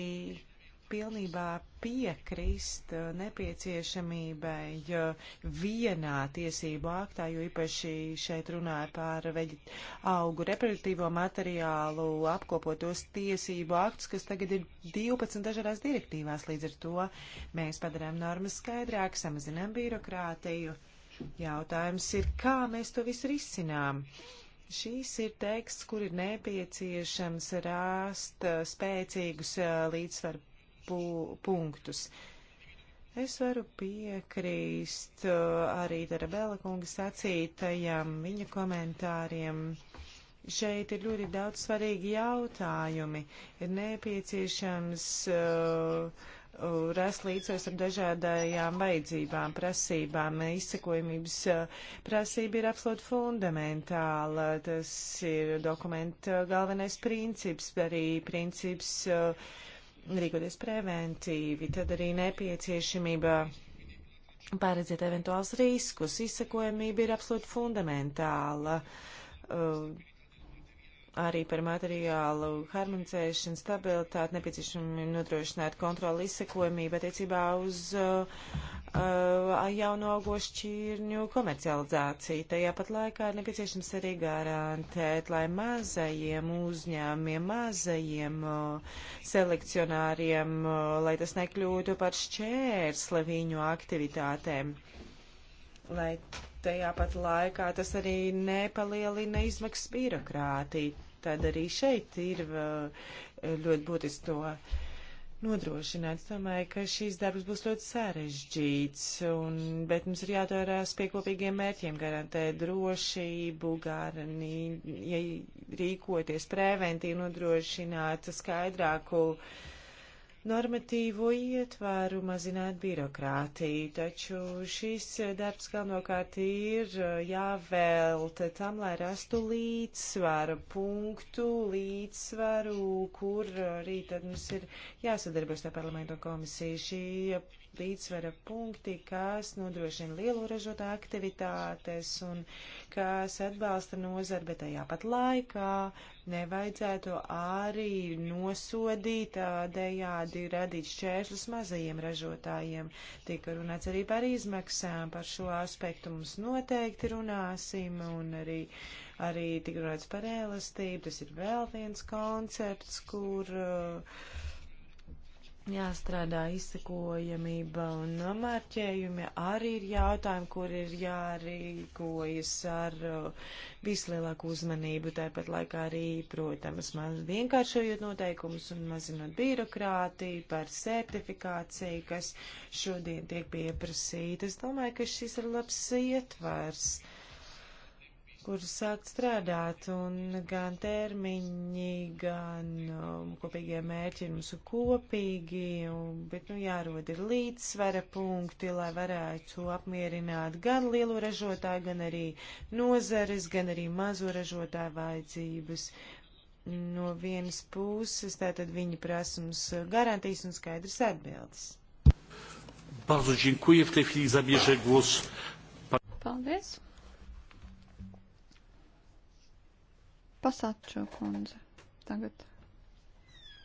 pilnībā piekrist uh, nepieciešamībai uh, vienā tiesību aktā, jo īpaši šeit runāja par veģi, augu reproduktīvo materiālu apkopotos tiesību aktus, kas tagad ir 12 dažādās direktīvās. Līdz ar to mēs padarām normas skaidrāk, samazinām birokrātiju. Jautājums ir, kā mēs to visu risinām? Šīs ir teksts, kur ir nepieciešams rast uh, spēcīgus līdzsvaru pu punktus. Es varu piekrīst uh, arī Tarabela kunga sacītajam, viņa komentāriem. Šeit ir ļoti daudz svarīgi jautājumi. Ir nepieciešams uh, uh rast līdzsvars ar dažādajām vajadzībām, prasībām. Izsekojumības uh, prasība ir absolūti fundamentāla. Tas ir dokumenta galvenais princips, arī princips. Uh, rīkoties preventīvi, tad arī nepieciešamība paredzēt eventuāls riskus. Izsakojamība ir absolūti fundamentāla. Uh, arī par materiālu harmonizēšanu, stabilitāti, nepieciešami nodrošināt kontroli izsekojumību attiecībā uz uh, uh, jauno ogošķirņu komercializāciju. Tajā pat laikā ir nepieciešams arī garantēt, lai mazajiem uzņēmiem, mazajiem uh, selekcionāriem, uh, lai tas nekļūtu par šķērsli viņu aktivitātēm. Lai Tajā pat laikā tas arī nepalielina izmaksas birokrātī. Tad arī šeit ir eh, ļoti būtiski to nodrošināt. Es domāju, ka šīs darbs būs ļoti sarežģīts, un, bet mums ir jādarās pie kopīgiem mērķiem, garantē drošību, garantē ja rīkoties preventīvi, nodrošināt skaidrāku uh, normatīvo ietvaru, mazināt birokrātiju, taču šis darbs galvenokārt ir jāvēlta tam, lai rastu līdzsvaru punktu, līdzsvaru, kur arī tad mums ir jāsadarbos ar parlamentu komisiju. Šī līdzsvera punkti, kas nodrošina lielo ražotāju aktivitātes un kas atbalsta nozari, bet tajā pat laikā nevajadzētu arī nosodīt tādējādi radīt šķēršļus mazajiem ražotājiem. Tika runāts arī par izmaksām, par šo aspektu mums noteikti runāsim un arī, arī tika runāts par elastību. Tas ir vēl viens koncepts, kur. Uh, jāstrādā izsekojamība un nomērķējumi. Arī ir jautājumi, kur ir jārīkojas ar uh, vislielāku uzmanību, tāpat laikā arī, protams, maz vienkāršojot noteikumus un mazinot birokrātiju par certifikāciju, kas šodien tiek pieprasīta. Es domāju, ka šis ir labs ietvars. Uh, kur sākt strādāt, un gan termiņi, gan um, kopīgie mērķi ir mūsu kopīgi, un, bet, nu, jārod ir līdzsvara punkti, lai varētu apmierināt gan lielo ražotāju, gan arī nozares, gan arī mazo ražotāju vajadzības. No vienas puses, tātad viņi prasa mums garantijas un skaidrs atbildes. Bardzo dziękuję. W tej chwili zabierze głos. Paldies. Pasāču kundze tagad.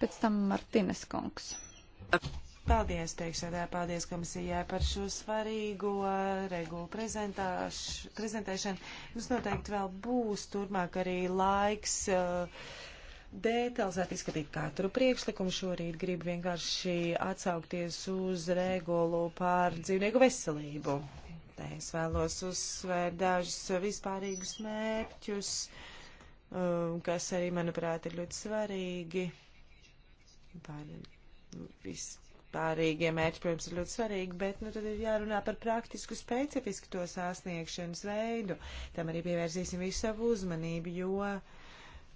Pēc tam Martines kungs. Paldies, priekšsēdē, paldies komisijai par šo svarīgo regulu prezentēšanu. Mums noteikti vēl būs turmāk arī laiks uh, detalizēt izskatīt katru priekšlikumu. Šorīt gribu vienkārši atsaukties uz regulu par dzīvnieku veselību. Te es vēlos uzsvērt dažus vispārīgus mērķus. Uh, Um, kas arī, manuprāt, ir ļoti svarīgi. Par vispārīgie mērķi, protams, ir ļoti svarīgi, bet nu, tad ir jārunā par praktisku, specifisku to sasniegšanas veidu. Tam arī pievērsīsim visu savu uzmanību, jo uh,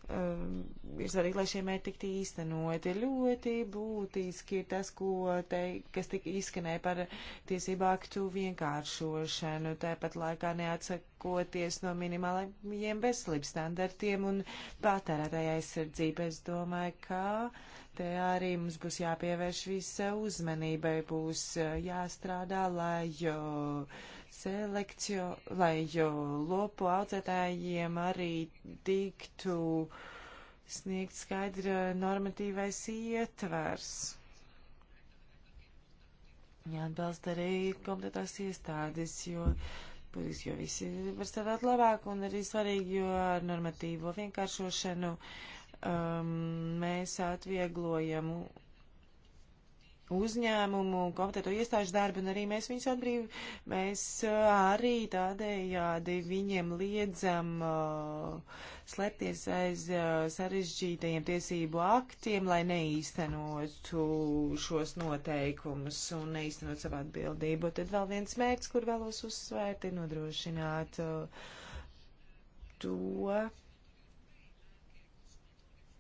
um, ir svarīgi, lai šie mērķi tiktu īstenoti. Ļoti būtiski ir tas, ko te, kas tika izskanēja par tiesību aktu vienkāršošanu, tāpat laikā neatsakoties no minimālajiem veselības standartiem un patērētāja aizsardzība. Es domāju, ka te arī mums būs jāpievērš visa uzmanībai, būs jāstrādā, lai. Jo, uh, selekcio, lai lopu audzētājiem arī tiktu sniegt skaidra normatīvais ietvers. Jāatbalsta arī kompletās iestādes, jo, puris, jo visi var strādāt labāk un arī svarīgi, jo ar normatīvo vienkāršošanu um, mēs atvieglojam uzņēmumu, kompetento iestāžu darbu, un arī mēs viņus atbrīv, mēs arī tādējādi viņiem liedzam uh, slēpties aiz uh, sarežģītajiem tiesību aktiem, lai neīstenotu šos noteikumus un neīstenot savu atbildību. Tad vēl viens mērķis, kur vēlos uzsvērt, ir nodrošināt uh, to.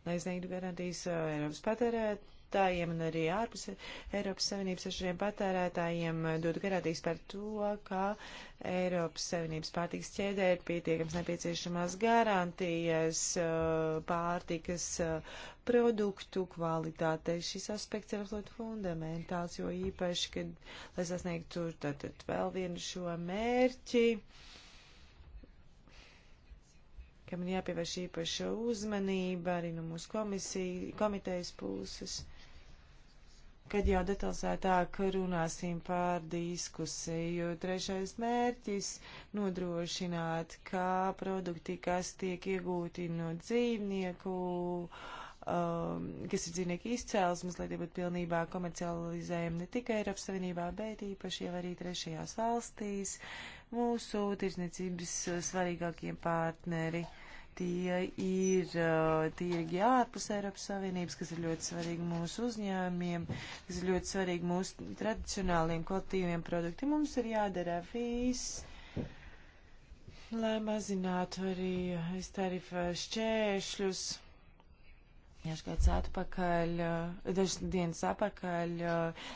Lai sniegtu garantijas Eiropas patērēt patērētājiem un arī ārpus Eiropas Savienības sešiem patērētājiem dod garantijas par to, ka Eiropas Savienības pārtikas ķēdē ir pietiekams nepieciešamās garantijas uh, pārtikas uh, produktu kvalitātei. Šis aspekts ir absolūti fundamentāls, jo īpaši, kad, lai sasniegtu tātad vēl vienu šo mērķi, kam ir jāpievērš īpaša uzmanība arī no mūsu komisija, komitejas puses kad jau detalizētāk runāsim par diskusiju. Trešais mērķis - nodrošināt, kā produkti, kas tiek iegūti no dzīvnieku, um, kas ir dzīvnieku izcēlesmes, lai tie būtu pilnībā komercializējami ne tikai Eiropas Savienībā, bet īpaši jau arī trešajās valstīs, mūsu tirzniecības svarīgākie partneri. Uh, Tie ir eh, tirgi ārpus Eiropas Savienības, kas ir ļoti svarīgi mūsu uzņēmiem, kas ir ļoti svarīgi mūsu tradicionāliem kolektīviem produktiem. Mums ir jādara viss, lai mazinātu arī tarifu šķēršļus. Dažs gads atpakaļ, eh, dažas dienas atpakaļ eh,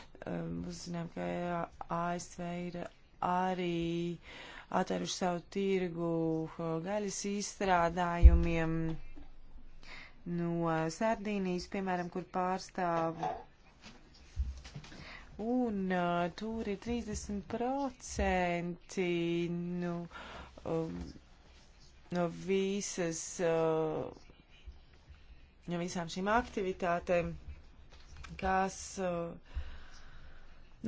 uzzinām, ka ASV ir arī atveruši savu tirgu eh, gaļas izstrādājumiem no Sardīnijas, piemēram, kur pārstāvu. Un uh, tur ir 30% nu, um, no visas, uh, no visām šīm aktivitātēm, kas uh,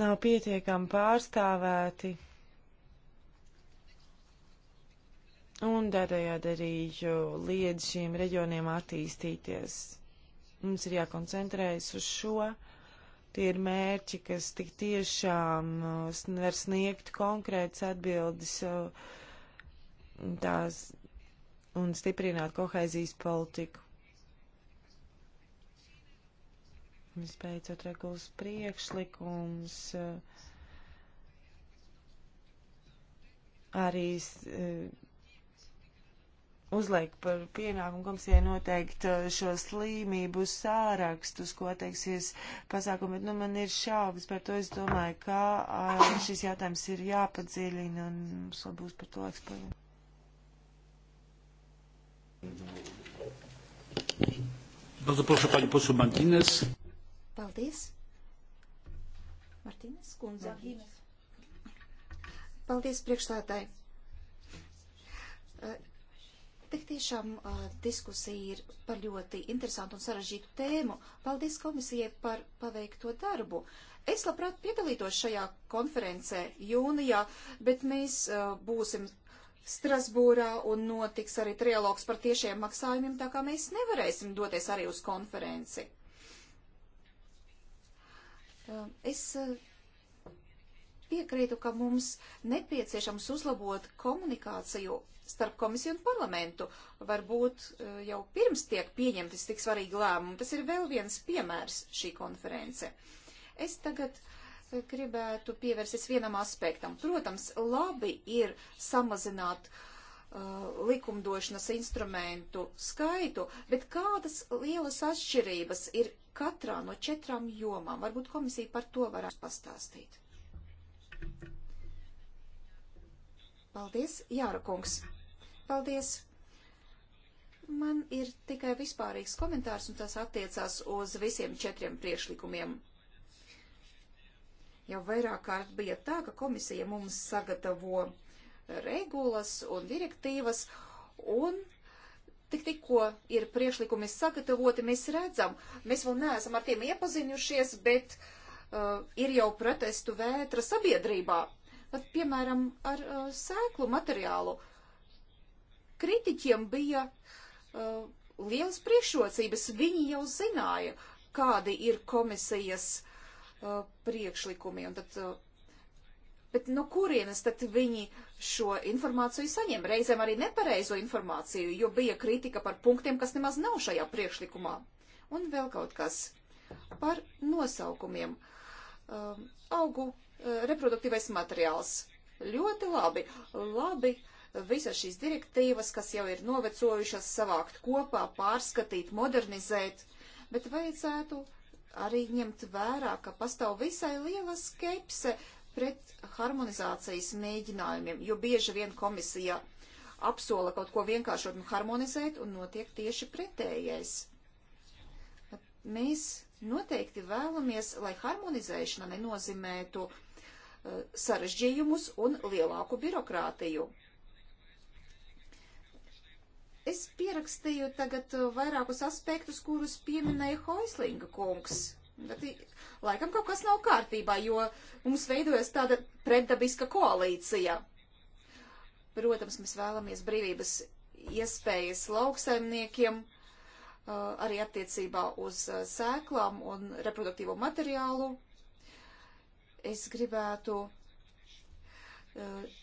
nav pietiekami pārstāvēti. un darējādi arī liedz šiem reģioniem attīstīties. Mums ir jākoncentrējas uz šo. Tie ir mērķi, kas tik tiešām uh, var sniegt konkrētas atbildes uh, tās un stiprināt kohēzijas politiku. Vispēcot regulas priekšlikums. Uh, arī uzliek par pienākumu komisijai noteikt uh, šo slīmību sārakstus, ko atteiksies pasākumi, bet nu, man ir šaubas par to. Es domāju, ka uh, šis jautājums ir jāpadziļina un mums vēl būs par to ekspozīcija. Bardzo proszę pani poseł Martinez. Paldies. Martinez, kundze. Paldies priekšstādāji. Tik tiešām uh, diskusija ir par ļoti interesantu un sarežģītu tēmu. Paldies komisijai par paveikto darbu. Es labprāt piedalītos šajā konferencē jūnijā, bet mēs uh, būsim Strasbūrā un notiks arī trialogs par tiešiem maksājumiem, tā kā mēs nevarēsim doties arī uz konferenci. Uh, es uh, piekrītu, ka mums nepieciešams uzlabot komunikāciju starp komisiju un parlamentu. Varbūt eh, jau pirms tiek pieņemtas tik svarīgi lēmumi. Tas ir vēl viens piemērs šī konference. Es tagad eh, gribētu pievērsties vienam aspektam. Protams, labi ir samazināt uh, likumdošanas instrumentu skaitu, bet kādas lielas atšķirības ir katrā no četrām jomām? Varbūt komisija par to varētu pastāstīt. Paldies, Jāra kungs. Paldies! Man ir tikai vispārīgs komentārs, un tas attiecās uz visiem četriem priekšlikumiem. Jau vairāk kārt bija tā, ka komisija mums sagatavo regulas un direktīvas, un tik tikko ir priekšlikumi sagatavoti, mēs redzam, mēs vēl neesam ar tiem iepazinušies, bet uh, ir jau protestu vētra sabiedrībā. Pat, piemēram, ar uh, sēklu materiālu Kritiķiem bija uh, liels priekšrocības. Viņi jau zināja, kādi ir komisijas uh, priekšlikumi. Un tad, uh, bet no kurienes tad viņi šo informāciju saņem? Reizēm arī nepareizo informāciju, jo bija kritika par punktiem, kas nemaz nav šajā priekšlikumā. Un vēl kaut kas par nosaukumiem. Uh, augu uh, reproduktīvais materiāls. Ļoti labi, labi visas šīs direktīvas, kas jau ir novecojušas, savākt kopā, pārskatīt, modernizēt, bet vajadzētu arī ņemt vērā, ka pastāv visai liela skepse pret harmonizācijas mēģinājumiem, jo bieži vien komisija apsola kaut ko vienkāršot un harmonizēt, un notiek tieši pretējais. Mēs noteikti vēlamies, lai harmonizēšana nenozīmētu uh, sarežģījumus un lielāku birokrātiju. Es pierakstīju tagad uh, vairākus aspektus, kurus pieminēja Hoislinga kungs. Bet laikam kaut kas nav kārtībā, jo mums veidojas tāda pretdabiska koalīcija. Protams, mēs vēlamies brīvības iespējas lauksaimniekiem uh, arī attiecībā uz uh, sēklām un reproduktīvo materiālu. Es gribētu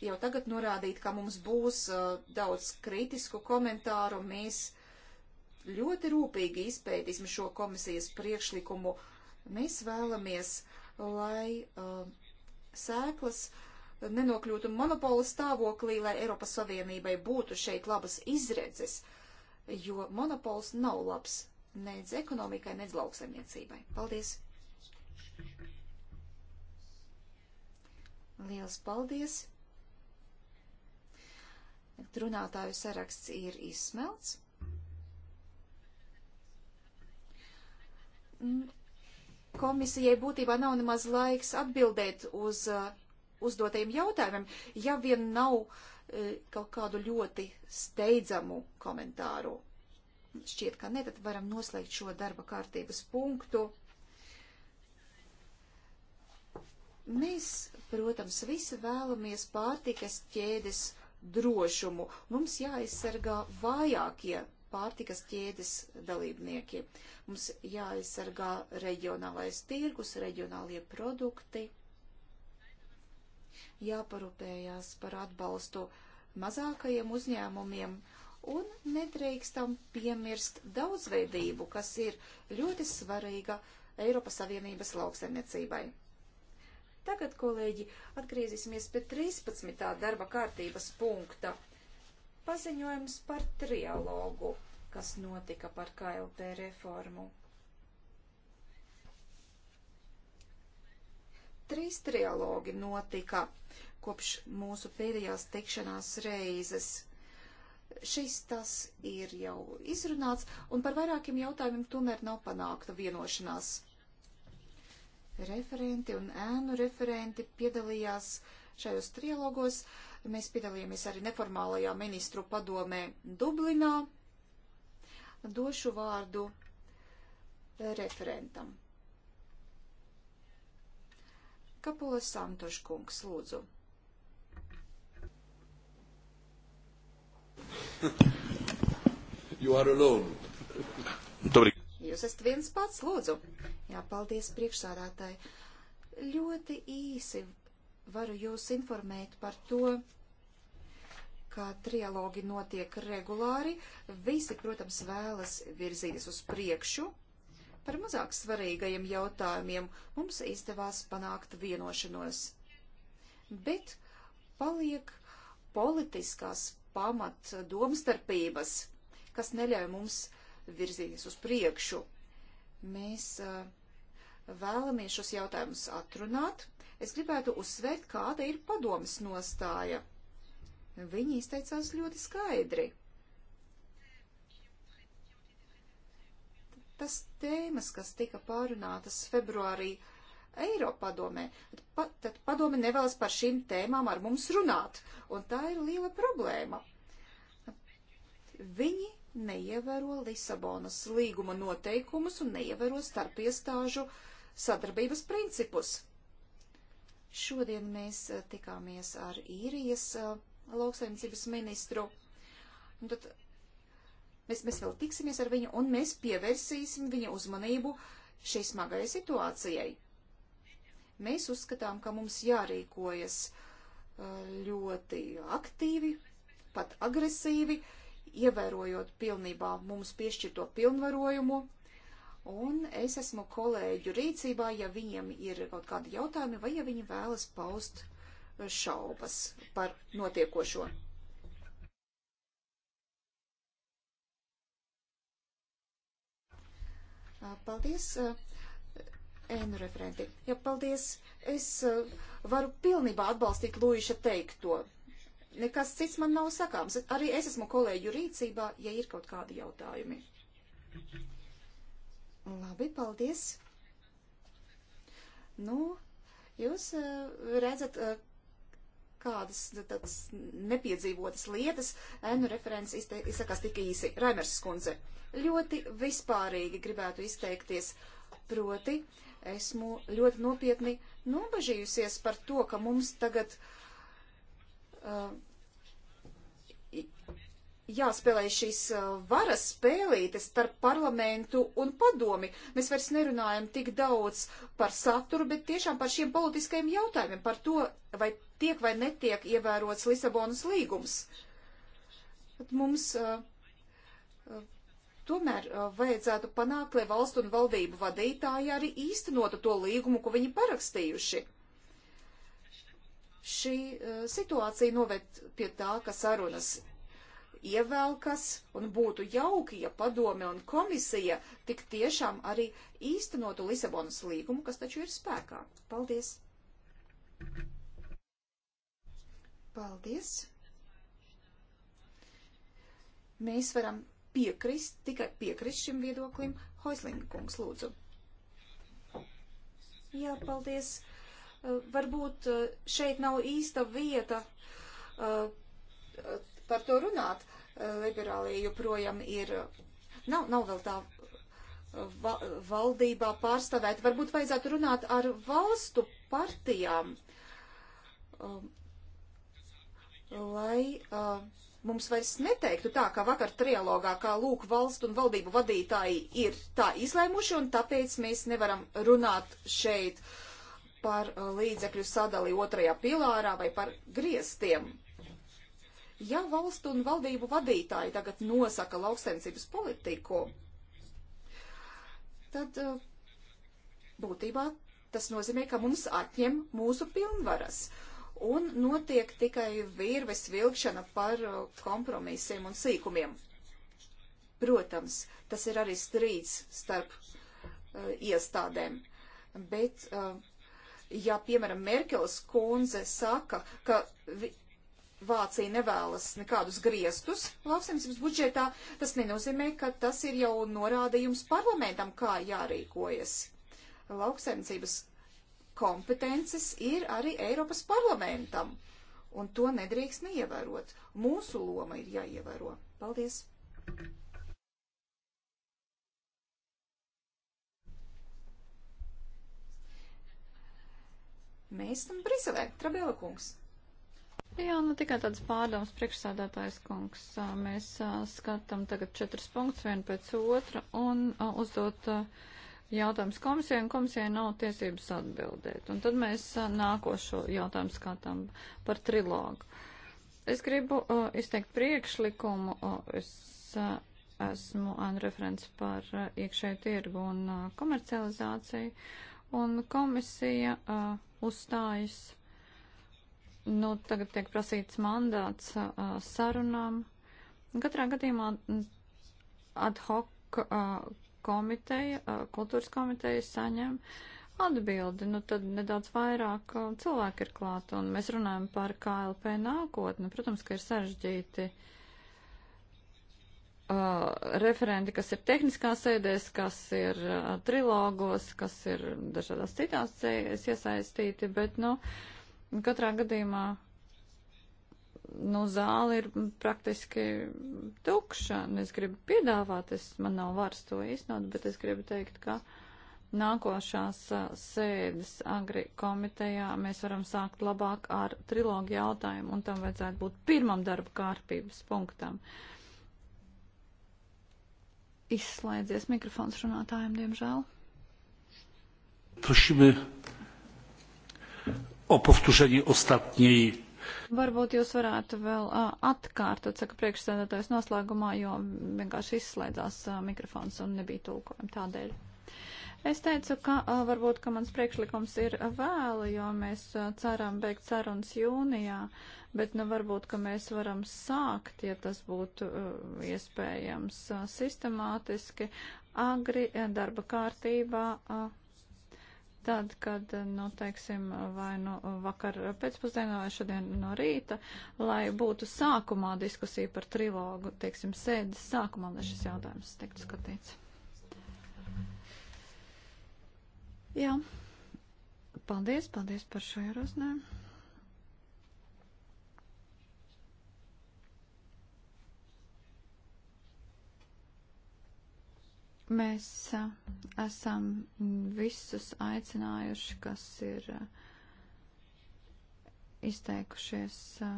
jau tagad norādīt, ka mums būs uh, daudz kritisku komentāru. Mēs ļoti rūpīgi izpētīsim šo komisijas priekšlikumu. Mēs vēlamies, lai uh, sēklas nenokļūtu monopola stāvoklī, lai Eiropas Savienībai būtu šeit labas izredzes, jo monopols nav labs nedz ekonomikai, nedz lauksaimniecībai. Paldies! Liels paldies! Runātāju saraksts ir izsmelts. Mm, komisijai būtībā nav nemaz laiks atbildēt uz uh, uzdotajiem jautājumiem, ja vien nav uh, kaut kādu ļoti steidzamu komentāru. Šķiet, ka ne, tad varam noslēgt šo darba kārtības punktu. Mēs, protams, visi vēlamies pārtikas ķēdes drošumu. Mums jāaizsargā vājākie pārtikas ķēdes dalībnieki. Mums jāaizsargā reģionālais tirgus, reģionālie produkti, jāparūpējās par atbalstu mazākajiem uzņēmumiem un nedrīkstam piemirst daudzveidību, kas ir ļoti svarīga Eiropas Savienības lauksaimniecībai. Tagad, kolēģi, atgriezīsimies pie 13. darba kārtības punkta. Paziņojums par trialogu, kas notika par KLP reformu. Trīs trialogi notika kopš mūsu pēdējās tikšanās reizes šis tas ir jau izrunāts, un par vairākiem jautājumiem tomēr nav panākta vienošanās referenti un ēnu referenti piedalījās šajos trilogos. Mēs piedalījāmies arī neformālajā ministru padomē Dublinā. Došu vārdu referentam. Kapula Santoškungs, lūdzu. You are alone. Muito obrigado. Jūs esat viens pats, lūdzu. Jā, paldies priekšsādātāji. Ļoti īsi varu jūs informēt par to, ka trialogi notiek regulāri. Visi, protams, vēlas virzīties uz priekšu. Par mazāk svarīgajiem jautājumiem mums izdevās panākt vienošanos. Bet paliek politiskās pamat domstarpības, kas neļauj mums uh, virzīties uz priekšu. Mēs eh, vēlamies šos jautājumus atrunāt. Es gribētu uzsvērt, kāda ir padomas nostāja. Viņi izteicās ļoti skaidri. Tas tēmas, kas tika pārunātas februārī Eiropadomē, pa, tad padome nevēlas par šīm tēmām ar mums runāt, un tā ir liela problēma. Viņi neievēro Lisabonas līguma noteikumus un neievēro starpiestāžu sadarbības principus. Šodien mēs eh, tikāmies ar īrijas eh, lauksaimniecības ministru. Un tad mēs, mēs vēl tiksimies ar viņu un mēs pievērsīsim viņa uzmanību šai smagajai situācijai. Mēs uzskatām, ka mums jārīkojas eh, ļoti aktīvi, pat agresīvi, uh, ievērojot pilnībā mums piešķirto pilnvarojumu, un es esmu kolēģu rīcībā, ja viņiem ir kaut kādi jautājumi vai ja viņi vēlas paust šaubas par notiekošo. Paldies, ēnu referenti. Jā, paldies. Es varu pilnībā atbalstīt Lūīša teikto Nekas cits man nav sakāms. Arī es esmu kolēģu rīcībā, ja ir kaut kādi jautājumi. Labi, paldies. Nu, jūs eh, redzat, eh, kādas tādas nepiedzīvotas lietas, ēnu referents izsakās tik īsi. Raimers skundze, ļoti vispārīgi gribētu izteikties, proti esmu ļoti nopietni nobažījusies par to, ka mums tagad uh, Uh, jāspēlē šīs uh, varas spēlītes starp parlamentu un padomi. Mēs vairs nerunājam tik daudz par saturu, bet tiešām par šiem politiskajiem jautājumiem, par to, vai tiek vai netiek ievērots Lisabonas līgums. Bet mums uh, uh, tomēr uh, vajadzētu panākt, lai valstu un valdību vadītāji arī īstenotu to līgumu, ko viņi parakstījuši. Šī e, situācija noved pie tā, ka sarunas ievelkas un būtu jauki, ja padome un komisija tik tiešām arī īstenotu Lisabonas līgumu, kas taču ir spēkā. Paldies! Paldies! Mēs varam piekrist, tikai piekrist šim viedoklim. Hoislinga kungs, lūdzu. Jā, paldies. Eh, varbūt eh, šeit nav īsta vieta eh, par to runāt. Liberālie joprojām ir, nav, nav vēl tā valdībā pārstāvēt. Varbūt vajadzētu runāt ar valstu partijām, lai mums vairs neteiktu tā, kā vakar trialogā, kā lūk valstu un valdību vadītāji ir tā izlēmuši, un tāpēc mēs nevaram runāt šeit. Uh, par uh, līdzekļu sadali otrajā pilārā vai par griestiem. Ja valstu un valdību vadītāji tagad nosaka lauksensības politiku, tad uh, būtībā tas nozīmē, ka mums atņem mūsu pilnvaras un notiek tikai virves vilkšana par uh, kompromisiem un sīkumiem. Protams, tas ir arī strīds starp uh, iestādēm, bet uh, ja, piemēram, Merkels kundze saka, ka Vācija nevēlas nekādus griestus lauksaimniecības budžetā, tas nenozīmē, ka tas ir jau norādījums parlamentam, kā jārīkojas. Lauksaimniecības kompetences ir arī Eiropas parlamentam, un to nedrīkst neievērot. Mūsu loma ir jāievēro. Paldies! Mēs esam Briselē, Trabela kungs. Jā, nu tikai tāds pārdoms priekšsādātājs kungs. Mēs skatām tagad četras punktus vienu pēc otra un uzdot jautājums komisijai, un komisijai nav tiesības atbildēt. Un tad mēs nākošo jautājumu skatām par trilogu. Es gribu uh, izteikt priekšlikumu. Uh, es uh, esmu anreferents par uh, iekšēju tirgu un uh, komercializāciju, un komisija. Uh, uzstājas. Nu, tagad tiek prasīts mandāts uh, sarunām. Katrā gadījumā ad hoc uh, komiteja, uh, kultūras komiteja saņem atbildi. Nu, tad nedaudz vairāk uh, cilvēki ir klāt un mēs runājam par KLP nākotni. Protams, ka ir sarežģīti uh, Uh, referenti, kas ir tehniskās sēdēs, kas ir uh, trilogos, kas ir dažādās citās sēdēs iesaistīti, bet, nu, katrā gadījumā, nu, zāli ir praktiski tukša, un es gribu piedāvāt, es, man nav varas to īstenot, bet es gribu teikt, ka nākošās uh, sēdes agri komitejā mēs varam sākt labāk ar trilogu jautājumu, un tam vajadzētu būt pirmam darba kārtības punktam. Uh, Izslēdzies mikrofons runātājiem, diemžēl. Prosimy o powtórzenie ostatniej. Varbūt jūs varētu vēl uh, atkārtot, saka priekšsēdētājs noslēgumā, jo vienkārši izslēdzās uh, mikrofons un nebija tulkojumi tādēļ. Es teicu, ka uh, varbūt, ka mans priekšlikums ir vēlu, jo mēs uh, ceram beigt sarunas jūnijā. Uh, Bet, nu, varbūt, ka mēs varam sākt, ja tas būtu uh, iespējams, uh, sistemātiski, agri uh, darba kārtībā, uh, tad, kad, uh, nu, teiksim, vai nu vakar pēcpusdienā vai šodien no rīta, lai būtu sākumā diskusija par trilogu, teiksim, sēdes sākumā, lai šis jautājums tiktu skatīts. Jā. Paldies, paldies par šo ierosinājumu. Mēs a, esam visus aicinājuši, kas ir a, izteikušies. A,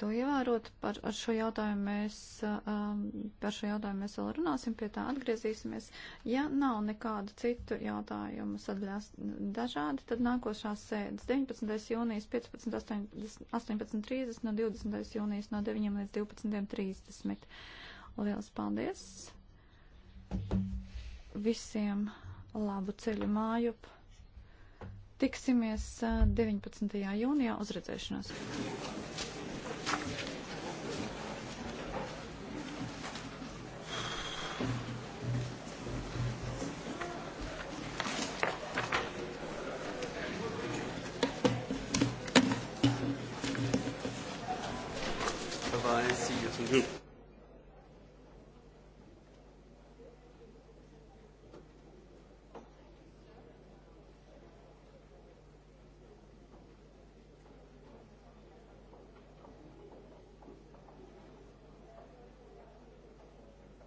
to ievērot. Par šo jautājumu mēs, um, par šo jautājumu mēs vēl runāsim, pie tā atgriezīsimies. Ja nav nekādu citu jautājumu sadaļās dažādi, tad nākošās sēdes 19. jūnijas 15.18.30 18, no 20. jūnijas no 9 līdz 12.30. Liels paldies visiem labu ceļu mājup. Tiksimies 19. Uh, jūnijā uzredzēšanos. Group mm-hmm.